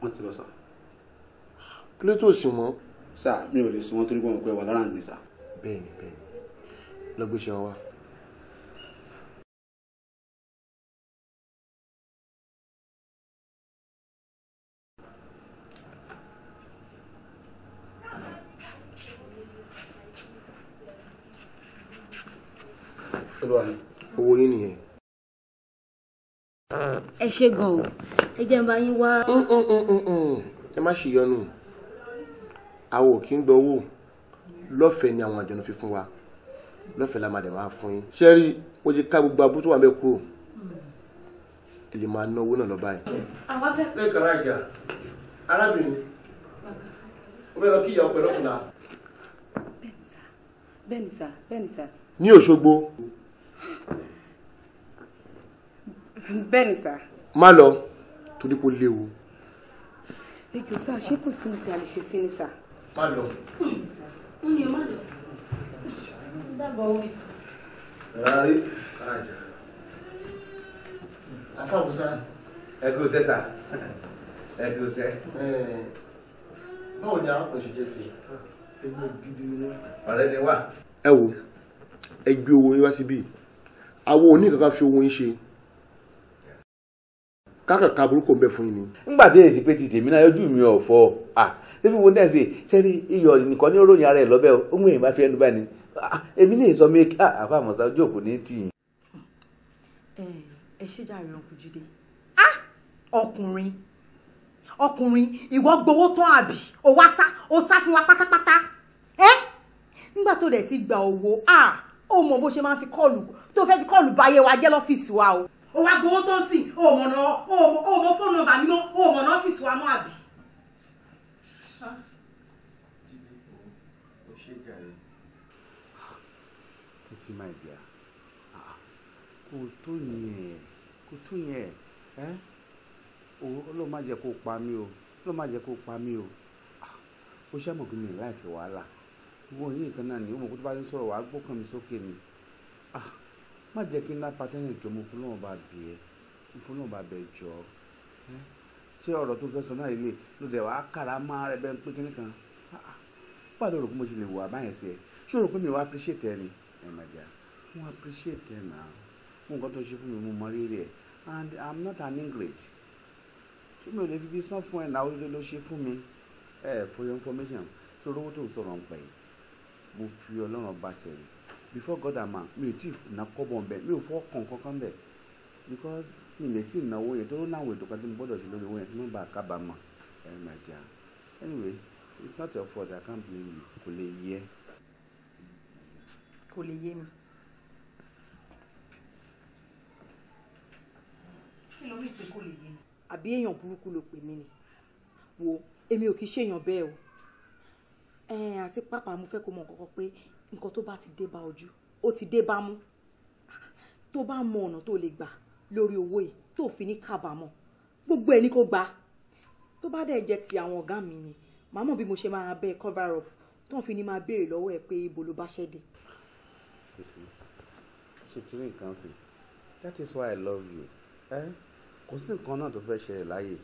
wọ́n ti lọ sà. kí ló tó sùn mọ́. sà mi ò lè sùn wọ́n torí pé wọn pẹ́ wà lára àgbèsà. bẹ́ẹ̀ni bẹ́ẹ̀ni lọgbẹsẹ wa. ẹ ṣe gan o ẹ jẹ́ n bá yín wá. Mm, mm, mm, ẹ má ṣe yọnu àwọn ò kí ń gbowó lọ́fẹ̀ẹ́ ni àwọn àjọ̀nù fi fún wa lọ́fẹ̀ẹ́ la máa dẹ̀ máa fún yín ṣé rí o ti ká gbogbo abúlé tó wà bẹ́ẹ̀ kúrò ẹ lè máa náwó náà lọ báyìí. àwa fẹ́. ẹ kàrà ìjà arábìnrin ó fẹ́ lọ kí ìyá ọkọ ẹ náà. bẹ́ẹ̀ni sá bẹ́ẹ̀ni sá. ní Òṣogbo. bẹ́ẹ̀ni sá má lọ torí kò léwu. ètò sáà ṣé kò sí ti àlè ṣe sí ni sà. má lọ. ń yẹ má lọ. dábàá omi. rárí karajà afáàbùsá. ẹ kú sẹ́ sà ẹ kú sẹ́. báwo ni arákùnrin ṣe jẹ́ sí i ẹgbẹ́ gidi ni wọ́n. ọ̀rẹ́ ni wà. ẹ wo ẹ gbé owó yín wá síbí àwọn oníkankan fi owó yín ṣe kákàkà burúkú ń bẹ fún yín ni. ńgbà tí èsì pé ti tèmi náà mi ò fọ à débi wo náà ṣe iyọ̀ nìkan ní ròyìn ara ẹ̀ lọ́bẹ̀ ó mú fi ẹnu báyìí ni èmi sọ méjì àfa àmọ̀sá ojú òkú ní tì ẹ ṣe ọkùnrin jíde ọkùnrin ọkùnrin ìwọ gbowó tán àbí o wá sá fún wa pátápátá ẹ nígbà tó dẹ̀ owó ó mọ bó ṣe máa fi kọ́ọ̀lù tó fẹ́ fi kọ́ọ̀lù wa jẹ́ lọ́fíìsì wa o o wá gbowó tó ń sìn o mọ̀ náà o mọ̀ fóònù nọ́mbà mi mọ́ o mọ̀ náà ọ́fíìsì wa mọ́ àbí. títí my dear ah, kò tó yẹn kò tó yẹn ẹ ọlọ́run má jẹ́ kó pa mí o ọlọ́run má jẹ́ kó pa mí o ó ah, ṣàmùkú mi láìpẹ́ wàhálà gbogbo yìí kan náà ni ó mọ̀ kó tó bá ń sọ̀rọ̀ wàá gbọ́kàn mi sókè ni má jẹ́ kí ńlá pàtẹ́yìn jọ mo fọlọ́wọ́n bá bì ẹ́ e, mo fọlọ́wọ́n bá bẹ̀ jọ ẹ́ ṣé ọ̀rọ̀ tó fẹ́ sọ náà ilé ló dẹ̀ wàá kàrà má rẹ bẹ́ẹ̀ ń pé kínní kan pàdé rò pé mo ṣe lè wà báyẹn sí ẹ ṣé o rò pé mi wá appreciate ẹ ni ẹ má jà mo appreciate ẹ náà mo nǹkan tó ṣe fún mi mo mọ rírì ẹ and i'm not an ingrate ṣé mi ò lè fi bí sán fún ẹ náà orí ló ṣe fún mi ẹ for your information ṣé olówó tó ń sọ̀rọ̀ ń pẹ̀ yìí mo fi ọlọ́run bá ṣe before God and man mi ò tí ì ná kọ́bọ̀ ń mi ò fọ́ kàn kankan bẹ̀ because mi lè tí ì náwó yẹn tó ló láwọn ètò kan tó ń gbọ́dọ̀ ṣe lórí owó yẹn tó ń bá a kábàámọ̀ ẹ máa jà anyway it's not your fault I can't blame you kò lè yẹ. kò lè yé mi. kí ló ń àbí èèyàn burúkú ló pè mí ni wo èmi ò kì í ṣèèyàn bẹ́ẹ̀ o àti pàápàá mo fẹ́ kó mọ̀ kọ́kọ́ pé nǹkan tó bá ti dé bá ojú ó ti dé bá mú tó bá mọ ọ̀nà tó lè gbà lórí owó yìí tó fi ní kábàámọ̀ gbogbo ẹ̀ ní kó gbà tó bá dẹ̀ jẹ́ ti àwọn ọ̀gá mi ni màá bí mo ṣe máa bẹ́ẹ̀ cover up tó ń fi ní máa béèrè lọ́wọ́ ẹ̀ pé ibo ló bá ṣẹ́ dé. ṣe ti rí nǹkan sí that is why i love you kò sí nǹkan náà tó fẹ́ ṣẹlẹ̀ láyè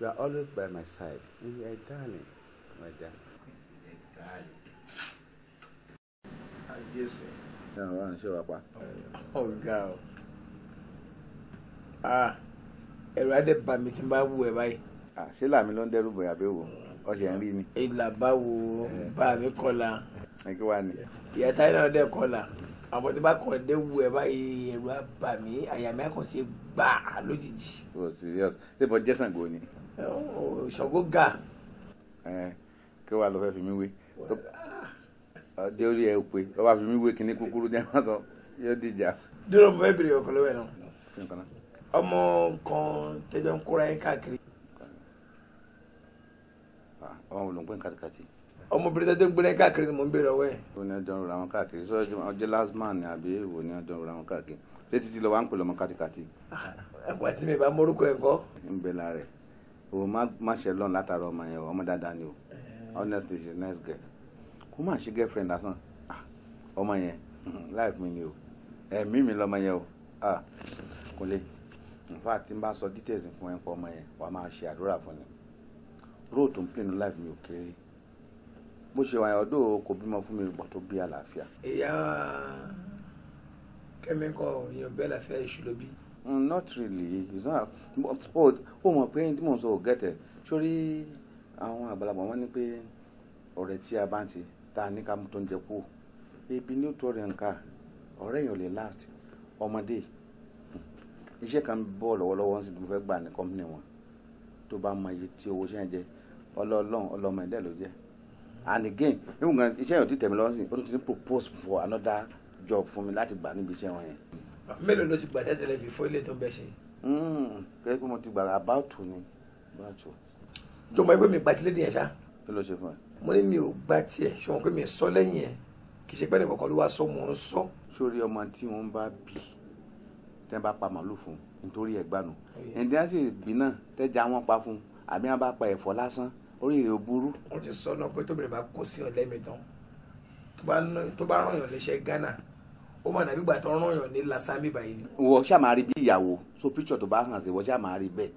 you are always by my side my darling my darling. Jésù. àwọn àǹṣe wà pa. ọ̀gá o ẹ̀rọ adé bá mi tí n bá ah ẹ báyìí. me làmì ló ń dẹ́rù bòyà bẹ́ẹ̀ wò ọ̀sẹ̀ ń rí ni. ìlà báwo bá mi kọlà. ẹ kí wàá ní. ìyá táyà náà dẹ̀ kọlà àwọn tí bá kàn dé wù ẹ báyìí ẹ̀rù abà mí àyà mi àkànṣe gbà lójijì. o serious ṣé bọ́ jẹ́ Ṣàngó ni. ṣọ̀gbọ́n ga. ẹ kí wàá lọ fẹ́ fi de orí ẹ pé lọ́ba fi mí wé kinní kúkúrú ní ẹ̀ma tán yóò dìjà. dúró mo fẹ́ bèrè ọ̀kan lọ́wọ́ ẹ̀ náà ọmọ kan tẹjọ ń kóra yín káàkiri. ọmọ wo ló ń pè ní kàtìkàtì. ọmọbìnrin tẹ́tẹ́ ń gbé yín káàkiri ni mò ń bèrè ọwọ́ ẹ̀. ó ní ọjọ́ ìrora wọn káàkiri sọ ọjọ́ last man ni àbí èèwò ní ọjọ́ ìrora wọn káàkiri ṣé títí lọ wá ń pè lọ́mọ kàtìkàtì. Ah, ẹ̀kọ́ àti mi ìbá morúkọ ẹ̀ kọ́. ń bẹ lára ẹ̀ o má ṣe lọ́n látara ọmọ yẹn ọmọ dáadáa ni o eh. honestly she nice girl kó má ṣe girlfriend lásán ah, ọmọ yẹn life mi ni o ẹ̀mí mi lọmọ yẹn o ah, kò lè in fact tí n bá sọ details fún ẹ pọ̀ ọmọ yẹn wà á máa ṣe àdúrà fún ni róò tó ń pinnu life mi ò kéré bó ṣe wà yẹn ọdọ kò bímọ fún mi bọ tó bí àlàáfíà. ìyá kẹ́mi yan bẹ́ẹ̀ láfẹ́ iṣu bí. Hmm, not really it's not o o oh, mọ̀ pé tí mò ń sọ ò gẹ̀tẹ̀ sórí àwọn àgbàlagbà wọn ni pé ọ̀rẹ́ tí a bá ń ti tá a ní ká mú tó ń jẹ kú ebi ní òtún ọ̀rẹ́ ọ̀rẹ́ yẹn lè last ọmọdé iṣẹ́ kan bọ̀ lọ́wọ́lọ́wọ́ ń sì mo fẹ́ gbà ní kọ́mpìnì wọn tó bá mọ iye tí owó iṣẹ́ yẹn jẹ ọlọ́ọ̀lọ́n ọlọ́mọ ẹ̀dẹ́ ló jẹ́ and again níwọ̀n gan iṣẹ́ yẹn ò ti tẹ̀mí lọ́wọ́ sí i ó tún ti propose for another job fún mi láti gbà níbi iṣẹ́ wọn yẹn. mélòó ló ti gbà tẹ́tẹ́lẹ̀ bí fún ilé tó ń bẹ ṣe. kẹ́kẹ́ hmm, pé mo ti gbà about two ni about two. jọmọ ẹgbẹ́ mi gbàtílé dìyẹn ṣá. kí ló ṣe fún ẹ mo ní mi ò gbá tiẹ̀ ṣùgbọ́n pé mi sọ lẹ́yìn ẹ̀ kì í ṣe pẹ́ẹ́nì kọ̀ọ̀kan ló wá sọ mò ń sọ. sórí ọmọ tí wọn bá bí tẹ́ bá pa màálù fún nítorí ẹ̀gbánu ẹ̀ǹdí á sì bí náà tẹ́jà wọn pa fún àbí wọn bá pa ẹ̀fọ́ lásán orí rẹ̀ ò burú. wọ́n ti sọ náà pé tóbìnrin bá kó sí ọ̀lẹ́mi tán tó bá rán yàn léṣe Ghana ó mà dàbí ìgbà tó rán yàn ní lasami báyìí. wọ́n ṣàmárì bí ìyàwó so picture tó bá hàn sí wọ́n ṣàmárì bẹ́ẹ̀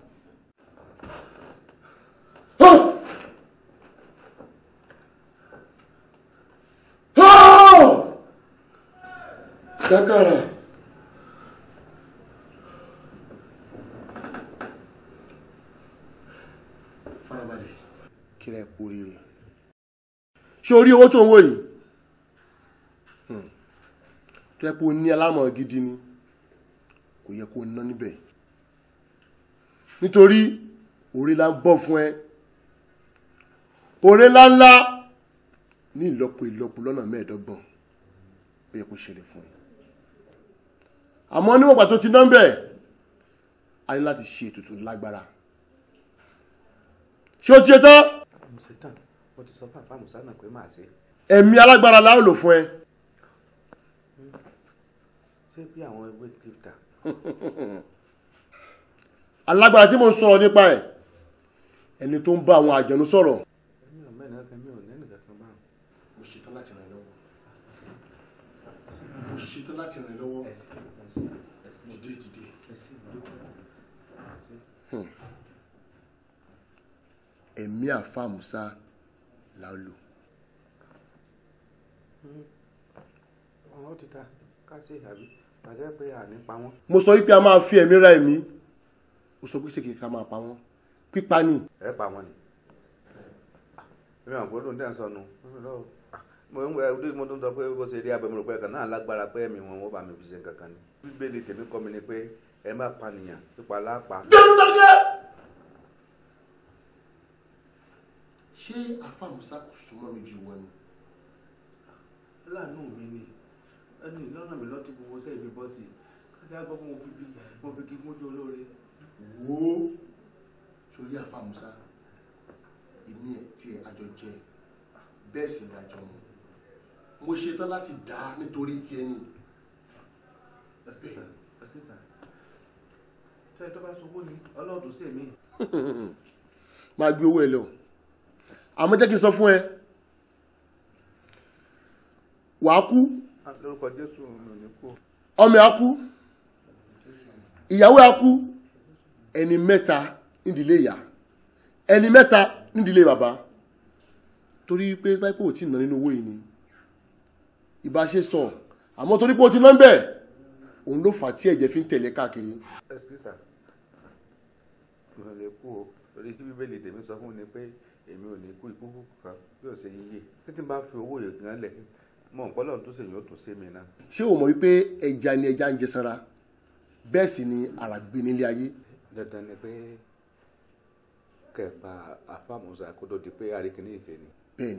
kàkàrà farabalẹ̀ kí rẹ̀ kú rírẹ̀ ṣé orí owó tó ń wò yìí hmm. tó yẹ kó ní alámọ̀ gidi ni kò yẹ kó ná níbẹ̀ nítorí orí la ń bọ̀ fún ẹ orí ńláńlá ní ìlọ́po ìlọ́po lọ́nà mẹ́ẹ̀ẹ́dọ́gbọ̀n ó yẹ kó ṣẹlẹ̀ fún ẹ àmọ́ níwọ̀n pàtó ti dán bẹ́ẹ̀ a láti ṣe ètùtù lágbára ṣé o ti ṣe tán. mo ṣe tán mo ti sọ fàfà musa náà pé màá ṣe. ẹ̀mí alágbára la ó lò fún ẹ. ṣé bí àwọn ewé kírípítà. *laughs* alágbára tí mo ń sọ̀rọ̀ nípa ẹ̀ ẹni tó ń bá àwọn àjọ̀nú sọ̀rọ̀. ẹ̀mí ò mẹ́rin kankan mi mo ṣetán láti ràn ẹ́ lọ́wọ́ dìde dìde. ẹ̀mí àfàmùsá la lò. mo sọ wípé a máa fi ẹ̀mí ra ẹ̀mí o sọ pé ṣé kìí ká máa pa wọ́n pípa ni. ẹ pa wọn ni ah, èmi àgbọ̀dún dẹ́n sọnù mo ń wẹ ojú mo tó ń sọ pé bó ṣe rí abẹ́mi rò pé ẹ̀kan náà lágbára pé ẹ̀mí wọn wọ́n bá mi fi ṣe nǹkan kan ni. bíbélì tèmi kọ́ mi ni pé ẹ má pànìyàn pípa lápá. jẹ́nu dákẹ́. ṣé àfa musa kò súnmọ́ mi ju wọn ni. láàánú mi ni ẹni lọ́nà mi lọ́tí gbogbo sẹ́yìn mi bọ́ sí i kájá gbọ́ fún mo bí mo fi kí mójú olóore. wo sórí àfa musa èmi ẹ̀ tí àjọ jẹ bẹ́ẹ̀ sì ni àjọ mu mo ṣetán láti dà nítorí ti ẹni. ṣé tó bá sọgbó ni ọlọ́dún sí èmi. máa gbé owó ẹ lọ àmọ́ jẹ́ kí n sọ fún ẹ wàá ah, kú ọmọ ẹ á kú ìyàwó á kú ẹni mẹ́ta nídìílé ìyá ẹni mẹ́ta nídìílé bàbá torí pé báyìí kò tí ì ná nínú owó yìí ni ìbáṣe sàn àmọ́ torí pé o ti mọ́ bẹ́ẹ̀ òun ló fà á tí ẹ̀jẹ̀ fi ń tẹ̀lé káàkiri. ẹsikísà mo lè kú o torí tí bíbélì tèmi sọ fún mi pé èmi ò ní kú ikú kan bí ò ṣe yíyé títí máa fi owó yẹn gan lẹ mọ nǹkan lọ́run tó ṣe yóò tún ṣe ṣé o mọ̀ wípé ẹja ni ẹja ń jẹ sára bẹ́ẹ̀ sì ni àrà nílé ayé. dandan ni pé kẹpa àfàmùsà kó tó di pé àríkìní ìṣe ni.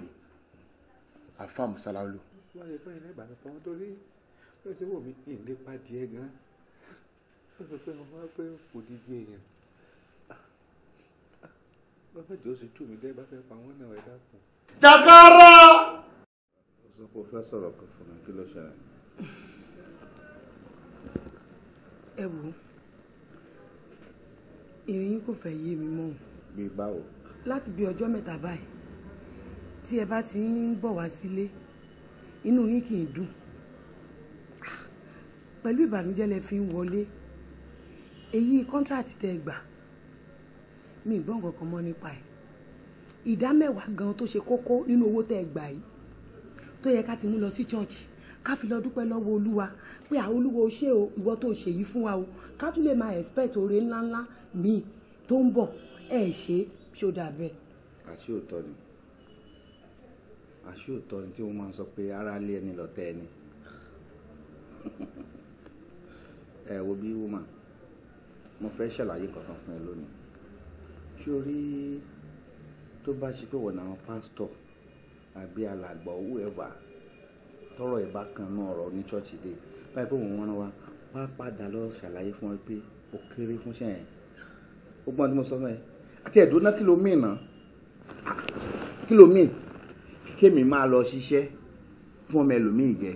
àfàmùsà lálọ́ tó wá lè pẹ́ iná ìbànúfọ́ wọn torí ó ṣe wò mí ìlépa díẹ̀ gan ó sọ pé mo máa pẹ́ kò dídí èèyàn bábẹ́jọ́ sì tù mí dẹ́ bá fẹ́ pa wọ́n náà ẹ dákun. jàkárà. ó sọ pé ó fẹ́ sọ̀rọ̀ kan fún mi kí ló ṣẹlẹ̀. ẹ wo ìrìn kò fẹ́ yé mi mọ́. bí báwo. láti bí ọjọ́ mẹ́ta báyìí tí ẹ bá ti ń bọ̀ wá sílé. Si inú yín kì í dùn ah, pẹ̀lú ìbànújẹ́ lẹ fi ń wọlé èyí kọ́ńtrátì tẹ gbà mi gbọ́n kankan mọ́ nípa ẹ̀ ìdá mẹ́wàá gan tó ṣe kókó nínú owó tẹ gbà yìí tó yẹ ká ti mú lọ sí chọ́ọ̀chì ká fi lọ dúpẹ́ lọ́wọ́ olúwa pé àwọn olúwa ó o ìwọ tó ṣe yìí fún wa o ká tún lè máa expect oore ńláńlá míì tó ń bọ̀ ẹ̀ ṣe ṣó dà bẹ́ẹ̀. àṣé òótọ́ ni àṣìòtọ́ ni tí wọ́n máa ń sọ pé ara lé ẹni lọ́tẹ̀ ẹni ẹ wo bí wọ́n máa mo fẹ́ ṣàlàyé kankan fún ẹ lónìí ṣé o rí tó bá ṣe pé wọ̀nà àwọn pásítọ̀ àbí alàgbà owó ẹ̀wà tọrọ ẹ̀ bá kan náà ọ̀rọ̀ ní ṣọ́ọ̀ṣì dé báyìí pé wọ́n rán wa wá padà lọ ṣàlàyé fún ẹ pé ó kéré fún ṣẹ́yìn ó gbọ́n tí mo sọ fún ẹ àti ẹ̀dùn náà kí kémi máa lọ ṣiṣẹ́ fún ọmọ ẹlòmíì jẹ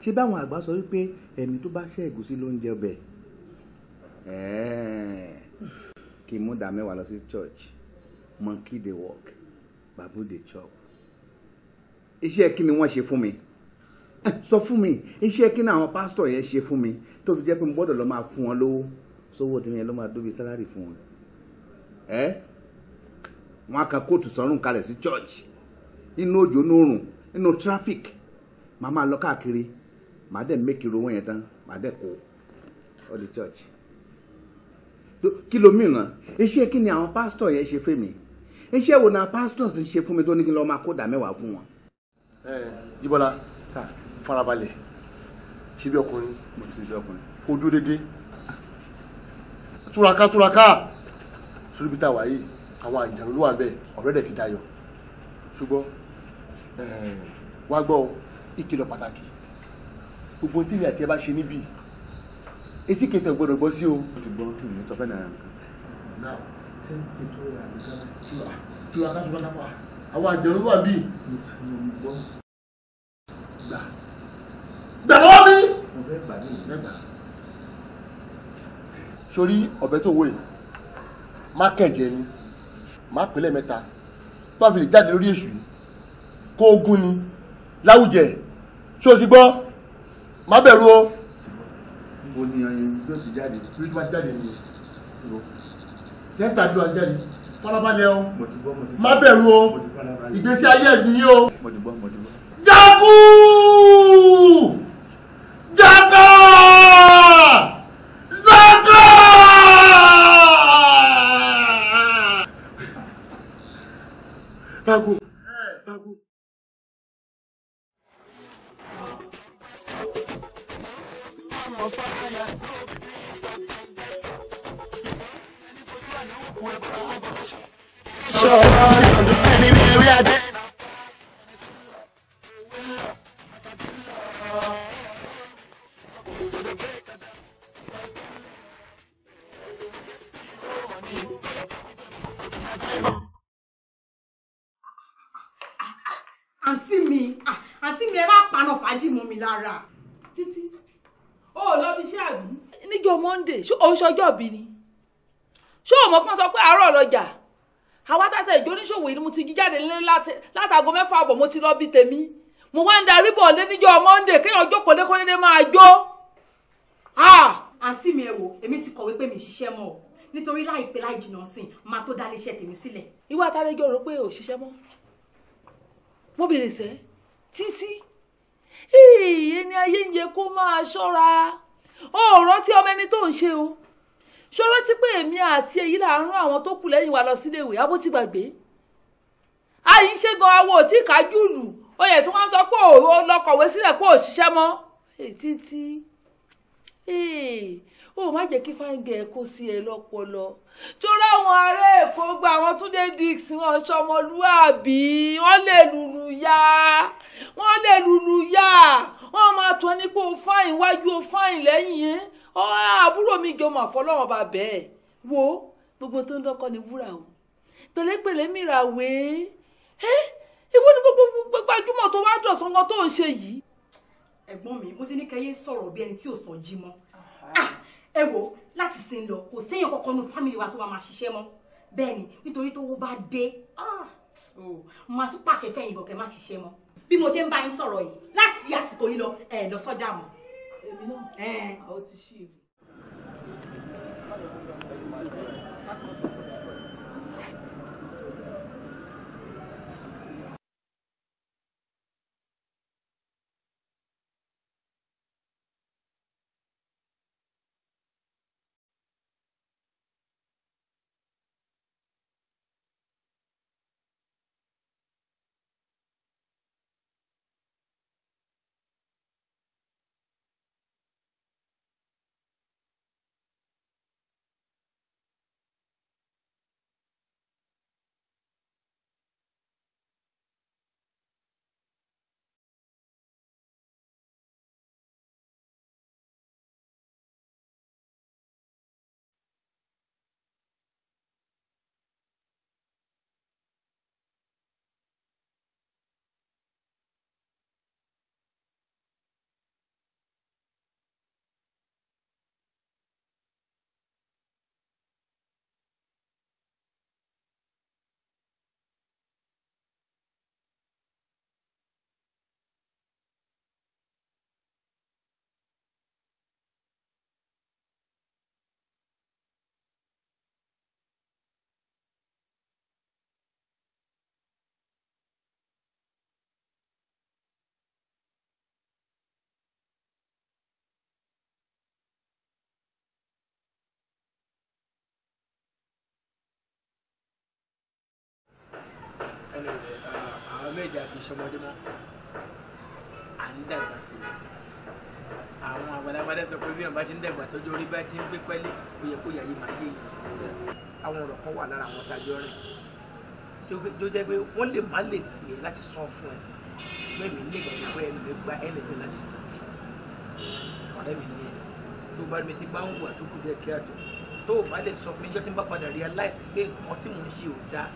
ṣé báwọn àgbà sọ wípé ẹni tó bá ṣe ẹ̀gúsí ló ń jẹ ọbẹ̀ kí n mú dà mẹ́wàá lọ sí church monkey dey walk babu dey chop iṣẹ́ kí ni wọ́n ṣe fún mi sọ fún mi iṣẹ́ kí ni àwọn pásítọ̀ yẹn ṣe fún mi tó fi jẹ́ pé mo gbọ́dọ̀ lọ máa fún wọn lówó sówó tí yẹn ló máa dóbi sálárì fún wọn ẹ wọn á kan kóòtù sọrùn kalẹ̀ sí church inú òjò inú òrùn inú traffic màá máa lọ káàkiri màá dẹ̀ mẹ́kì ro owó yẹn tán màá dẹ̀ kó ọ di church kí ló mìíràn iṣẹ́ kí ni àwọn pastor yẹn ṣe fún mi iṣẹ́ wo na pásítọ̀ sì ṣe fún mi tó ní kí n lọ́ọ́ máa kó dà mẹ́wàá fún wọn. ẹ Jíbọ́lá farabalẹ̀ ṣe bí ọkùnrin kó dúró déédéé túraká túraká sórí bí táwa yìí àwọn àjàǹdùlú wà bẹ́ẹ̀ ọ̀rẹ́dẹ̀ ti dayọ̀ ṣùgbọ́n Eh, wá gbọ́ ìkìlọ̀ pàtàkì gbogbo tí mi àti ẹ bá ṣe níbí etí kẹtẹ gbọ́dọ̀ gbọ́ sí o. o ti gbọ́ kí ni sọ fẹ́ nàá nǹkan. náà ṣé ètò àgbẹ̀ká tura tura ká tura kápá àwọn àjẹrò wà bíi. gbà gbà lọ́wọ́ mi. mo fẹ́ gbà ní ìgbà. sórí ọ̀bẹ tó wọ̀ yìí má kẹ̀jẹ̀ ni má pẹ́lẹ́ mẹ́ta tó a fi lè jáde lórí èṣù yìí kó ogun ni láwùjẹ ṣó o sì gbọ́ má bẹ̀rù o. mo ní ọyàn yóò ti jáde yóò ti wá jáde ní sẹ́ńtà ló wá jáde fọlábalẹ̀ o má bẹ̀rù o ìgbésí ayé ẹ̀ Zaka! Bago. Bago. àǹtí mi àǹtí mi ẹ má paná fàájì mọ́ mi lára. títí ó lọ bí iṣẹ́ àbí. níjọ́ monday ṣó oṣù ọjọ́ bí ni ṣó o mọ̀ pọ́n sọ pé àárọ̀ lọ́jà àwa tàtà ìjọ oníṣòwò yìí mo ti jí jáde nílé látago mẹ́fà àbọ̀ mo ti lọ bí tèmi mo wá ń darí bọ̀ lé níjọ́ kéèyàn ọjọ́ kọ́lékọ́lé máa jó. àǹtí mi ẹ wo èmi ti kọ̀wé pé mi ṣiṣẹ́ mọ́ o nítorí láìpẹ́ láì jìnnà sí i máa tó dá iléeṣẹ́ tèmi sílẹ̀. ìwà àtàlẹ́jọ́ rò pé ò ṣiṣẹ́ mọ́ mo bèrè sẹ́ títí ẹni ayé ń yẹ kó máa ṣọ́ra ó rántí ọmọ ẹni tó ń ṣe o ṣó rántí pé èmi àti èyí là ń rán àwọn tó kù lẹ́yìn wa lọ sílé ìwé abó ti gbàgbé àyè ń ṣe gan awo tí kájú lù oyè tí wọ́n sọ pé òun lọ kọ̀wé sílẹ̀ kó o ṣiṣẹ́ mọ́ títí ó má jẹ́ kí fáńgẹ̀ kó sí ẹ lọ́pọlọ tó ráwọn ará èkó gba àwọn túnde dix wọn sọmọlúàbí wọ́n lè lùlù yá wọ́n lè lùlù yá wọ́n máa tọ́ ní pé o fáìn wájú o fáìn lẹ́yìn yẹn Ah, àbúrò mi jọmọ àfọlọ́wọ́n bá bẹ́ẹ̀ wo gbogbo tó ń dọ́kọ́ ni wúrà o pẹ̀lẹ́pẹ̀lẹ́ mìíràn wèé ẹ́ ìwọ ni gbogbo gbajúmọ̀ tó wá dọ̀sán wọn tó ń ṣe yìí. ẹ̀gbọ́n mi mo ti ní kẹ́yẹ́ sọ̀rọ̀ bí ẹni tí ò sàn jí mọ́ ah, ẹ wo láti sin lọ kò séèyàn kankan nu fámìlì wa tó bá máa ṣiṣẹ́ mọ́ bẹ́ẹ̀ ni nítorí tó wó bá dé ah, máa tún pàṣẹ fẹ́yìn ìbọ̀kẹ́ má ṣiṣẹ́ mọ́ bí mo ṣe ń bá yín sọ̀rọ̀ yìí láti àsìkò yìí lọ ẹ̀ lọ sọ́jà mọ́. ינון, עוד 60. bí a kì í ṣọmọdé mọ́ à ń dàgbà sí i àwọn àgbàlagbà dẹ́ sọ pé bí ọba ti ń dàgbà tọ́jú orí bá ti ń gbé pẹ́lẹ́ ó yẹ kó yà yìí máa yé yìí sí i àwọn ọ̀rọ̀ kan wà lára àwọn tajọ́ rẹ̀ tó jẹ́ pé wọ́n lè má lè pè é láti sọ fún ẹ ṣùgbọ́n èmi ní ìgbàgbọ́ pé ẹnu lè gba ẹnìtì láti sọ fún ẹ ọ̀rẹ́ mi ní ẹ tó bá mi ti bá ń wà tó kù díẹ̀ kí àjọ tó o bá lè sọ fún mi jọ́ tí n bá padà realize pé nǹkan tí mò ń ṣe ò dáa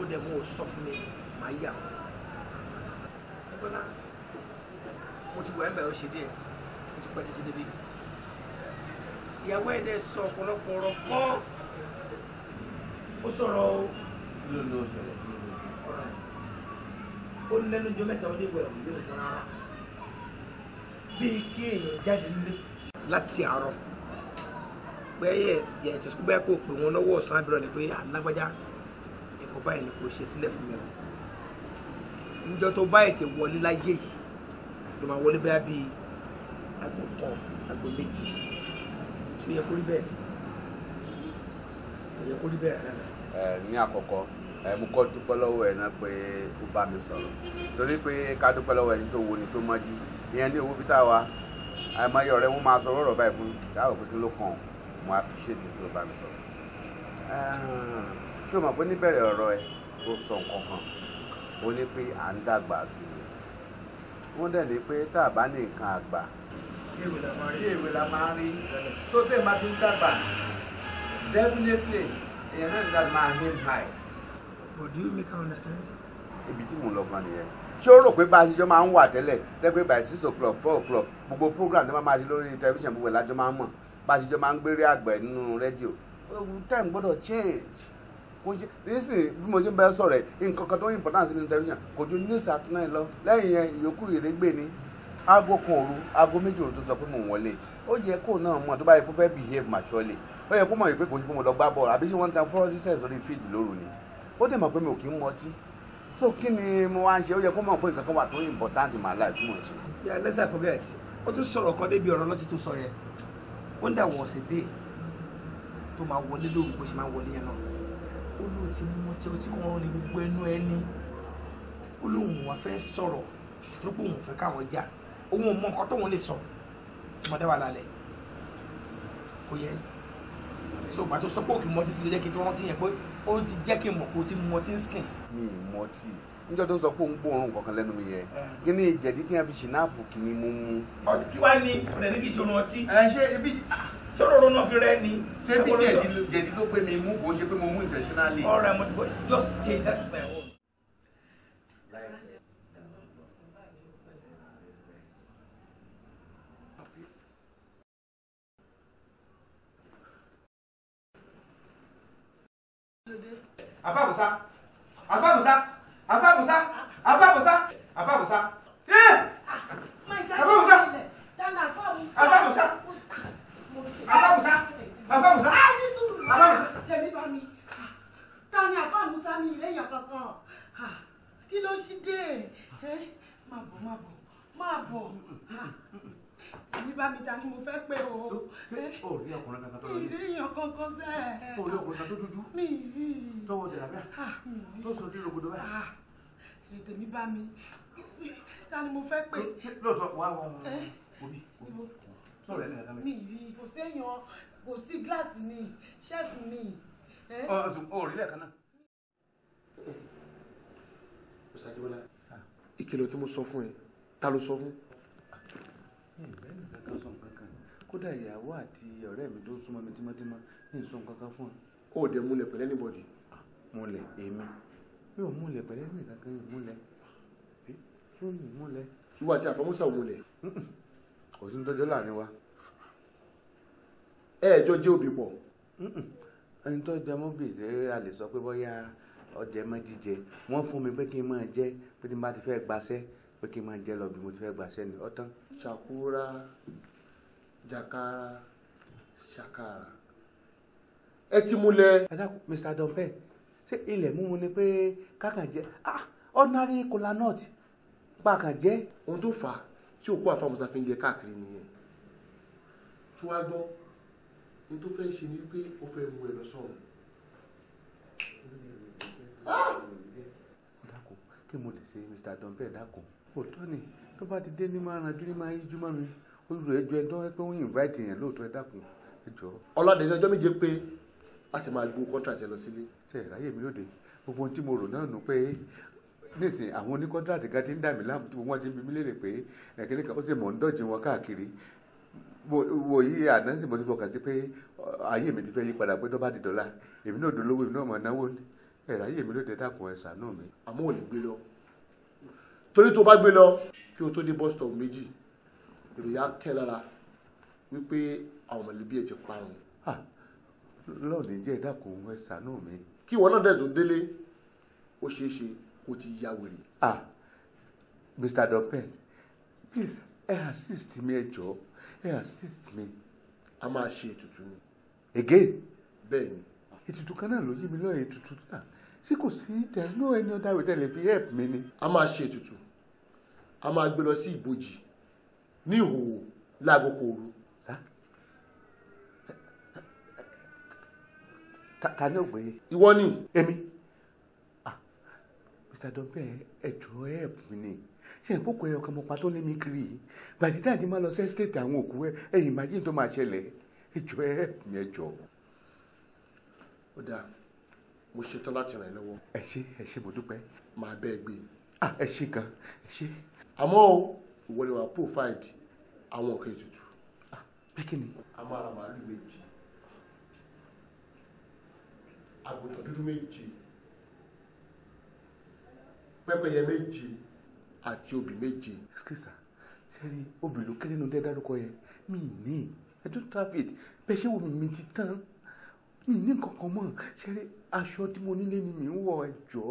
ó dẹ̀ mọ́ ò sọ fún mi màá yà fún ẹ. Bọ́lá mo ti wà ẹ̀ bẹ̀rẹ̀ ṣe díẹ̀ mo ti pẹ́ títí débi ìyàwó ẹ̀ dẹ̀ sọ ọ̀pọ̀lọpọ̀ ọ̀rọ̀ kan ó sọ̀rọ̀ o lòlò sọ̀rọ̀ ó lẹ́nu jọ mẹ́ta ọdún ìwẹ̀ ọ̀hún lóòótọ́ rárá bíi kí èèyàn jáde nílé. láti àárọ̀ pé ẹ yẹ ẹ ti sọ kó o pè wọn lọ́wọ́ ọ̀sán abirọ̀ ni pé alágbájá ẹ̀kọ́ báyìí ni kò ṣe sílẹ̀ fún mi o níjọ́ tó bá ètè wọlé láyé yìí ló máa wọlé bẹ́ẹ̀ bíi agbo kan agbo méjì ṣé yẹ kó rí bẹ́ẹ̀ yẹ kó rí bẹ́ẹ̀ rárá. ẹ ní àkọ́kọ́ ẹ mo kọ́ dúpẹ́ lọ́wọ́ ẹ náà pé ó bá mi sọ̀rọ̀ torí pé ká dúpẹ́ lọ́wọ́ ẹni tó wo ni tó mọ́jú ìyẹn ní owó bí tá a wa àìmọye ọ̀rẹ́ wọn máa sọ ọ̀rọ̀ báyìí fún táwọn pé kí ló kàn mo appreciate tó bá mi sọ̀rọ̀ ṣé o mọ̀ pé níbẹ̀rẹ̀ ọ̀rọ̀ ẹ ó sọ nǹkan kan ó ní pé à ń dàgbà sí i wọ́n dẹ̀ ní pé tá a bá ní nǹkan àgbà bí èwe la máa rí so tẹ́ ẹ̀ máa ti ń dàgbà definitely èèyàn náà nígbà máa aim high. but do you make her understand. ibi tí mò ń lọ gan nìyẹn ṣé o rò pé bá a ṣe jọ máa ń wà tẹ́lẹ̀ tẹ́gbẹ́ by six o'clock four o'clock gbogbo program tó máa máa ṣe lórí television gbogbo ẹ̀ lájọ máa ń mọ̀ bá a ṣe jọ máa ń gbére àgbẹ̀ nínú rédíò time gbọ́dọ̀ change kò ṣe nísìnyí bí mo ṣe ń bẹ sọ̀rọ̀ ẹ̀ nǹkan kan tó important mi ní tẹlifíṣàn kò ju news at nine lọ lẹ́yìn yẹn ìyókù ìrégbè ni aago kan òru aago méjì òru tó sọ pé mò ń wọlé ó yẹ kó náà mọ̀ tó bá yẹ kó fẹ́ behave maturely ó yẹ kó mọ̀ pé kò ṣe pé mo lọ gbá bọ́ọ̀lù àbí ṣé wọ́n ń ta fúrọ́dísẹ̀ sórí fíìdì lóru ni ó dẹ̀ mọ̀ pé mi ò kí ń mọtí so kí ni mo wá ń ṣe ó yẹ kó mọ̀ pé nǹkan kan wà tó important in my life tí mò ń ṣe. yeah let's not forget ó tún sọ̀rọ̀ kan débi ọ̀rọ̀ lọ́tí tó sọ yẹn ó ń dà wọ̀ ọ̀sẹ̀ dé ó ti mú ọtí ọtí kan rán ní gbogbo ẹnu ẹni ó lóun wá fẹ́ sọ̀rọ̀ tó pé òun fẹ́ káwọn já òun ò mọ nǹkan tóun lè sọ ọmọdé wà lálẹ́ kò yẹ so bá tó sọ pé òkè mọtí sílẹ̀ jẹ́ kí tí wọ́n ti yẹn pé ó ti jẹ́ kí n mọ̀ pé ó ti mú ọtí ń sìn. mi ì mọtí níjọ́ tó ń sọ pé òun gbóòórùn kankan lẹ́nu mi yẹ kí ni ìjẹ̀dí tí wọ́n fi ṣìnáàpù kì í mú mú. kí wàá ní ọ̀rẹ́ sọ̀rọ̀ náà fi rẹ́ ni. ṣé bí jẹ̀dí ló pé mi mú bó ṣe pé mo mú intentionally. all right mo ti bọ́ just change that is my own. afabusa afabusa afabusa afabusa afabusa ee afabusa afabusa. Ah, bàbá musa bàbá musa. a ní sùúrù bàbá musa. tèmi bá mi ta ni àfa musa mi ìlẹ́yìn kankan kí ló ṣí dé máa bọ̀ máa bọ̀ máa bọ̀ èmi bá mi ta ni mo fẹ́ pé o. ṣé o rí ọkùnrin kankan tó lọ ní. ìrìyàn kankan sẹ́. o rí ọkùnrin kan tó dúdú. mi rí i. tọwọ jẹrà bẹ́ẹ̀ tó sọ ní rogodo bẹ́ẹ̀. ètè mi bá mi ta ni mo fẹ́ pé. lóòótọ́ wá wá wá wá omi omi mi rí kò séèyàn kò sí gíláàsì ni ṣẹ́ẹ̀fù ni. ọ̀rọ̀ ilé ẹ̀ka náà. ọ̀sán àjẹbọ́lá ìkìlọ̀ tí mo sọ fún ẹ ta ló sọ fún. bẹ́ẹ̀ ni kankan sọ nǹkan kan kódà ìyàwó àti ọ̀rẹ́ mi tó súnmọ́ mi tímọ́tímọ́ ní ìsọ nǹkan kan fún ẹ. ó dẹ̀ múlẹ̀ pẹ̀lẹ́ níbọ̀dì. Ah, múlẹ̀ èmi yóò múlẹ̀ pẹ̀lẹ́ nìkan kan yóò múlẹ̀ yóò múlẹ̀. ìwà àti àfọmúsà ò múlẹ̀ kò sí láàrin wa ẹ̀ẹ́jọ́ jẹ́ òbí pọ̀ ẹni tó jẹ mọ́ a lè sọ pé bóyá ọjẹ́ mọ́ jíjẹ wọ́n fún mi pé kí n máa jẹ pé tí n bá ti fẹ́ gbaṣẹ́ pé kí n máa jẹ lọ bí mo ti fẹ́ gbaṣẹ́ ni ọ̀tán. ṣàkúrà jàkàrà ṣàkàrà ẹ ti múlẹ̀. ẹ dákun Mr. Dompe ṣé ilẹ̀ mímu ni pé kákan jẹ ah ordinary pàkàn jẹ. ohun tó fà á tí òkú àfàmùsà fi ń jẹ káàkiri nìyẹn tó wá gbọ́ ní tó fẹ́ ṣe ni pé ó fẹ́ mú ẹ lọ sọ́run. dákun kí mo lè ṣe Mr. Dunbar dákun òótọ́ ni tó bá ti dé ní máa ranjú ní máa yíjú mọ́ mi olùrò ẹjọ́ ẹjọ́ pé wọ́n invite yẹn lóòótọ́ ẹ dákun ẹjọ́. ọlọ́dẹ ní ọjọ́ méje pé láti máa gbó contract yẹn lọ sílé. tẹ ẹ ráyè mi lóde gbogbo ohun tí mo rò náà nù pé nísìnyí àwọn oníkọ́ńtàtì kan ti ń dà mí láàmú tí wọ́n ti ń bi mí léèrè pé ẹ̀kíní kan ó sì mọ̀ ń dọ̀jì wọn káàkiri wo yí ànánsì mo ti fọkàn sí pé ayé mi ti fẹ́ yí padà pé tó bá di dọ́là èmi náà dolówó èmi náà mọ̀ náwó ẹ̀rọ ayé mi ló dé dákun ẹ̀ ṣàánú mi. àmọ́ ò lè gbé lọ torí tó bá gbé lọ kí o tó dé bus stop méjì ìròyìn á kẹ́ lára wípé àwọn mọ̀lẹ́bí ẹ̀ ti parun. lọ́ọ̀dì jẹ́ dákun ẹ̀ ṣàánú mi. kí ìwọ náà dẹ̀ tó délé ó ṣeé ṣe o ti ya wèrè. ah mr dọpẹ please ẹ assist mi ẹ jọ ẹ assist mi. a máa ṣe ètùtù ni. again. bẹ́ẹ̀ ni. ètùtù kan náà ló yé mi lọ́yẹ̀ ètùtù náà ṣé kò sí there is no any other way tẹ́lẹ̀ fi help mi ni. a máa ṣe ètùtù a máa gbé lọ sí ìbòjì ní ìhòòhò láago kò rú. ta ni ò gbé. ìwọ ni. èmi mr dọ́pẹ́ ẹ̀jọ̀ help mi ni ṣe ń kókò ẹyọ kan mo pa tó lé mi kiri yìí gbàdídà ni má lọ sí ẹ́sítéètì àwọn òkú ẹ ẹ̀yìn imagine tó máa ṣẹlẹ̀ ẹ̀jọ̀ help mi ẹ̀jọ̀. ó dáa mo ṣetán láti ràn ẹ́ lọ́wọ́. ẹ ṣé ẹ ṣé mo dúpẹ́. màá bẹ́ ẹ gbé. E. ah ẹ ṣé gan ẹ ṣé. àmọ́ ìwọ ni wàá pòfáìdì àwọn ọ̀kẹ́ ètùtù. ah bí kí ni. a máa ra màálù méje àgùntàn dúdú méje pẹ́pẹ́yẹ méje àti obì méje. skisa sẹ́rí obì ló kéré nu dẹ́dárúkọ yẹn mi ní i don't have it bẹ́ẹ̀ ṣé wo mi ti tán mi ní kankan mọ́ sẹ́rí aṣọ tí mo nílé ni mi ń wọ̀ ẹ̀ jọ́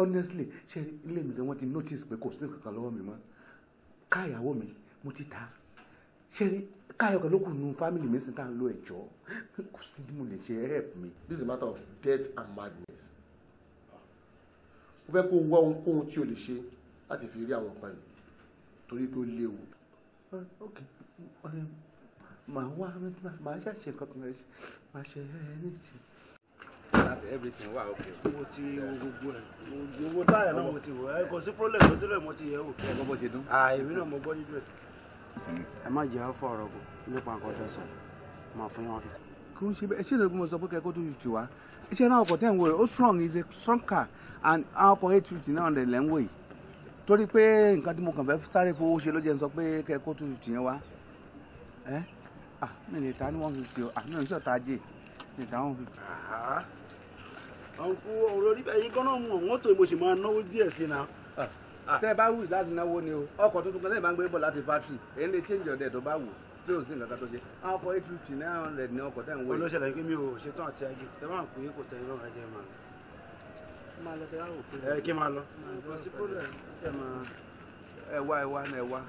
honestly sẹ́rí ilé mi gan wọ́n ti notice pé kò sí kankan lọ́wọ́ mi mọ́ ká ìyàwó mi mo ti ta sẹ́rí káyọ̀ kan ló kù nu family mi sì tá à ń lo ẹ̀jọ́ kò sí bí mo lè ṣe help me? this is a matter of death and madness ó fẹ́ kó wá ohunkóhun tí o lè ṣe láti fi rí àwọn nǹkan yìí torí pé ó léwu. ok eh, màá wá màá ṣàṣe nǹkan kan màá ṣe ẹni tí. everything wà ok. mo ti wo gbogbo ẹ owó táyà náà mo ti wọ ẹ kò sí problem kò sí lóye mo ti yẹ wò. ẹ gbọ́ ṣe dún. èmi náà mo gbọ́ nínú ẹ. ẹ má jẹ́ fọ́ ọ̀rọ̀ gùn nípa nǹkan tẹ̀sán máa fún yín wọn fífi kò ń ṣe bẹ́ẹ̀ ṣé ìdòwò mo sọ pé kẹ́kọ̀ọ́ tó fifty wá ṣé náà ọkọ̀ tẹ̀ ń wò strong is a strong car and àwọn ọkọ̀ eight fifty náà lè lẹ́ ń wò yìí torí pé nǹkan tí mo kàn fẹ́ sáré fowó ṣe ló jẹ́ ń sọ pé kẹ́kọ̀ọ́ tó fifty yẹn ah mi lè ta one fifty ah mi ò ní one fifty. ọ̀nkú ọ̀rọ̀ rí ẹ̀yin gan náà mú ọ̀wọ́n tó mo sì máa náwó díẹ̀ sí na. Ah. tẹ́ ẹ bá wù láti náwó ni o ọkọ̀ tuntun kan lẹ́yìn máa ń gbé bọ̀ láti fátìrì èyí change ọ̀dẹ̀ tó bá wù tí ò sí nǹkan kan tó ṣe àwọn ọkọ̀ eight fifty nine hundred ní ọkọ̀ tẹ̀wé. olóṣèlú ẹni pé mi ò ṣetán àti agi tẹ́ máa ń pè é kò tẹ̀ ìrọ̀rùn ẹ̀jẹ̀ máa lọ. ẹ kí máa lọ. ẹ wá ẹ wá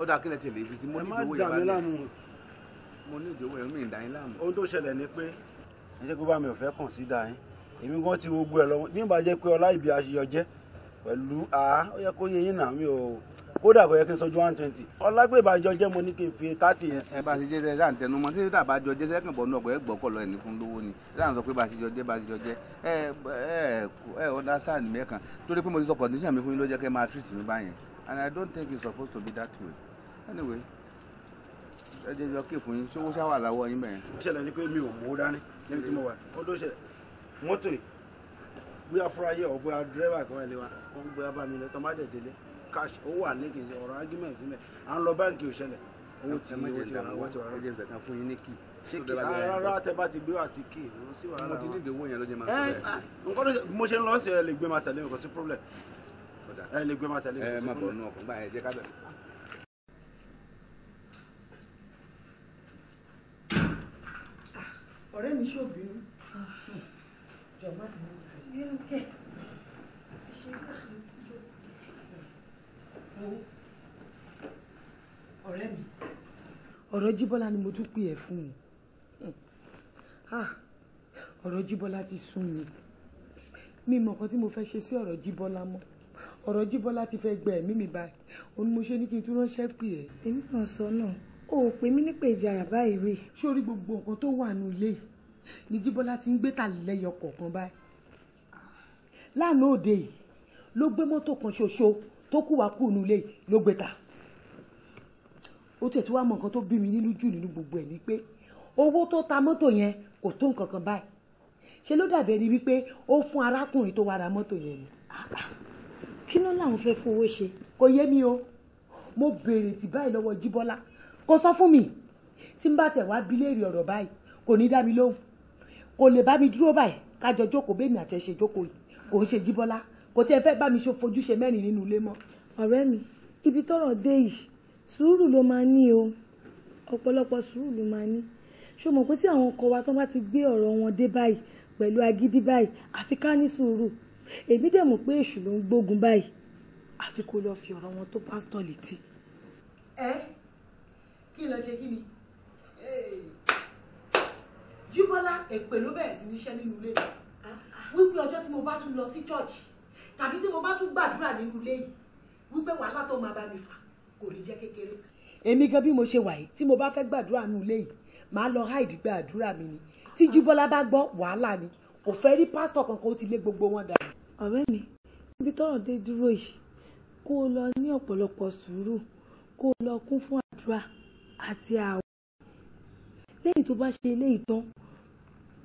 ó dáa kí lè tẹ̀lé ibi mo ní ìdòwò yẹn bá dé mo ní ìdòwò yẹn mi ì dá yín láàmú. ohun tó ṣẹlẹ̀ ni pé ẹ jẹ́ kó bá mi ò fẹ́ kàn sí dá yín èmi gan ti gbogbo ẹ lọ bí n bá jẹ́ pé kódà kò yẹ kí n sọjú one twenty ọlágbé ìbàjọ jẹ́ mo ní kí n fi thirty yẹn sí. ẹ bá ṣe jẹ́ ẹ láǹtẹ̀ nu mọ́ tí títà bá jọ jẹ́ sẹ́kàn bọ̀ náà kò yẹ gbọ́kọ̀ lọ ẹni fún lówó ni láǹtọ̀ pé bá ṣe jọ jẹ́ bá ṣe jọ jẹ́ ẹ ẹ understand mi ẹ kan torí pé mo ti sọ condition mi fún yín ló jẹ́ kẹ́ máa treat mi báyẹn and I don't think it's supposed to be that way anyway ẹ jẹ́ jọ kí fún yín ṣé owó ṣáwà láwọ́ yín bẹ̀yẹn. ó ṣẹlẹ̀ ni pé mi ò mú dání níbi tí mo wà ó tó ṣẹlẹ̀ mọ́tò yìí bóyá fúráyé ọ̀ bóyá dírẹ́fà kan ẹ̀ cash ó wà ní kìí ṣe ọ̀rọ̀ argument sílẹ̀ à ń lọ báńkì òṣẹlẹ̀ owó ti owó ti owó ti wà rẹ̀ ṣé kí rárá tẹ bá ti gbé àti kí ló sí wàhálà wọn. mo ti ní ìdíwọ́ yẹn ló máa sọ bẹ́ẹ̀. Ah, mo ṣe ń lọ sí ẹ lè gbé máa tẹ̀lé nǹkan sí problem ẹ lè gbé máa tẹ̀lé nǹkan sí problem. ọ̀rẹ́ mi ṣòbí ah, jọ̀ọ́ má bínú kẹ́. ọ̀rẹ́ mi ọ̀rọ̀ jíbọ́lá ni mo tún pè ẹ́ fún un ọ̀rọ̀ jíbọ́lá ti sún mi mi mọ̀ kan tí mo fẹ́ ṣe sí ọ̀rọ̀ jíbọ́lá mọ́ ọ̀rọ̀ jíbọ́lá ti fẹ́ gbẹ ẹ̀mí mi báyìí òun mo ṣe ní kí n tún ránṣẹ́ pè ẹ́. èmi náà sọ náà o ò pè mí nípa ìjayà báyìí rí. sórí gbogbo nǹkan tó wà nù ilé ni jíbọ́lá ti ń gbé tàlẹ́yọ kọ̀ọ̀kan báyìí lánàá òde yìí ló gbé mọ́tò kan ṣoṣo tó kù wá kù nílé ló gbé ta ó tẹ̀ tí wàá mọ nǹkan tó bí mi nínú jù nínú gbogbo ẹ̀ ni pé owó tó ta mọ́tò yẹn kò tó nǹkan kan báyìí ṣe ló dàbí ẹni wípé ó fún arákùnrin tó wá ra mọ́tò yẹn ni kí ló làwọn fẹ́ fowó ṣe kò yé mi o mo béèrè tì báyìí lọ́wọ́ jíbọ́lá kò sọ fún mi tí n bá tẹ̀ wá bí léèrè ọ̀rọ̀ báyìí kò ní dá mi lóhùn kò lè bá mi dúró báyìí kájọ jókòó bẹ́ẹ̀ mi àtẹ̀ ṣe jókòó yìí kò ń ṣe jíbọ́lá kò tiẹ̀ fẹ́ bá mi ṣe fojúṣe mẹ́rin nínú ilé mọ́. ọ̀rẹ́ mi ibi tọ́rọ̀ dé yìí sùúrù ló máa ní o ọ̀pọ̀lọpọ̀ sùúrù ló máa ní ṣó mọ̀ pé tí àwọn ọkọ wa tó bá ti gbé ọ̀rọ̀ wọn dé báyìí pẹ̀lú agídí báyìí àfi ká ní sùúrù èmi dẹ̀ mọ̀ pé èṣù ló ń gbógun báyìí àfi kó lọ́ọ́ fi ọ̀rọ̀ wọn tó pásítọ̀ létí. ẹ kí ló ṣe kí ni Jíbọ́lá èpè ló bẹ̀rẹ̀ sí níṣẹ́ nínú ilé ah, ah. wípé ọjọ́ tí mo bá tún lọ sí chọ́ọ̀chì tàbí tí mo bá tún gbàdúrà nínú ilé yìí wípé wàhálà tó máa bá mi fà kò ní jẹ́ kékeré. èmi gan bí mo ṣe wà yìí tí mo bá fẹ́ gbàdúrà nínú ilé yìí màá lọ háìdì gbàdúrà mi ni tí Jíbọ́lá bá gbọ́ wàhálà ni kò fẹ́ rí pásítọ̀ kankan ó ti lé gbogbo wọn dànù. ọ̀rẹ́ mi níbi tọ́rọ̀ dé dúró yìí kó o lọ ní ọ̀pọ̀lọpọ̀ sùúrù kó o lọ kún fún àdúrà àti àwọ̀ lẹ́yìn tó bá ṣe eléyìí tán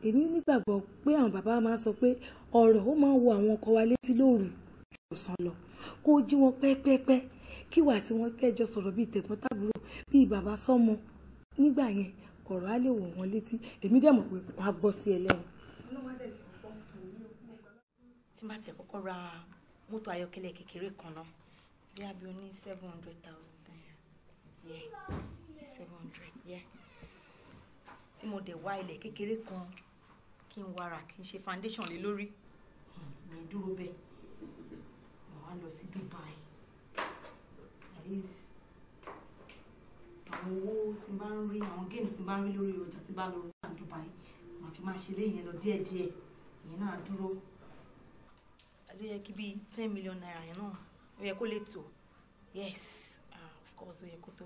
èmi nígbàgbọ́ pé àwọn bàbá máa sọ pé ọ̀rọ̀ ó máa wo àwọn ọkọ wa létí lóru ju ọ̀sán lọ kó jí wọn pẹ́pẹ́pẹ́ kí wà tí wọ́n kẹ́jọ sọ̀rọ̀ bíi tẹ̀gbọ́ntàbúrò bíi bàbá sọ́mọ nígbà yẹn ọ̀rọ̀ á lè wọ̀ wọ́n létí èmi dẹ̀ mọ̀ pé wọ́n á gbọ́ sí ẹlẹ́rìn. tí má tẹ̀ kọ́kọ́ ra mọ́tò ayọ́kẹ́lẹ́ kékeré kan náà bí a bí o ní seven hundred thousand naira seven hundred tí mo dẹ̀ wá ilẹ̀ kékeré kan kí n wàrà kí n ṣe foundation lé lórí mi dúró bẹ́ẹ̀ màá lọ sí Dubai àwọn owó tí bá ń rí àwọn géèmù tí bá ń rí lórí ọjà tí bá lọ rí àwọn Dubai màá fi máa ṣe léyìn lọ díẹ̀díẹ̀ ìyẹn náà dúró ló yẹ kí bíi ten million naira yẹn náà ó yẹ kó lè tó yes ah of course ó yẹ kó tó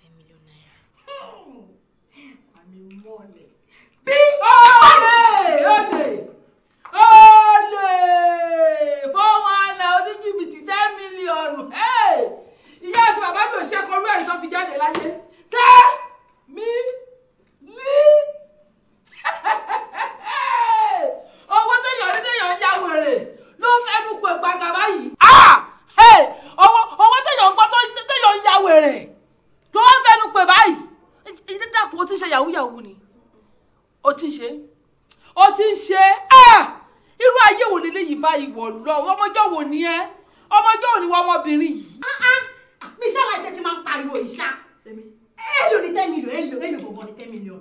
ten million naira. àmì mọ́ọ̀lẹ̀ bí. olè olè olè fọwọ́n alẹ́ oníjìbìtì ten mílíọ̀nù ìyá àti bàbá mi ò ṣe kọrú ẹ̀rí tó fi jáde láyé tẹ́ mi lí. owó téèyàn ní téèyàn ya wèrè ló fẹ́ nu pè gbàgà báyìí. Ah! owó téèyàn ń gbọ́ téèyàn ya wèrè ló fẹ́ nu pè báyìí. ìdí dàkú ó ti ṣe yàwúyàwú ni ó ti ń ṣe ó ti ń ṣe ah! irú ayé wo leléyìí báyìí wọ̀ lọ ọmọjọ́ wo ni ẹ ọmọjọ́ wo ni wọ́n ọmọbìnrin yìí. Ah, ah! mi sábà tẹ́sí máa ń pariwo ìṣá èlò ní ten million èlò èlò gbogbo ní ten million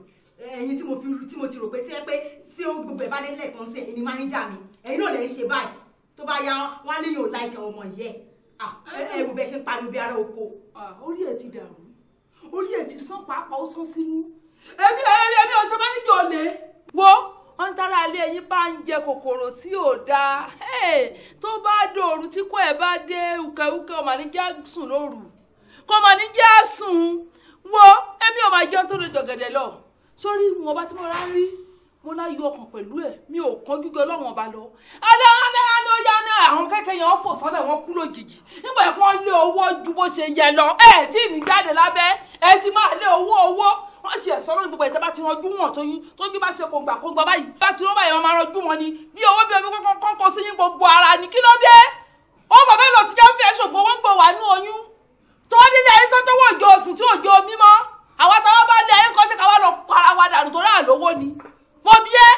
ẹ̀yin tí mo fi tí mo ti rò pé tí ẹ pé tí ó gbogbo ẹ̀ bá dé lẹ́ẹ̀kan sí ẹ̀yin máníjà mi ẹ̀yin náà lè ṣe báyìí tó bá yá wọn léyìn ò láìka ọmọ yẹ ẹ wo bẹ ṣe ń pariwo bí ara oko. orí ẹ ti dàrú orí ẹ ti sán pàápàá ó sán sínú èmi èmi ò ṣe máníjà olè wo wọ́n tára ilé yín bá ń jẹ kòkòrò tí ò dáa tó bá dòru tí kò ẹ̀ bá dé ukẹ́ukẹ́ ọmọ níjà sùn lóru kò ọmọ níjà sùn wo èmi ò máa jẹun tó lè dọ̀gẹ̀dẹ̀ lọ sórí wọn bá tí mo rà ń rí mo náà yọ ọkàn pẹ̀lú ẹ̀ mi ò kán gbígbé ọlọ́wọ́n ọba lọ. adáhánná ló yá ní àwọn kẹ́kẹ́ yẹn wọ́n fò sọ́lẹ̀ wọ́n kú lójijì nígbà yẹn kí wọ́n lé owó ju bó ṣe yẹ lọ ẹ̀ tí ì ní jáde lábẹ́ ẹ ti máa lé owó owó wọ́n ti ẹ̀sọ́ lónìí gbogbo ẹ̀ tẹ́ bá ti ranjú wọn tó yín tó yín bá ṣe kò gbà kó gbà báyìí bá ti rán báyìí wọn máa ranjú wọn ni bí owó bí omi kankan kọ́kọ́ sí yín gbogbo ara ni kí ló dé ó mọ̀ bẹ́ẹ̀ lọ ti jẹ́ ń fi ẹ̀ṣọ̀ gbọ́ wọ́n gbọ́ wà nú oyún tó nílé ayé tó tọ́wọ́ òjò oṣù tí òjò omi mọ́ àwọn táwọn bá lé ayé kọ́ṣẹ́ káwá lọ para wa dànù torí àlówó ni mo bí ẹ́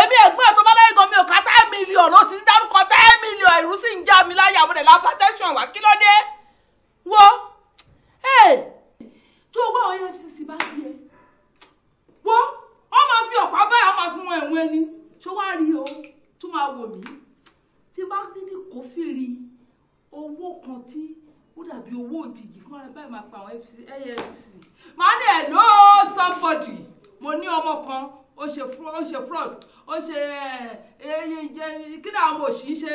èmi ẹ̀gbọ́n ẹ̀ tó bá láyé gan mi ò ká ten million ló sì ń dárúkọ ten million ẹ̀rú sì ń já mi láyà mo dẹ̀ lápá tẹ́sán wá kí ló dé wo táwọn EFCC bá bí ẹ wo wọ́n máa fi ọ̀pá báyà máa fi wọn ẹ̀wọ̀n ẹni ṣó wá rí o tún máa wò mí tí bá dídì kó fèrè owó kan tí ó dàbí owó òjijì fún ara báyìí máa pa àwọn EFCC máa ní ẹ̀ somebody mo ní ọmọ kan ó ṣe fraud ó ṣe eh, eh, eh, kí ni àwọn òṣì ń ṣe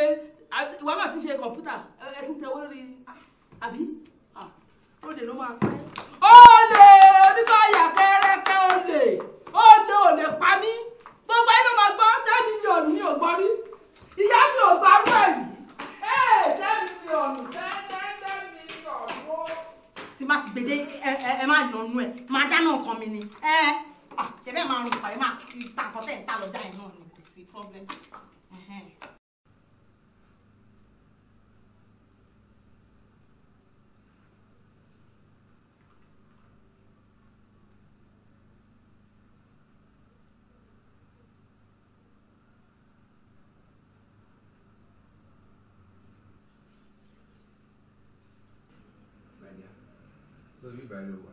ìwádìí àti ṣe kọ̀ǹpútà ẹ ti ń tẹ wọ́n rí ah, àbí ah, ó lè ló máa pa ẹ́ olè oníbàyà kẹrẹkẹ olè olè olè pa mí gbogbo ayé ló máa gbọ́ ten mílíọ̀nù ní ògbọ́ rí ìyá mi ò gbà rú ẹ̀ yìí ẹ̀ ten mílíọ̀nù ten ten ten mílíọ̀nù ó. tí má sì gbèdé ẹ ẹ má nànú ẹ máa dáná nǹkan mi ni ẹ ṣẹbẹ máa rún pàrọ máa ta nǹkan ta lọ́jà ẹ̀ náà ni kò sí problem. value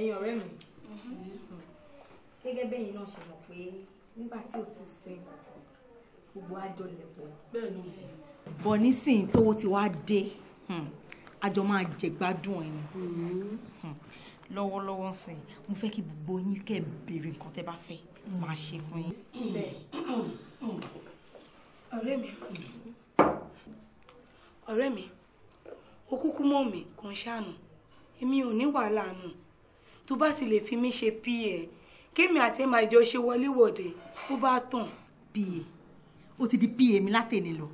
ẹ̀yin ọ̀rẹ́ mi gẹ́gẹ́ bẹ́yìn náà ṣe mọ̀ pé nígbà tí o ti sin gbogbo àjọlẹ̀pọ̀ bọ̀ nísìnyí tó o ti wá dé àjọ hmm, máa jẹ̀gbádùn ẹ̀yìn hmm, lọ́wọ́lọ́wọ́ ń sìn mo fẹ́ kí gbogbo yín kẹ́ béèrè nǹkan tẹ́ bá fẹ́ máa ṣe fún yín. ọ̀rẹ́ mi ọ̀rẹ́ mi ó kúkú mọ̀ mí kò ń ṣàánú èmi ò ní wàhálà nù tó bá sì lè fi mí ṣe pa ẹ kémi àti ẹmà ìjọ ṣe wọléwọ̀de ó bá tàn. pa ó ti di pa mi látẹ̀ni lọ.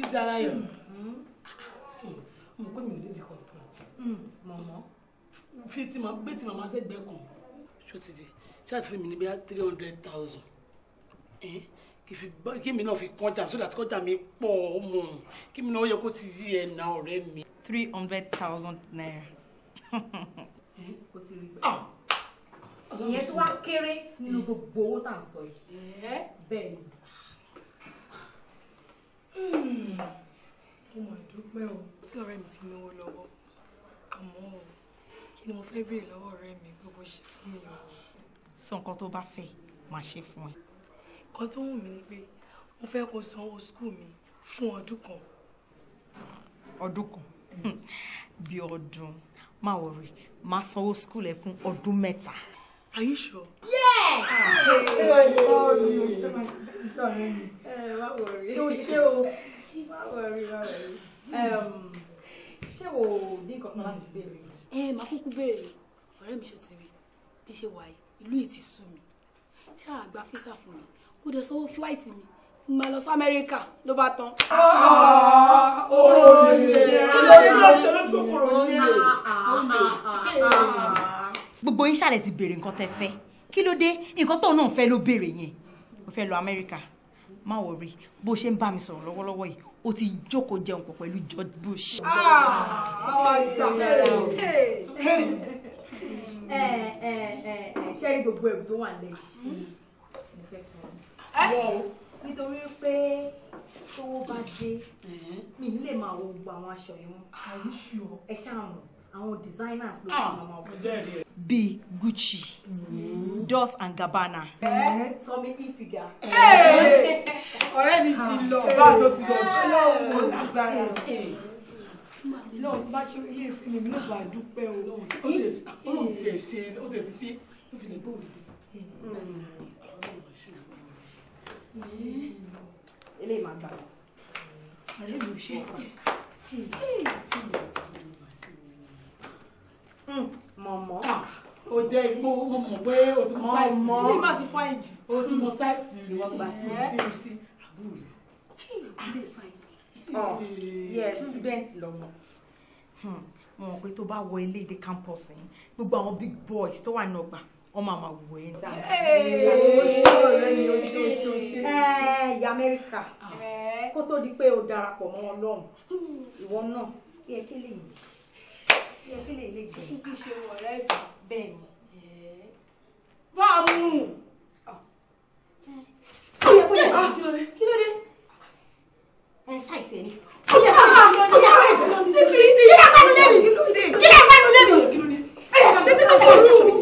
sísá aláyọ̀ hmm. mo kọ́ mi ò lè di kọ̀ọ̀kan mọ̀mọ́ bẹ́ẹ̀ tí màmá sẹ́gbẹ́ kan ṣó ti di ṣáàtì mi ní bíi three hundred thousand kí mi náà fi kọjá so that kọjá mi pọ̀ ọmọ kí mi náà yẹ kó ti yí ẹ̀ na ọ̀rẹ́ mi three hundred thousand naira. kò ti rí gbà. ìyẹn tó wá kéré nínú mm. gbogbo owó tá à ń sọ yìí. Eh? bẹ́ẹ̀ ni. Hmm. mo mà dúpẹ́ o tí ọ̀rẹ́ mi ti náwó lọ́wọ́ àmọ́ o kí ni mo fẹ́ béèrè lọ́wọ́ ọ̀rẹ́ mi pé ṣe fún mi o. sọ nǹkan tó bá fẹ́ máa ṣe fún ẹ. nǹkan tó wù mí ni pé mo fẹ́ kó sanwó skul mi fún ọdún kan. ọdún kan bí ọdún máa wọrí máa sanwó school ẹ fún ọdún mẹ́ta. Are you sure? Yes! Ṣé wo ní nǹkan kan láti béèrè? Ẹ máa kúkú béèrè, ọ̀rẹ́ mi ṣó ti rí bí ṣe wà yìí, ìlú yìí ti sú mi. Ṣáà gba físà fún mi, kó dẹ̀ sanwó fúláìtì mi, máa lọ sí amẹ́ríkà ló bá tán. olè olè ló ṣe olókùnkùn olè. gbogbo yín ṣàlẹ̀ ti béèrè nǹkan tẹ́ fẹ́ kí ló dé nǹkan tóun náà fẹ́ ló béèrè yẹn ó fẹ́ lọ amẹ́ríkà má wọrí bó ṣe ń bá mi sọ̀rọ̀ lọ́wọ́lọ́wọ́ yìí ó ti jókòó jẹun pọ̀ pẹ̀lú George Bush. Ah, eh, eh, eh, ṣé rí gbogbo ẹ̀rù tó wà lẹ́yìn? nítorí pé tówó bá dé mi ní lè máa wo gbogbo àwọn aṣọ yìí mọ́ ẹ ṣáàmù àwọn designers ló ti máa wọ. bíi Gucci mm-hmm. dos and Gabbana. Tommy Hilfiger. Eh! ọ̀rẹ́ mi ti lọ. Ah. bá a tó ti lọ jù ah. lọ́wọ́ lágbára eh. lọ́wọ́ bá ṣe ilé ìfúnni mi náà bá dúpẹ́ o ó lè eh. ṣe ó lè ṣe ó fi lè bóòlù eléyìí máa gbà lọ. àlẹ́ mi ò ṣe é pẹ́. mọ̀mọ́. Ah, o jẹ́ o mọ̀ pé o ti mọ sáìsì mi. mọ̀mọ́ nígbà tí fáìn o ti mọ sáìsì mi wọ́n gbà sí ṣé o ṣe àbúrò rẹ̀. Oh, yes student lọ́mọ hmm, mo mọ̀ pé tó bá wọ ilé èdè campus yìí gbogbo àwọn big boys tó wà ní ọgbà wọn máa máa wù ẹ́. ìyá amẹ́ríkà kó tó di pé o darapọ̀ mọ́ wọn lọ́hùn ìwọ náà yẹ kí lè yẹ kí lè lè gbẹ. kí ṣe ọ̀rẹ́ mi bẹ́ẹ̀ ni. bá a mú un. kí ló dé? ẹ ṣàìsẹ ni. kí ló dé? kí ló dé? kí ló dé? kí ló dé? kí ló dé? kí ló dé? kí ló dé? kí ló dé?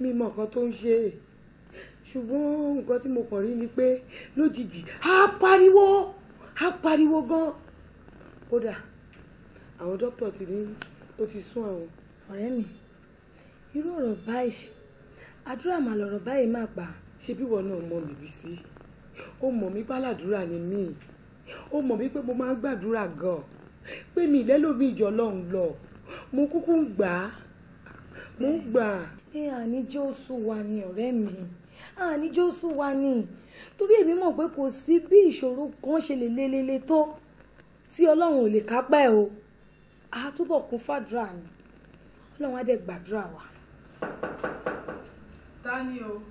mi mọ nǹkan tó ń ṣe ṣùgbọ́n nǹkan tí mo kàn rí ni pé lójijì á pariwo á pariwo gan kódà àwọn dókítà ti ní ó ti sún àwọn. ọ̀rẹ́ mi irú ọ̀rọ̀ báyìí àdúrà mà lọ̀rọ̀ báyìí máa pa. ṣé bí wọn náà mọ bìbí sí ó mọ̀ mí pálàdúrà ni mí ó mọ̀ mí pé mo máa ń gbàdúrà gan pé mi ìlẹ́lòmí ìjọ lọ́hùn lọ mo kúkú ń gbà á mo ń gbà á ẹ àní jẹ́ ó sú wa ni ọ̀rẹ́ mi àní jẹ́ ó sú wa ni torí èmi mọ̀ pé kò sí bí ìṣòro kan ṣe lè lélele tó tí ọlọ́run ò lè kápá o a túbọ̀ kún fàdúrà ni ọlọ́run á dẹ̀ gbàdúrà wa. ta ni o.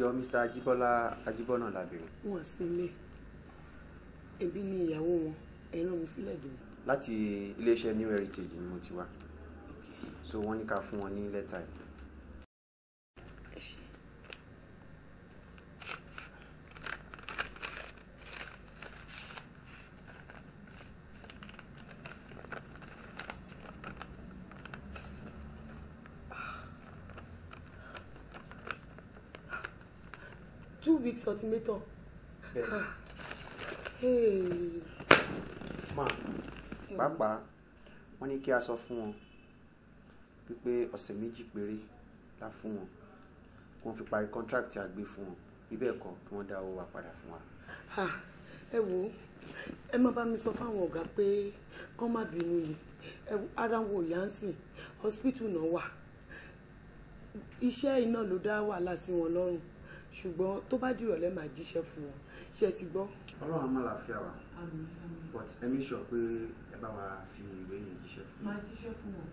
jọ Mr. Ajibola, Ajíbọ́nà lábìrì. wọ́n sí ilé ẹbí ni ìyàwó wọn ẹ mi sílẹ̀ dùn. láti iléeṣẹ́ New Heritage ni mo ti wá so wọ́n ní ká fún wọn ní lẹ́tà yìí. weeks ultimatum. ma pàápàá wọ́n ní kí a sọ fún wọn wípé ọ̀sẹ̀ méjì péré la fún wọn kí wọ́n fi parí contract àgbé fún wọn bí kọ́ kí wọ́n dá owó wa padà fún wa. ẹ wo ẹ má bá mi sọ fáwọn ọ̀gá pé kán má bínú yìí ara wo yansi hospital náà wà iṣẹ́ iná ló dá wàhálà sí wọn lọ́rùn ṣùgbọ́n tó bá dìrọ̀lẹ́ máa jíṣẹ́ fún wọn ṣé ẹ ti gbọ́. ọlọ́run á máa làáfíà wa but ẹ make sure pé ẹ bá wa fi ìwé yẹn jíṣẹ́ fún wọn. máa jíṣẹ́ fún wọn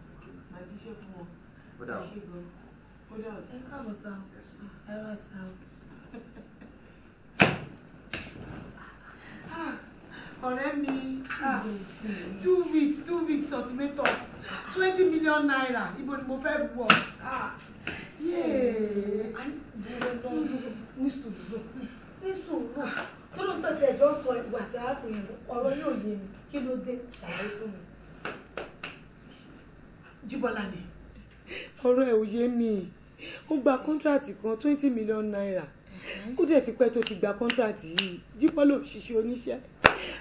máa jíṣẹ́ fún wọn ẹ ṣe gan ẹ káàbọ̀ sá ẹ wá sá. *laughs* ọ̀rẹ́ mi ah, two weeks two weeks ultimatum twenty million naira ibo ni mo fẹ́ wọ̀ ah, ní sùúrù ní sùúrù tó ló ń tọ́jú ẹ̀jọ́ sọ ìwà tí arákùnrin ọ̀rọ̀ yóò yé mi kí ló dé ṣàlàyé fún mi. Jíbọ́ládé ọ̀rọ̀ ẹ̀ ò yé mi ó gba kọ́ńtíráàtì kan twenty million naira kó dẹ̀ ti pẹ́ tó ti gba kọ́ńtíráàtì yìí Jíbọ́ ló ń ṣiṣẹ́ oníṣẹ́.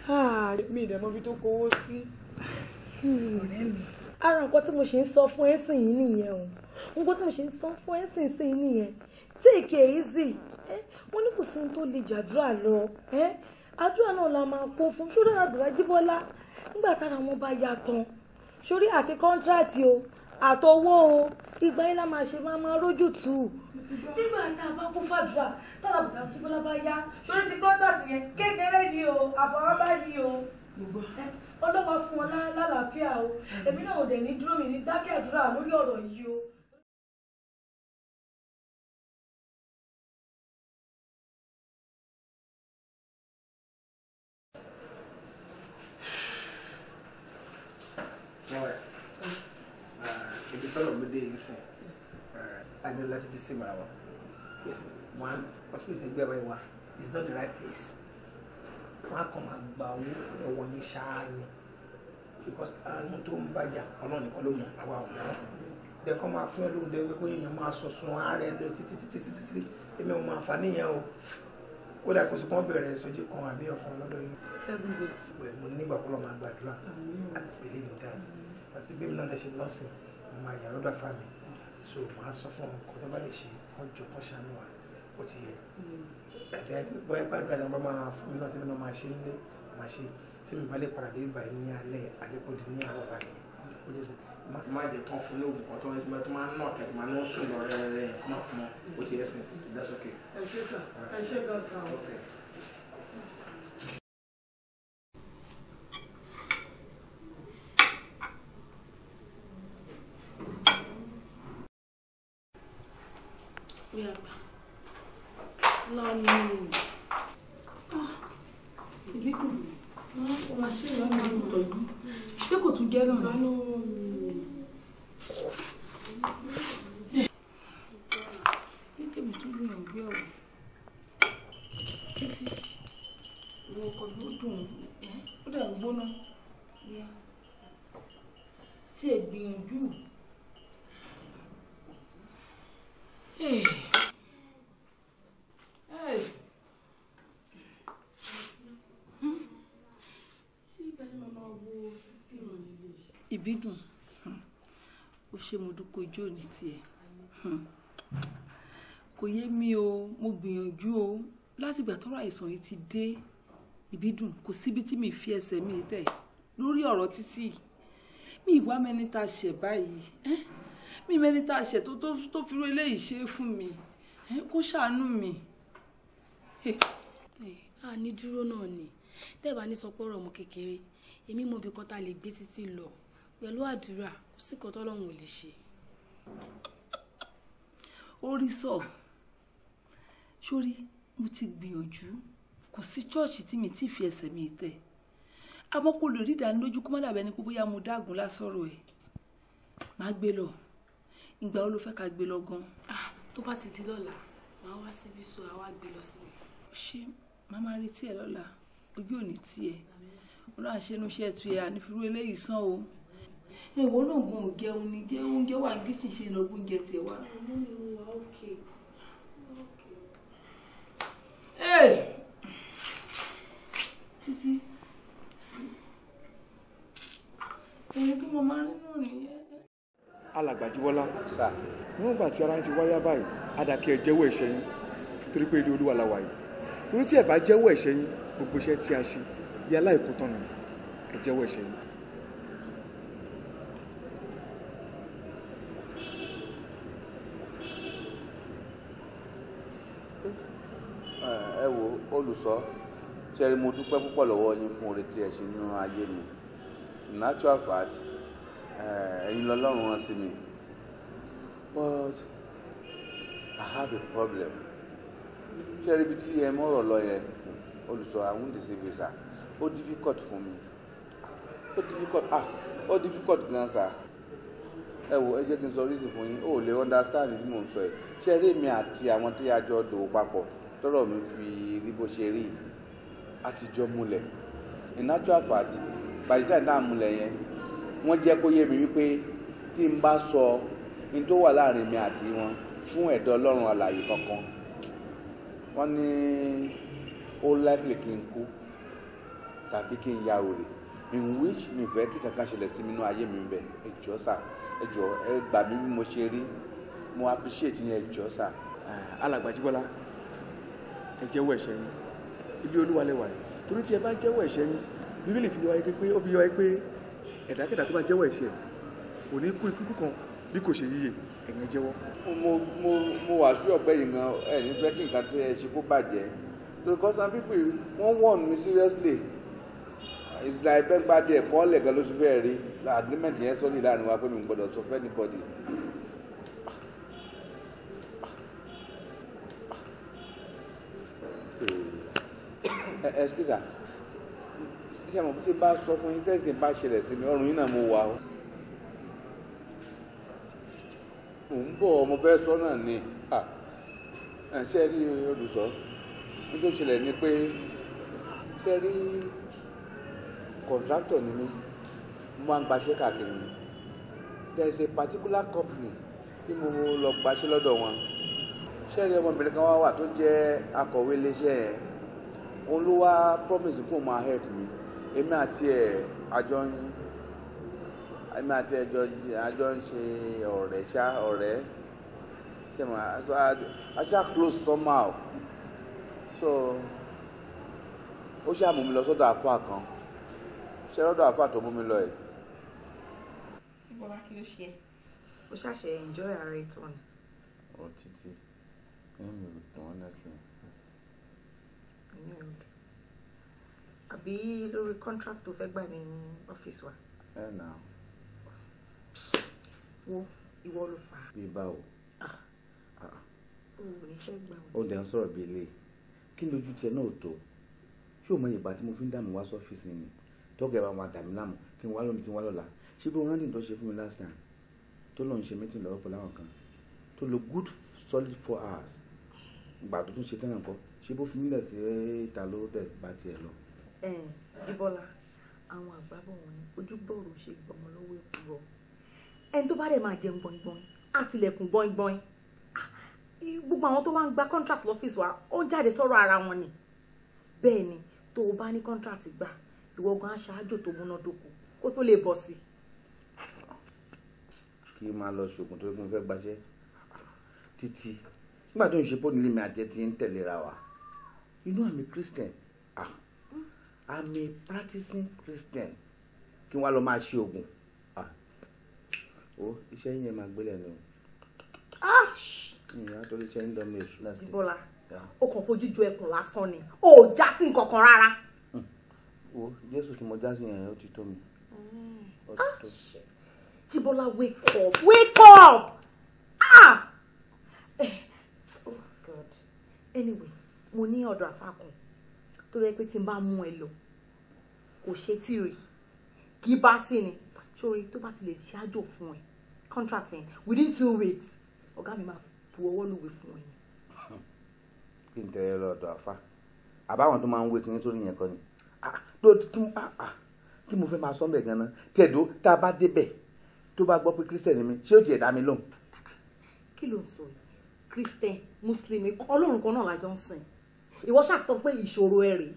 Ah, mi ìdààmú ibi tó kówó sí. Hmm. ọ̀rẹ́ mi ara nǹkan tí mo ṣe ń sọ fún ẹ̀sìn yìí nìyẹn o nǹkan tí mo ṣe ń sọ fún ẹ̀sìn sí yìí nìyẹn take it easy wọ́n ní kò sí ohun tó le jàdúrà lọ àdúrà náà la máa kó fún ṣó dára àdúrà jíbọ́lá nígbà tára wọn bá ya tán sórí àti kọ́ńtíráàtì o àtọwọ́ o ìgbà yín la máa ṣe máa máa rójú tù ú nígbà tá a bá kún fàdúrà tára bùtà tí bọ́lá bá yá ṣọlá ti kọ́ńtàtì yẹn kékeré ni o àbọ̀wá bá ní o ọlọ́wà fún ọ lálàáfíà o èmi náà ò dẹ̀ ní dúró mi ní dákẹ́ àdúrà lórí ọ̀rọ̀ yìí o. Ah, ibi tọ́lọ̀ ló dé yìí sìn a ní láti bí símọ̀ àwọn pèsè one hospital ti gbé ẹ̀wọ̀ is not the right place wọn á kàn máa gba owó lọ́wọ́ yín because àwọn tó ń bàjá ọlọ́run nìkan ló mọ̀ àwa ò mọ̀ dẹ́kọ́ máa fún ẹ lóhun dẹ́gbẹ́ pé èèyàn máa sunsun ààrẹ lọ títí títí títí títí èmi ò mọ àǹfààní yẹn o kódà kò sí kí wọ́n bẹ̀rẹ̀ ìsọjí kan àbí seven days. mo nígbà kọ́ lọ́ máa gbàdúrà àpèlé ní dáàdì àti bí mi náà lè ṣe lọ́sìn mo máa yà lọ́dọ̀ so màá sọ fún ọmọ kò tó bá lè ṣe wọn jọ kọ́ ṣàánú wa ó ti yẹ ẹ̀dẹ̀ bóyá gbàdúrà ni wọ́n máa fún mi náà tẹ́lẹ̀ náà máa ṣe nílé máa ṣe tí mi bá lè padà dé ibà ní alẹ́ àdékòdì ní àárọ̀ balẹ̀ yẹn ó jẹ́ sẹ́ má jẹ́ tán fún ní òògùn kan tó tó máa ń nà kẹ́tì máa ń sùn lọ rẹ́rẹ́rẹ́ kó má fún wọn ó ti yẹ sẹ́ ìdásókè. ẹ ṣe sà ẹ ṣe gan sà ọ. àbídùn hmm. ó ṣe mo dúpọ̀ ojú òní tiẹ̀ hmm. kò yé mi o mo gbìyànjú o látìgbà tọ́rọ̀ àìsàn yìí ti dé ìbídùn kò síbi tí mi fi ẹsẹ̀ mi tẹ̀ lórí ọ̀rọ̀ títì mi ìwà mẹni tá a ṣẹ̀ báyìí mi mẹni tá a ṣẹ̀ tó tó tó fi rú eléyìí ṣe fún mi kó ṣàánú mi. a ní dúró náà ni tẹ́ẹ̀ bá ní sọ pé ọ̀rọ̀ ọmọ kékeré èmi mo bí kọ́ta lè gbé títí lọ pẹ̀lú àdúrà kò sí kan tọ́lọ́run ò lè ṣe. ó rí sọ sórí mo ti gbìyànjú kò sí chọ́ọ̀chì tí mi ti fi ẹsẹ̀ mi tẹ̀ àmọ́ kò lè rí ìdánilójú kó má dàbẹ́ ni pé bóyá mo dágun lásọ̀rọ̀ ẹ̀ má gbé lọ ìgbà wo ló fẹ́ ká gbé lọ gan. Ah, tó bá ti di lọ́la màá wá síbí so àwa gbé lọ síbi. ṣé màá máa retí ẹ lọ́la ojú ò ní tiẹ̀ ọlọ́run àṣẹnú iṣẹ́ tu ẹ ànífirú eléyìí sàn o ẹ̀wọ́ náà gun òjẹun ni jẹ́ oúnjẹ wà ní kíṣìn ṣe lọ gún oúnjẹ tiẹ̀ wá. títí èyí kí mo máa nínú nìyẹn. alàgbàjíwọlá sà nígbà tí ara yín ti wáyá báyìí adàkẹ́ ẹ̀ jẹ́wọ́ ẹ̀ṣẹ̀ yín torí pé ilé olúwa la wà yìí torí tí ẹ bá jẹ́wọ́ ẹ̀ṣẹ̀ yín gbogbo iṣẹ́ tí a ṣe yálà ìkú tán ni ẹ jẹ́wọ́ ẹ̀ṣẹ̀ yín. sọ ṣẹ́rí mo dúpẹ́ púpọ̀ lọ́wọ́ yín fún oore tí ẹ ṣe nínú ayé mi natural fact eh, ẹ̀yin lọ́lọ́run wọn sí mi but I have a problem ṣẹ́rí ibi tí ẹ mọ̀rọ̀ lọ yẹn olùsọ àwọn dìsí visa ó difficult fún mi ó difficult ah ó difficult gan sa ẹ wò ẹ jẹ́ kí n sọ reason fún yín ó lè understand bí mo sọ ẹ ṣẹ́rí èmi àti àwọn tí a jọ dòwò papọ̀ tọ́rọ̀ mi fi rí bó ṣe rí àtijọ́ múlẹ̀ in natural fact by the time náà múlẹ̀ yẹn wọ́n jẹ́ kó yé mi wípé tí n bá sọ n tó wà láàrin mi àti wọn fún ẹ̀dọ́ ọlọ́run àlàyé kankan wọ́n ní ó likely kí n kú tàbí kí n ya òrè in which mi fẹ́ kí kankan ṣẹlẹ̀ sí mi nínú ayé mi bẹ̀ ẹ jọ̀ọ́ sà ẹ jọ̀ọ́ ẹ gbà mí bí mo ṣe rí mo appreciate yẹn ẹ jọ̀ọ́ sà. alàgbàjì bọ́lá ẹ jẹ́wọ́ ẹ̀ṣẹ̀ yín ilé olúwa lẹ́wà yìí torí tí ẹ bá jẹ́wọ́ ẹ̀ṣẹ̀ yín bíbélì fi yọ wáyé pé ó fi yọ wáyé pé ẹ̀dákẹ́dà tó bá jẹ́wọ́ ẹ̀ṣẹ̀ kò ní kú ikú kan bí kò ṣe yíyẹ ẹ̀yin jẹ́wọ́. mo mo mo wà sí ọ̀pẹ yìí gan ẹ̀ ní fẹ́ kí nǹkan tẹ ẹ ṣe kó bàjẹ́ torí kọ́ san pípì wọ́n warn mi seriously ìsìlá ẹgbẹ́ gba tiẹ̀ kọ́ lẹ̀ gan lóṣù fẹ́ẹ́ rí agreement yẹn sọ́ọ́lì láàrin wa pé mi ò gbọ́dọ̀ sọ fẹ́ẹ́ ní bọ́dì ẹsikisa ṣíṣe àmọ́ tí bá sọ fún yín tẹ́tí bá ṣẹlẹ̀ sí mi ọrùn yín náà mo wà ó mò ń bọ̀ ọmọ fẹ́ sọ náà ni ṣe rí olùsọ ní tó ṣẹlẹ̀ ni pé ṣe rí kọ̀ǹtrátọ̀ ni mí mo máa ń gbaṣẹ́ káàkiri ni there is a particular company tí mo lọ gbaṣẹ́ lọ́dọ̀ wọn ṣe rí ọmọbìnrin kan wá wà tó jẹ́ akọ̀wé iléeṣẹ́ yẹn òun ló wá promise kó máa help me. èmi àti ẹ̀ àjọ ń èmi àti ẹ̀ àjọ ń ṣe ọ̀rẹ́ ṣá ọ̀rẹ́ ṣe mọ̀ so I ṣá close somehow so ó ṣáà mú mi lọ sọ́dọ̀ àfa kan ṣé lọ́dọ̀ àfa tó mú mi lọ ẹ̀. tí bọ́lá kí ló ṣe é ó ṣàṣẹ enjoy ara ẹ̀ tán ni. ọ títí ẹ̀mí ò tán honestly renewed àbí lórí contract tó fẹ́ gbà ní ọ́fíìsì wa. ẹ nà. wo ìwọ ló fà á. bíbá o. Ah. Ah. o ò ní fẹ́ gbà o. ó dẹ̀ ń sọ̀rọ̀ bíi ilé kí lójú tiẹ̀ náà tó ṣé o mọ ìgbà tí mo fi ń dààmú wá sọ́fíìsì ni tọ́kẹ́ bá wọn dàmí láàmú kí n wá lónìí kí n wá lọ́la ṣé bí wọn rántí tó ṣe fún mi last time tó lọ́n ṣe mítìn lọ́wọ́ pẹ̀lú àwọn kan tó lo good solid four hours gbàdúrà tó ṣe tán náà ṣé bó fi nílẹ̀ sí ìta ló dẹ̀ bá tiẹ̀ lọ. ẹ jíbọ́lá àwọn àgbàbọ̀ wọn ni ojúbọ̀rọ̀ ṣe gbọmọ lọ́wọ́ èkó rọ ẹni tó bá dẹ̀ máa jẹun gbọ̀ngbọ̀n àtìlẹ̀kùn gbọ̀ngbọ̀n ah, gbogbo àwọn tó wá ń gba contract lọ́fíìsì wa ó jáde sọ̀rọ̀ ara wọn ni bẹ́ẹ̀ ni tó o bá ní contract gbà ìwọ gan aṣáájú tó múnádóko kó tó lè bọ̀ sí i. kí n máa lọ ṣoògùn tó gbọ́n fẹ́ gbaṣẹ́ títí nígbà tó ń ṣe pọ́nilé mi àti ẹ ti ń tẹ̀léra wa you know i'm a christian ah i'm a practicing christian kí wọ́n lọ máa ṣe oògùn ah o iṣẹ́ yín yẹn máa gbélé ẹ̀ lọ. ah ìyá tó lè ṣe ń dán mi èṣù láti. Bíbọ́lá o kàn fojú ju ẹkùn lásán ni o ò já sí nǹkan kan rárá. Hmm. wo jésù tí mo já sí yẹn ó ti tó mi. Jíbọ́lá hmm. ah! wake up wake up ah. Eh, oh God. Anyway mo ní ọ̀dọ̀ àfà kan tó rẹ pé tí n bá mú ẹ lọ kò ṣe tí rè kì í bá sí ni sórí tó bá ti lè ṣáájò fún ẹ contract ẹ within two weeks ọ̀gá mi máa bu ọwọ́ lùwẹ̀ fún ẹ. *laughs* kí n tẹ̀lé lọ ọ̀dọ̀ àfà àbáwọn tó máa ń wé kinní tó nìyẹn kọ́ ni ah, ah, ah, kí mo fẹ́ máa sọ bẹ́ẹ̀ gan-an tẹ̀dó tá a bá débẹ̀ tó bá gbọ́ pé kírísítẹ̀nì mi ṣé ó tiẹ̀ dá mi lóhùn. kí ló ń sọ yìí kírísítẹ̀n mùsùlùmí ọlọ́run kan náà la ń sìn ìwọ ṣàtọ pé ìṣòro ẹ rèé.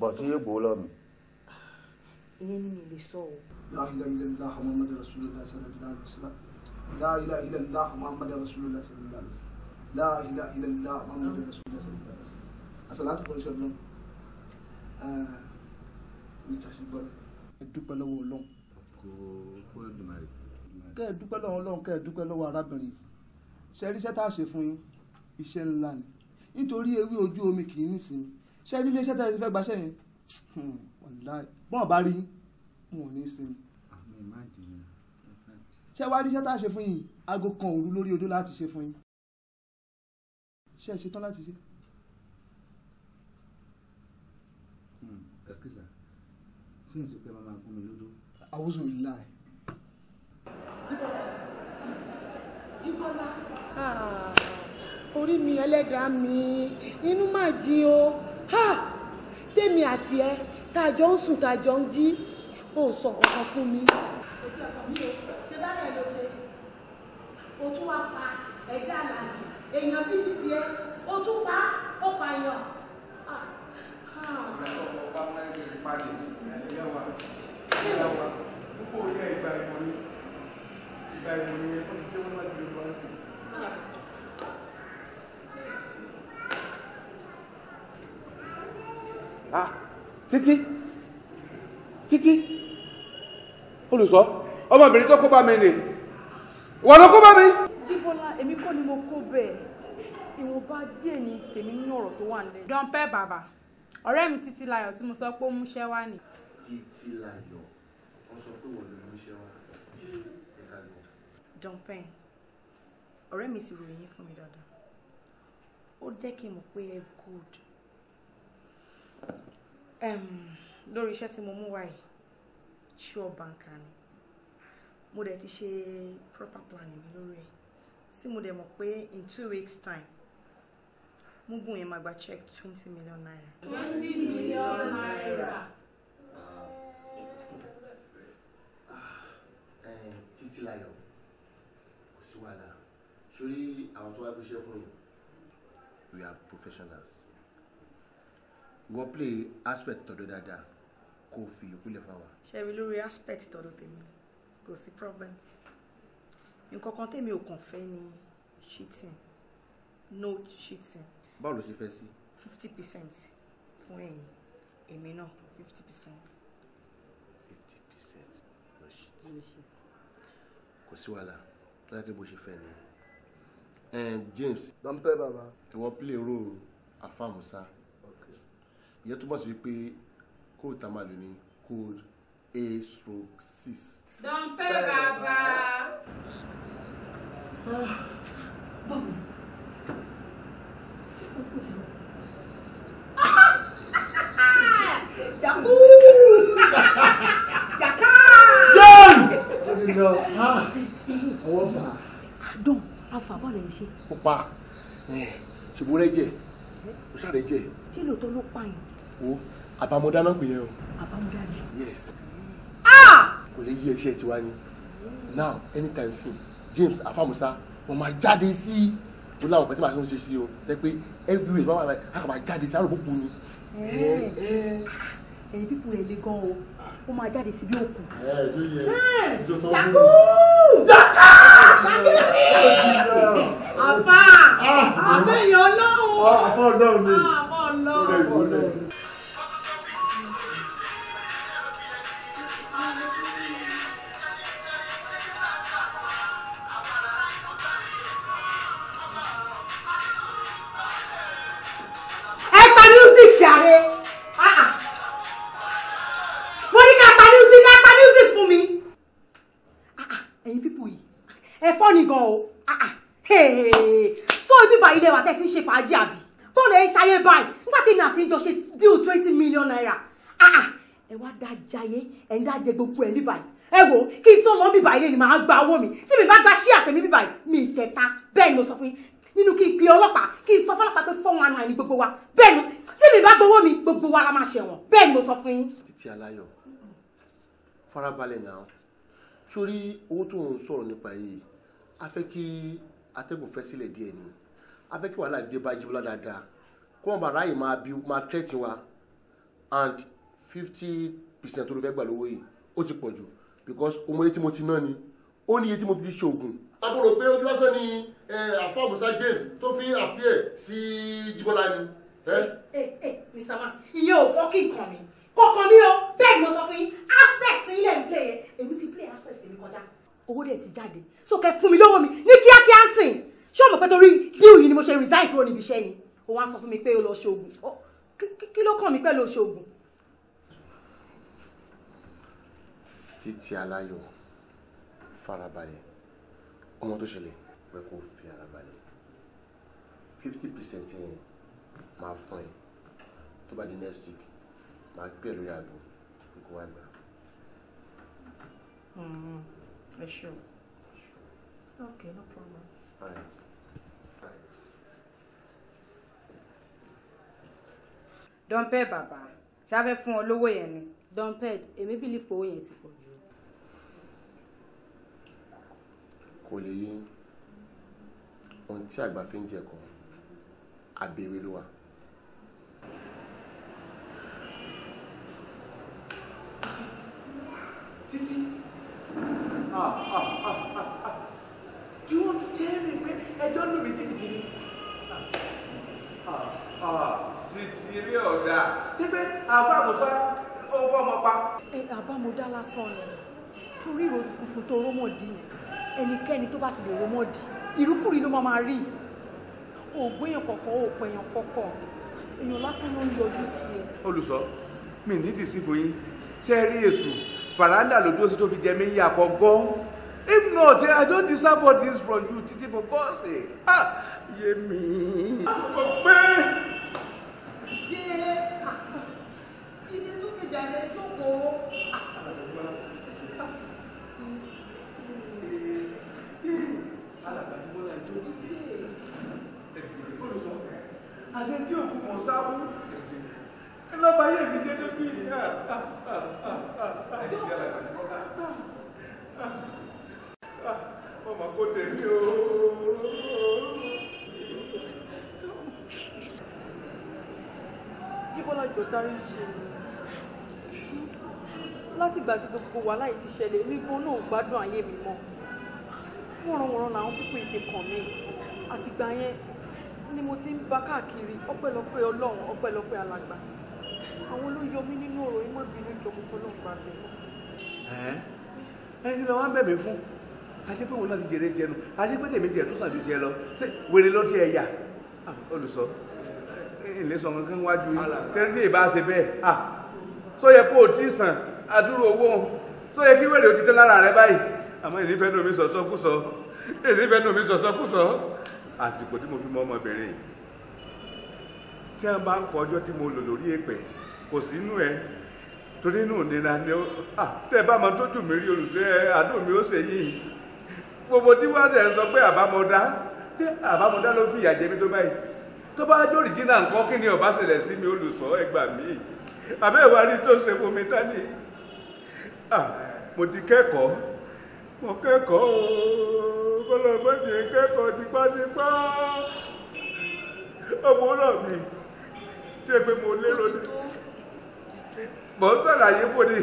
bọ̀ tí yóò gbowó lọ ìyẹn ni mi lè sọ o. la ilaha illallah muhammadu rasulullah sallallahu alaihi wasallam la ilaha illallah muhammadu rasulullah sallallahu alaihi wasallam la ilaha illallah muhammadu rasulullah sallallahu alaihi wasallam asalatu fún iṣẹ́ ọlọ́run mr ṣùgbọ́n ẹ dúpẹ́ lọ́wọ́ ọlọ́run. kó o dùn márì. kẹ́ ẹ dúpẹ́ lọ́wọ́ ọlọ́run kẹ́ ẹ dúpẹ́ lọ́wọ́ arábìnrin ṣe é ṣe fún yín iṣẹ́ ńlá ni nítorí ewé ojú omi kì í nísìnyí ṣé nílé iṣẹ́ tẹ́lẹ̀ ti fẹ́ gbaṣẹ́ yẹn hmm, bọ́n bá rí wọn ò ní sinmi. ṣé wàá rí iṣẹ́ tá a ṣe fún yín aago kan òru lórí odó láti ṣe fún yín ṣé ẹ ṣe tán láti ṣe. ẹsikisa hmm, ṣé èyí ti pẹ́ máa gún mi lódó. àwùjọ ìlà ẹ̀. Jíbọ́lá Jíbọ́lá. Ah orí mi ẹlẹ́dàá mi inú mà jí o ha tèmi àti ẹ tá a jọ ń sùn tá a jọ ń jí ò sọ kankan fún mi. kò tí ọkọ mi o ṣe bára ẹ ló ṣe o tún wá pa ẹgbẹ́ àlàyé èèyàn bíi títí ẹ o tún pa ó pa èèyàn. Ìgbà ìmọ̀ ni ẹ̀kọ́ ti jẹ́ wọ́n láti lè bá sí. ah Titi, títí olùsọ ọmọbìnrin tó kó bá mi nì wọ́n ló kó bá mi. jíbọ́lá èmi kọ́ ni mo kó bẹ́ẹ̀ ìwọ̀nba díẹ̀ ni tèmi nínú ọ̀rọ̀ tó wà nílẹ̀. dọ́ńpẹ́ bàbá ọ̀rẹ́ mi títí láyọ̀ tí mo sọ pé ó múṣẹ́ wá ni. títí láyọ̀ wọ́n sọ pé wọ́n ló múṣẹ́ wá ẹ̀ka lọ. dọ́ńpẹ́ ọ̀rẹ́ mi sì ròyìn fún mi dáadáa ó jẹ́ kí n mọ̀ pé ẹ good lórí iṣẹ́ tí mo mú wáyé sure banker ni mo dẹ̀ ti ṣe proper planning mi lórí ẹ̀ tí mo dẹ̀ mọ̀ pé in two weeks time mo gùn yẹn máa gba check twenty million naira. twenty million naira. Ah, eh, títí láyọ̀ kò sí wàhálà sórí àwọn tó wá gbéṣẹ́ fún yín we are professionals wọ́n play aspect tọ̀dọ̀ dáadáa kó o fi yòókù lẹ̀ fáwa. ṣẹ́rí lórí aspect tọ̀dọ̀ tèmi kò sí problem nǹkan kan tèmi ò kàn fẹ́ ni cheating no cheating. báwo ló ṣe fẹ́ sí. fifty percent fún ẹ̀yin èmi náà fifty percent. fifty percent no cheating. kò sí wàhálà tó yẹ kí bó ṣe fẹ́ ni. James. dọ́ńpẹ́ bàbá. ìwọ play role Musa ìyẹn túmọ̀ sí wípé kóòdù tá a máa lò ní kóòdù a stroke six. dọ̀npẹ́ bàbá. Ah, ó pa ṣùgbọ́n rẹ jẹ, ó ṣàrẹ jẹ. Tí lóòótọ́ ló pààyàn wo àbámọ̀dá náà pè yẹn o. àbámọ̀dá ni. yes. Ah! kò lè yí ẹṣẹ tiwa ni now anytime soon James afamusa wọn máa jáde sí i ó láwọn pẹ̀tẹ́ màá tó ń ṣe sí o jẹ́ pé everywhere bá wà láì a kà máa jáde sí àrùn púpù ni. Eh, eh. ẹ̀yin pípù ẹ̀ lé gan o ó máa jáde sí bí òkú. ṣàkú jọkà pàkíyàmí àfà ah, àfẹyìn ọlọ́run ah, àfọ ọlọ́run ni àfọ ọlọ́run. wà ilé wa tẹ́ ti ń ṣe fàájì àbí kó lè ṣayé báyìí nígbà tí èmi àti ìjọ ṣe deal twenty million naira ah, ah. ẹ wá dá jayé ẹ ń dá gbogbo ẹ ní báyìí ẹ wò kí n tó lọ bíbá ilé ni màá gba owó mi tí mi bá gba ṣí àtẹ̀mí bíbá mi ìtẹ̀ta bẹ́ẹ̀ ni mo sọ fún yín nínú kí n pe ọlọ́pàá kí n sọ fọlọ́pàá pé fọ́n wọn ní gbogbo wa bẹ́ẹ̀ ni tí mi bá gbowó mi gbogbo wa la máa ṣẹ̀wọ̀n bẹ́ẹ̀ ni mo sọ fún yín. títí aláyọ̀ farabalẹ̀ náà sórí owó tó ń sọ̀rọ̀ nípa yìí a fẹ́ kí atẹ́gùn fẹ́ sílẹ̀ díẹ̀ ni afẹ́ kí wàhálà dé bá Jíbọ́lá dáadáa kó wọn bá ráàyè máa bí máa tẹ́tì wa and fifty percent tó ló fẹ́ gbà lówó yìí ó ti pọ̀ jù because ọmọ yẹn tí mo ti ná ni ó ní iye tí mo fi ṣe oògùn. àbúrò pé ojú lásán ni àfọ musa james tó fi àpíẹ̀ sí Jíbọ́lá ni. ẹ ẹ ẹ mr man iye ò fọ́kì kan mi kọ̀ọ̀kan mi o bẹ́ẹ̀ ni mo sọ fún yín aspect ní ilé ìpìlẹ̀ yẹn èmi ti play aspect mi kọjá owó dẹ̀ ti jáde so kẹ́ fún mi lọ́wọ́ mi ní kíákíá sìn ṣé o mọ̀ pé torí díù yìí ni mo ṣe resign kúrò níbi iṣẹ́ ni o wá sọ fún mi pé o lọ ṣoògùn kí ló kàn mí pẹ̀lú ṣoògùn. títí aláyọ̀ farabalẹ̀ ọmọ tó ṣẹlẹ̀ pé kó fi ara balẹ̀ fifty percent yẹn máa fún ẹ tó bá di next week máa gbé ẹ lórí àgbo pé kó wá gbà. Mm-hmm. ẹ ṣeun okay no problem. Right. Right. Dọ́ńpẹ́ bàbá, ṣáfẹ́ fún ọ lówó yẹn ni. Dọ́ńpẹ́ èmi bìlíf pé owó yẹn ti pọ̀ jù. Kò lè yí ohun tí àgbà fi ń jẹ kọ́, àbẹ̀wé ló wà. Títí. Títí. Ah, ah, ah, ah do you want to tell me pé ẹjọ́ lù mí jìbìtì ni ah, ah, títí rí ọ̀dà ṣé pé àbámusá ọkọ ọmọ pa. ẹ àbámudá lásán ni torí ìròyìn funfun tó rómọdì Eni ẹnikẹ́ni tó bá ti lè rómọdì ìrúkúrí ló máa rí ògbéyàn kọ̀kọ̀ òpèyàn kọ̀kọ̀ èèyàn lásán ló ń yọjú sí ẹ. olùsọ mi ní dìsífò yín ṣe é rí èṣù Faranda lo dúró si to fi jẹ mí yàkọ gọ́ If not, I don't deserve all this from you, Titi, for God's sake. Ah, Yemi. Ọ̀pẹ. Jẹ́ Titi sókè jàre jókòó. Alàgbàjúmọ́lá ìjọ. Olùsọ, àṣẹ titi. òkú mọ̀ sáfún. Ẹ lọ́ba yẹ̀ mí jẹ́ débìlì. Àìsí alàgbàjúmọ́lá ọmọ kò tèmi o. jíbọ́lá jọ dárí jì látìgbà tí gbogbo wàhálà yìí ti ṣẹlẹ̀ èmi gan náà ò gbádùn ayé mi mọ́ wọ̀nranwọ̀nran làwọn púpọ̀ ìfi kàn mí àtìgbà yẹn ni mo ti ń bá káàkiri ọpẹ́lọpẹ́ ọlọ́run ọpẹ́lọpẹ́ alàgbà àwọn ló yọ mí nínú ọ̀rọ̀ ìmọ̀ ìbínú ìjọba fọlọ́ọ̀gbà jẹ́. ẹ ẹ ìrọ̀ wọn bẹ̀bẹ̀ fún un ajẹ́ pé òun náà ti jèrè tiẹ̀ nù pé tèmi tiẹ̀ tó sàn ju tiẹ̀ lọ wèrè ló tiẹ̀ yà ah, olùsọ ilé sọ kankan wájú yìí tẹ́lẹ̀ tí ìbá ṣe bẹ́ẹ̀ à ah, tó yẹ kó o tí sàn àdúrò owó tó yẹ kí wèrè o ti tẹ́ lára rẹ báyìí àmọ́ èyí fẹ́ nomi sọ̀sọ́ kú sọ èyí fẹ́ nomi sọ̀sọ́ kú sọ àsìkò tí mo fi mọ ọmọbìnrin tí a bá ń kọ ọjọ́ tí mo lò lórí èpè kò sí inú ẹ torí inú ìnira ni ó ah, tẹ́ bá máa tójú mi rí olùsọ ẹ àdó mi ó ṣe yìí gbogbo tí wọ́n ṣe ń sọ pé àbámọ̀dá tí àbámọ̀dá ló fi ìyà jẹ mí tó báyìí tó bá jó rìjìnà nǹkan kí ni ó bá ṣẹlẹ̀ sí mi olùsọ ẹgbà mi àbẹ́ ìwà rí tó ṣe fún mi tání mo ti kẹ́kọ̀ọ́ mo kẹ́kọ̀ọ́ ooo kọ́lọ́mọ́jì kẹ́kọ̀ọ́ tipátipá ọmọ náà mi tí ẹ pé mo lérò ní mọ̀ ń sàlàyé fún ni.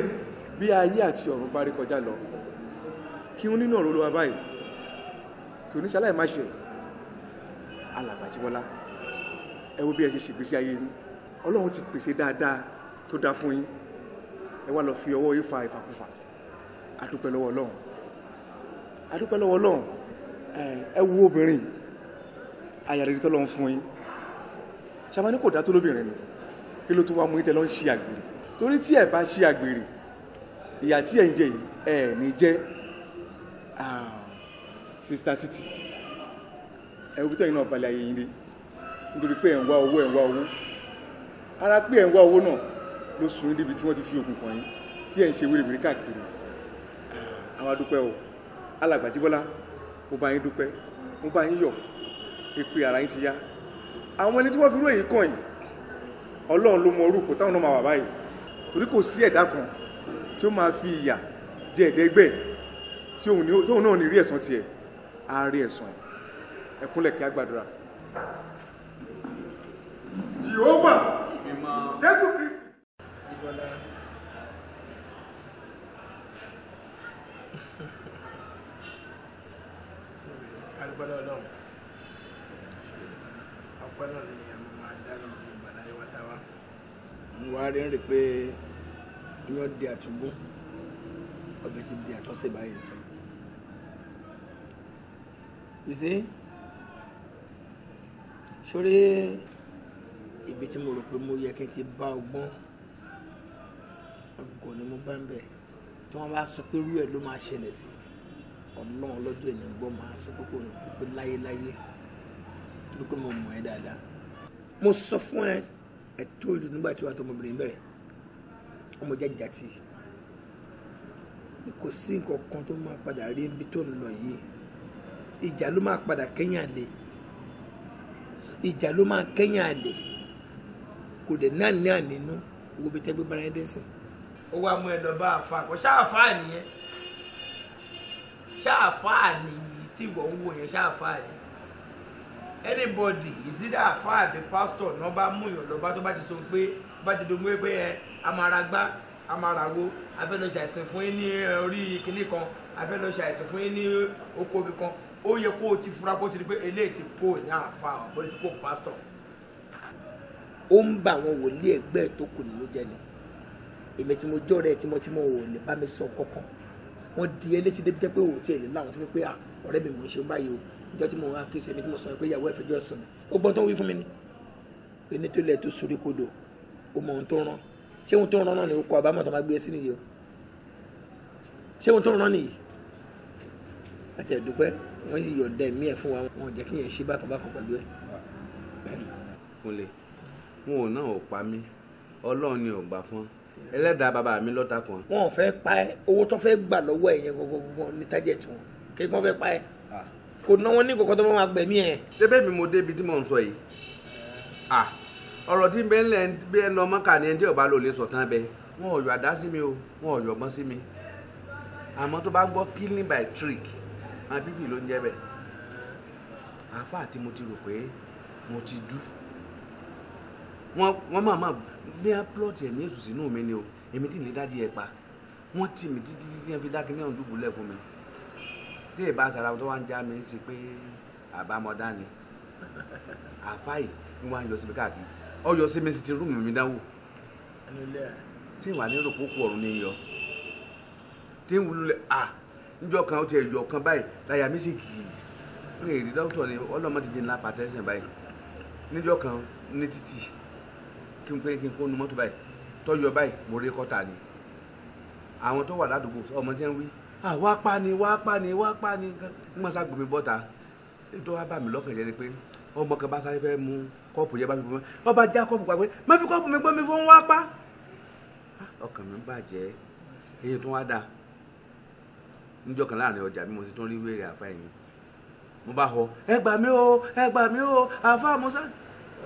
bí ayé àti ọ̀run bá rí kọjá lọ kí n nínú ọ̀rọ̀ olúwa báyìí kò ní sáláì má ṣe alàgbàjíwọ́lá ẹ wo bí ẹ ṣe ṣègbésí ayé yín ọlọ́run ti pèsè dáadáa tó dá fún yín ẹ wá lọ fi ọwọ́ yín fa ìfàkùfà adúpẹ́ lọ́wọ́ ọlọ́run adúpẹ́ lọ́wọ́ ọlọ́run ẹ wo obìnrin ayàrẹ̀rẹ̀ tó lọ́n fún yín ṣàmà ní kò dá tó lóbìnrin ni kí ló tó wá mú yín tẹ́ lọ́n ṣe àgbèrè torí tí ẹ bá ṣe àgbèrè ìyà tí ẹ ń jẹ yìí ẹ ní jẹ́ sista títì ẹ̀rù tẹ́yìn náà balẹ̀ ayé yín dé nítorí pé ẹ̀ ń wá owó ẹ̀ ń wá owó ara pé ẹ̀ ń wá owó náà ló sùn níbi tí wọ́n ti fi òkun kàn yín tí ẹ̀ ń ṣe wérewère káàkiri ah, àwa dúpẹ́ o alàgbà Jíbọ́lá mo bá yín dúpẹ́ mo bá yín yọ̀ èpè ara yín ti yá àwọn ẹni tí wọ́n fi rú èyí kàn yín Ọlọ́run ló mọ orúkọ táwọn náà máa wà báyìí torí kò sí ẹ̀dá kan tí ó máa fi ìyà jẹ ẹ̀dẹ́gbẹ́ tí òun náà ní rí ẹ̀san tiẹ̀ á rí ẹ̀sùn ẹ̀ ẹ̀kúnlẹ̀ kí á gbàdúrà. jehova jésù kristi. agbada a máa dáná gbogbo àlàyé wa tá wa. mo wá rí rí pé iyán di àtúbú ọbẹ̀ ti di àtúnṣe báyìí sí i you see sórí ibi tí mo rò pé mo yẹ kí n ti bá ọgbọ́n àgùkọ ni mo bá ń bẹ̀ tí wọ́n bá sọ pé irú ẹ̀ ló máa ṣẹlẹ̀ sí ọlọ́run lọ́dọ̀ ènìyàn gbọ́ máa sọ pé kò ní kú pé láyéláyé tó pé mo mọ̀ ẹ́ dáadáa mo sọ fún ẹ ẹ tó ìlú nígbà tí wàá tó ọmọbìnrin bẹ̀rẹ̀ ọmọ jàjàtì kò sí nǹkan kan tó máa padà rí ibi tó ń lọ yìí ìjà ló máa padà kẹ́yìn àlè ìjà ló máa kẹ́yìn àlè kò dẹ̀ náà ní ànínú owó bíi tẹ́gbẹ́ bára ẹdẹ sìn. ó wá mú ẹ lọ bá àfa kò ṣáàfà nìyẹn ṣáàfà nìyí tí wọ́n ń wò yẹn ṣáàfà ni anybody is either àfa àbí pastor náà bá mú yàn lọ́ba tó bá ti sọ pé bá ti dogun pé ẹ amaragbá amarawo afẹ́ lọ ṣàìsàn fún yín ní orí kinní kan afẹ́ lọ ṣàìsàn fún yín ní okòbí kan ó yẹ kó o ti fura kó o ti di pé eléyìí ti kó ní àfa ọ̀gbọ́n ti kó pásítọ̀ ó ń bá àwọn wòlíì ẹgbẹ́ tó kù nínú jẹ́ ni èmi tí mo jọ́ rẹ̀ tímọ́tímọ́ ò lè bá mi sọ kọ́kọ́ wọ́n di eléyìí ti jẹ́ pé òun ti èlé láwọn fún mi pé ọ̀rẹ́ mi mò ń ṣe báyìí o ìjọ tí mo ń kí sẹ́mi tí mo sọ pé ìyàwó ẹ̀fẹ́ jọ sùn mi ó gbọ́n tó ń wí fún mi ni pé nítorí ẹ̀ tó sórí kodò ó mọ ohun tó rán ṣé ohun tó rán náà ni ó kọ àbámọ̀ tó máa gbé e sí nìyí o ṣé ohun tó rán nìyí àti ẹ̀dùpẹ́ wọ́n sì yọ̀ọ̀dá ẹ̀mí ẹ̀ fún wa wọn jẹ́ kí yẹn ṣe bákan bákan pẹ̀lú ẹ̀. kúnlẹ̀ wọn ò náà ò pa mí ọlọ́run ni ò gbà fún ẹlẹ́dàá bàbá mi lọ́ta kan. wọn ò fẹ́ pa ẹ owó tó fẹ́ gbà lọ́wọ́ ẹ̀yẹn gbogbogbò ní tájẹ̀tì wọn kí wọ́n fẹ́ pa ẹ ah. kò náwó ní kòkó tó bá máa gbẹ̀mí ẹ̀. ṣé bẹ́ẹ̀ mi mo débi tí mò ń sọ yìí eh. ah. ọ̀rọ̀ tí bẹ́ẹ̀ lẹ́ bí ẹ lọ mọ́kà ni ẹni tí ọba lò lè sọ̀tàn bẹ wọn ò yọ àdá sí mi o wọn ò yọ ọgbọ́n sí mi àmọ́ tó bá gbọ́ killing by trick àbíbì ló ń jẹ́ bẹ́ẹ̀ àáfàá tí mo ti rò pé mo ti dú wọ́n máa máa bí wọ́n plọ̀tì ẹ̀mí èṣù sínú mi ni o èmi tí ì lè dá di ẹ̀ pa wọ́n tì mí títí títí wọ́n fi dá kíní ọ̀hún dùbúlẹ̀ fún mi tí èèbá sara tó wá ń já mi sí pé àbámọ̀dá ni àfáì ni wọ́n á yọ sí mi káàkiri ọ yọ sí mi sí ti rúùmù mi dánwò tí ìwà ní rògbòkú ọ̀run ni yọ tí ń wululẹ̀ à. Ah níjọ́ kan ó ti ẹ̀yọ̀ kan báyìí láyà mí sì kì èrè dókítà ni ọlọ́mọ ti jẹ́ ńlá pàtẹ́sìn báyìí níjọ́ kan ní títì kí n pé kí n kó nu mọ́tò báyìí tọ́jọ́ báyìí mo rí kọ́ta ni àwọn tó wà ládùúgbò ọmọ tí ń wí wá pa ni wá pa ni wá pa ni n mọ̀ sá gbòmí bọ́ta ètò wa bà mí lọ́kàn jẹ́ ni pé ọmọ kan bá sáré fẹ́ mú kọ́ọ̀pù yẹn bá mi gbọ́n ọba já kọ́ọ̀pù pa pé má fi kọ́ọ̀pù mi gbọ́n mi fún wá pa ọkàn mi ń bàjẹ́ èyí tó wá dáa níjọ́ kan láàrin ọjà bí mo ti tún rí wèrè àfáà yìí mo bá họ ẹ gbà mí o ẹ gbà mí o àfáà Musa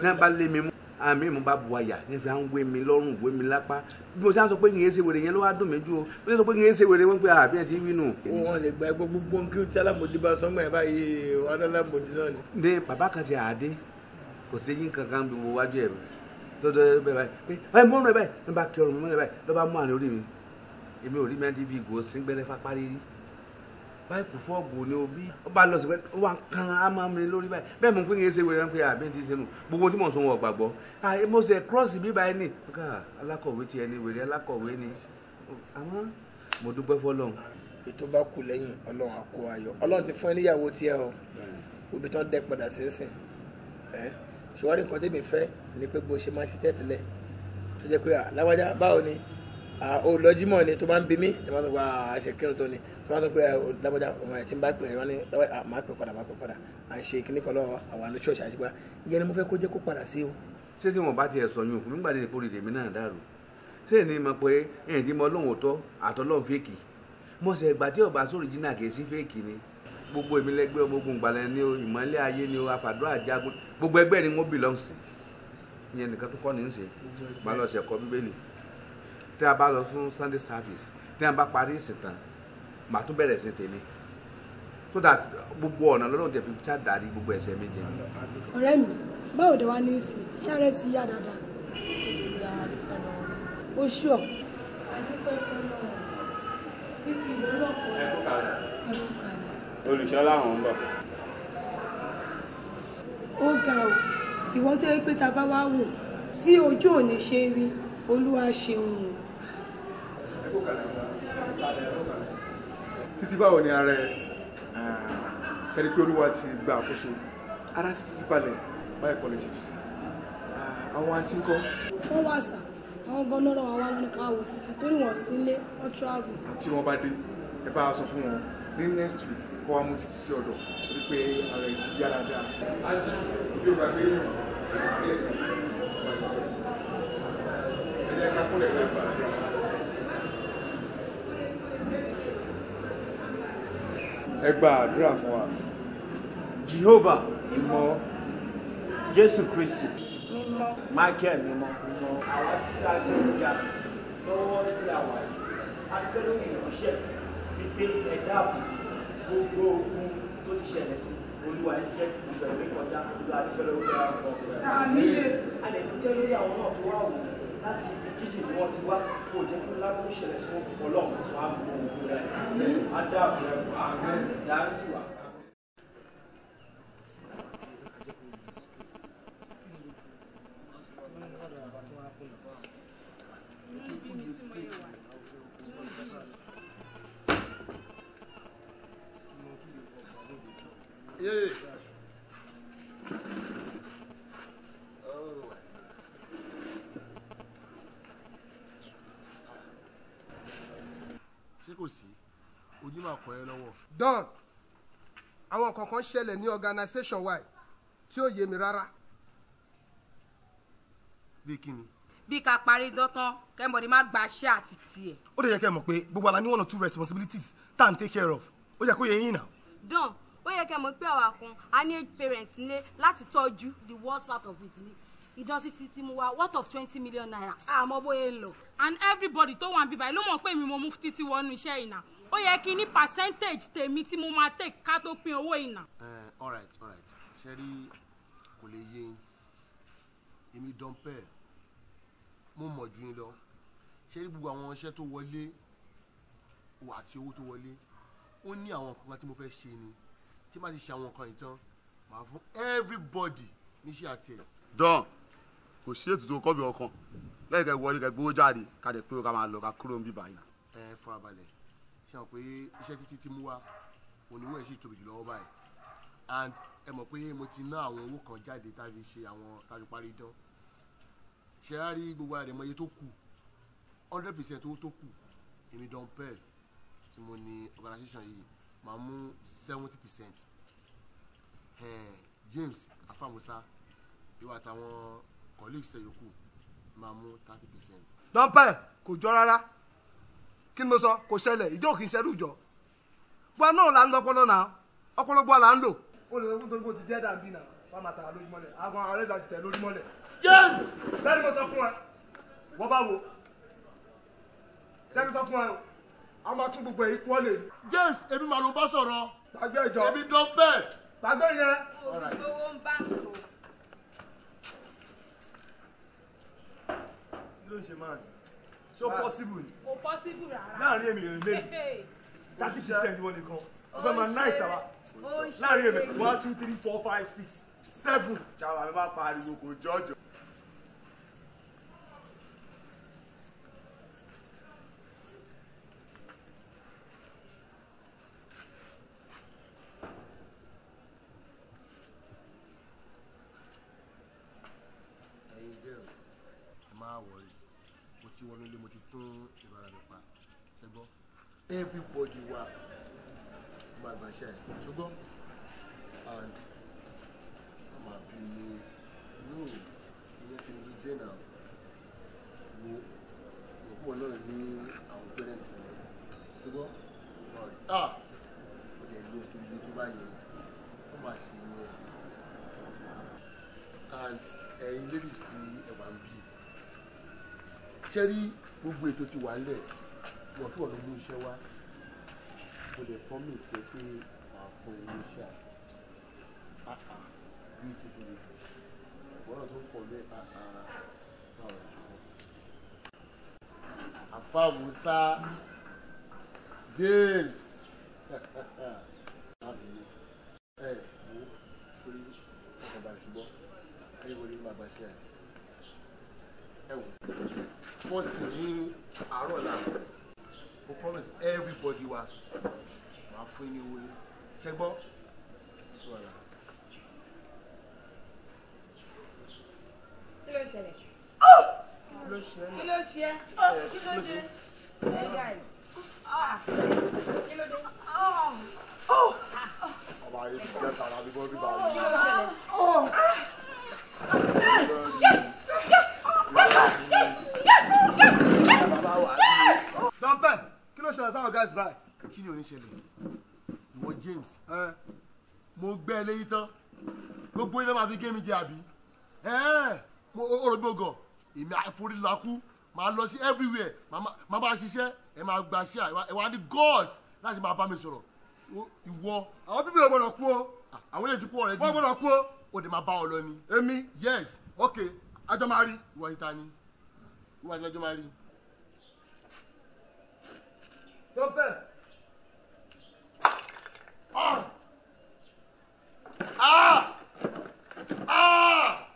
náà bá lé mi mú àmì mo bá bu àyà ní fi à ń wé mi lọ́rùn wé mi lápá bí mo ṣe à ń sọ pé yìnyín ṣe wèrè yẹn ló wá dùn mí jù o bí mo ṣe sọ pé yìnyín ṣe wèrè wọn pé àbí ẹ ti wí nù. wọn lè gba ẹgbẹ gbogbo kí o tí alámòdì bá sọmọ ẹ báyìí wọn alámòdì náà ni. ní bàbá kan ti àdé kò sí eyín kankan bí wájú ẹ dọdọ bẹ́ẹ̀ báyìí pé ẹ mọ ọ̀rọ̀ báyìí ló bá kí ọrùn mọ ọ̀rọ̀ báyìí ló bá mú àná orí mi èmi ò rí mi àti báyìí kò fọ́ ọ̀gbọ̀n ni o bí ó bá lọ sí pé ó wà kan á lórí báyìí bẹ́ẹ̀ mo pín kí n ń pè àbí ti ṣe gbogbo tí mò sọ wọn gbàgbọ́ mo ṣe cross bí báyìí ni ká alákọ̀wé tiẹ̀ ni wẹ̀rẹ̀ alákọ̀wé ni àmọ́ mo dúpẹ́ fọlọ́run. ètò bá kù lẹ́yìn ọlọ́run àkó ayọ̀ ọlọ́run ti fún ẹ níyàwó tiẹ̀ o òbí tán dẹ́ padà sínsìn ẹ ṣùgbọ́n nǹkan tẹ́mi fẹ́ ni pé bó ṣe máa ṣe olùlọ́jímọ̀ ni tó máa ń bí mí tó máa ń sọ pé àṣẹ kírun tó ni tó máa ń sọ pé lábọ́jà ọmọ ẹ̀ tí ń bá pè é wọ́n ní máa pè padà máa pè padà à ń ṣe kíní kan lọ́wọ́ àwọn àánú ṣọ́ọ̀ṣì àṣìpá ìyẹn ni mo fẹ́ kó jẹ́ kó padà sí o. ṣé tí wọn bá tiẹ̀ sọ yún fún nígbà tí èpo rèé mi náà dàrú ṣé èyí ni mo pé ẹ̀yìn tí mo lóhùn tọ́ àtọ́lọ́hùn fèkì mo sì ẹ̀gbà tí ọba sórí jìnnà kì í sí fèkì ni gbogbo èmi lẹ́gbẹ́ ọmọ ogun ìgbàlẹ̀ o ìmọ̀lẹ́ ayé ni o àfàdúrà àjagun gbogbo ẹgbẹ́ ni wọ́n belong sí ìyẹn nìkan tó kọ́ ní í tí a bá lọ fún Sunday service tí a bá parí ìsìn tán màá tún bẹ̀rẹ̀ sí tèmi so that gbogbo ọ̀nà lọ́dún tẹ̀ fi ṣá darí gbogbo ẹ̀ṣẹ̀ mi jẹ. ọ̀rẹ́ mi báwo de wa ní ìsìn ṣáré ti yá dáadáa. o ṣú ọ. olùṣọ́ làwọn ń bọ̀. ó ga ọ ìwọ́n tó yẹ pé ta bá wá wò tí ojú ò ní ṣe rí olúwa ṣeun o títí báwo ni ara ẹ ṣe rí pé olúwa ti gba àkóso ara títí ti balẹ̀ báyìí kọ́ lè ṣe fi sí àwọn àǹtí ń wọ́n wà sà àwọn gan-an lọ́rọ̀ àwọn àwọn nìkan àwò títí torí wọ́n sí ilé wọ́n travel. àti wọn bá dé ẹ bá a sọ fún wọn ní next week kó wa mú títí sí ọ̀dọ̀ torí pé ara ẹ ti yá dáadáa. àti bí o gbàgbé yàn ẹ jẹ́ ká fúnlẹ̀ láì bàrà. ẹ gba àdúrà fún wa Jehovah mímọ́ Jésù Kristi mímọ́ Michael mímọ́ mímọ́ àwọn tí a gbé ìjà lọ́wọ́ sí àwa yìí akẹ́lẹ́ ìránṣẹ́ wípé ẹ̀dá gbogbo ogun tó ti ṣẹlẹ̀ sí olúwa ẹ ti jẹ́ kí ìbẹ̀rẹ̀ kọjá olúwa ti fẹ́rẹ̀ ó fẹ́ràn ọkọ̀ ọ̀gbẹ̀rẹ̀. àmì yẹn. a lè dúpẹ́ lórí àwọn náà tó wà wò ó láti ibi jíjì ni wọ́n ti wá kó jẹ́ kí lágbó ìṣẹ̀lẹ̀ sí ọlọ́run tó á mú òun rẹ̀ á dáàbò rẹ̀ dáríjì wá. don àwọn kankan ṣẹlẹ̀ ní organisation wa tí ó yé mi rárá. bí kíni. bí ká parí dọ́tán kẹ́mbọ̀dé má gba iṣẹ́ àti tiẹ̀. ó lè yẹ kẹ́ ẹ mọ̀ pé gbogbo àlá ní one or two responsibilities tá à ń take care of ó yẹ kó yẹ yín náà. don ó yẹ kẹ́ ẹ mọ̀ pé àwa kan a ní parents nílé láti tọ́jú the worst part of it ni ìdọ́sítì tí mo wá worth of twenty million naira àmọ́ bóyá ń lọ. and everybody tó wà ń bíbá ló mọ̀ pé mi mo mú títí wọnú iṣẹ́ ìnà ó yẹ kí ní percentage tèmi tí mo máa take ká tó pín owó ìnà. all right all right ṣe rí kò lè yé yín èmi dọ́ńpẹ́ mo mọ̀ ju yín lọ ṣe rí gbogbo àwọn iṣẹ́ tó wọlé àti owó tó wọlé ó ní àwọn nǹkan tí mo fẹ́ ṣe ni tí má ti ṣe àwọn nǹkan yìí tán màá fún everybody níṣẹ́ àti ẹ̀ dán kò sí ètùtù kọ́bì ọkàn lẹ́yìn kẹ́ wọlé kẹ́ gbowó jáde ká dẹ̀ pé ká máa lọ ká kúrò ń bíbá yìí. ẹ farabalẹ̀ ṣe hàn pé iṣẹ́ títí tí mú wa oníwọ̀ ẹ̀ sì tóbi jù lọ́wọ́ báyìí and ẹ mọ̀ pé mo ti ná àwọn owó kan jáde tá ṣe àwọn tá parí dán ṣe á rí gbogbo ara rẹ̀ mọ iye tó kù hundred percent owó tó kù èmi Don Pearl tí mo ní organisation yìí máa mú seventy percent James Afamusa ìwà àtàwọn colleagues ẹ̀ yòókù máa mú thirty percent. dọ́pẹ́ kò jọ rárá kí ni mo sọ kò ṣẹlẹ̀ ìjọ kì í ṣẹlú ìjọ bó a náà là ń lọ ọpọlọ náà ọpọlọ bó a là ń lò. o lè wọ́n nítorí bó ti jẹ́ dàbí náà wọ́n máa tà á lójúmọ́lẹ̀ àwọn àwọn ẹlẹ́dàá ti tẹ̀ lójúmọ́lẹ̀. James sẹ́ni mo sọ fún ẹ wọ́n bá wo sẹ́ni sọ fún ẹ a máa tún gbogbo èyí kú ọ́lẹ̀. James èmi màá ló bá sọ̀rọ̀. gbàgbé ìjọ èmi dọ́pẹ́. gbàgbé yẹn. owó ń ló ń ṣe máa ṣó ah. possible ni. kò possible rárá. láàrin èmi èmi méjì thirty percent wọn nìkan ó fẹ́ máa náì sábà láàrin èmi one two three four five six seven. ṣàwọn àmì máa pariwo kò jọjọ. ṣe rí gbogbo ètò ti wà lẹ̀ wọ́n kí wọ́n lọ mú iṣẹ́ wá mo lè fọ́ mi ṣe pé màá fún ilé iṣẹ́ àá ah, ah. bí ti fi lè jù ìgbọ́nà tó ń pọ̀ lé àfàwùsá James. ṣe mo gbẹ́ ẹ léyìí tán gbogbo yín máa fi gé mi jẹ àbí mo orogbogàn èmi àforí lakú màá lọ sí everywhere màá bá ṣiṣẹ́ ẹ máa gba ṣíà ẹ wá ní god láti máa bá mi sọ̀rọ̀ ìwọ. àwọn bíbélì gbọ́dọ̀ kú o. àwọn ilé ti kú ọ̀rẹ́ bí. wọ́n gbọ́dọ̀ kú o. o de máa bá ọ lọ ni. èmi. yes. ok ajọ́ máa rí. ìwọ yìí ta ni ìwọ àti ajọ́ máa rí. yọ bẹ́ẹ̀. Ah! 아! 아!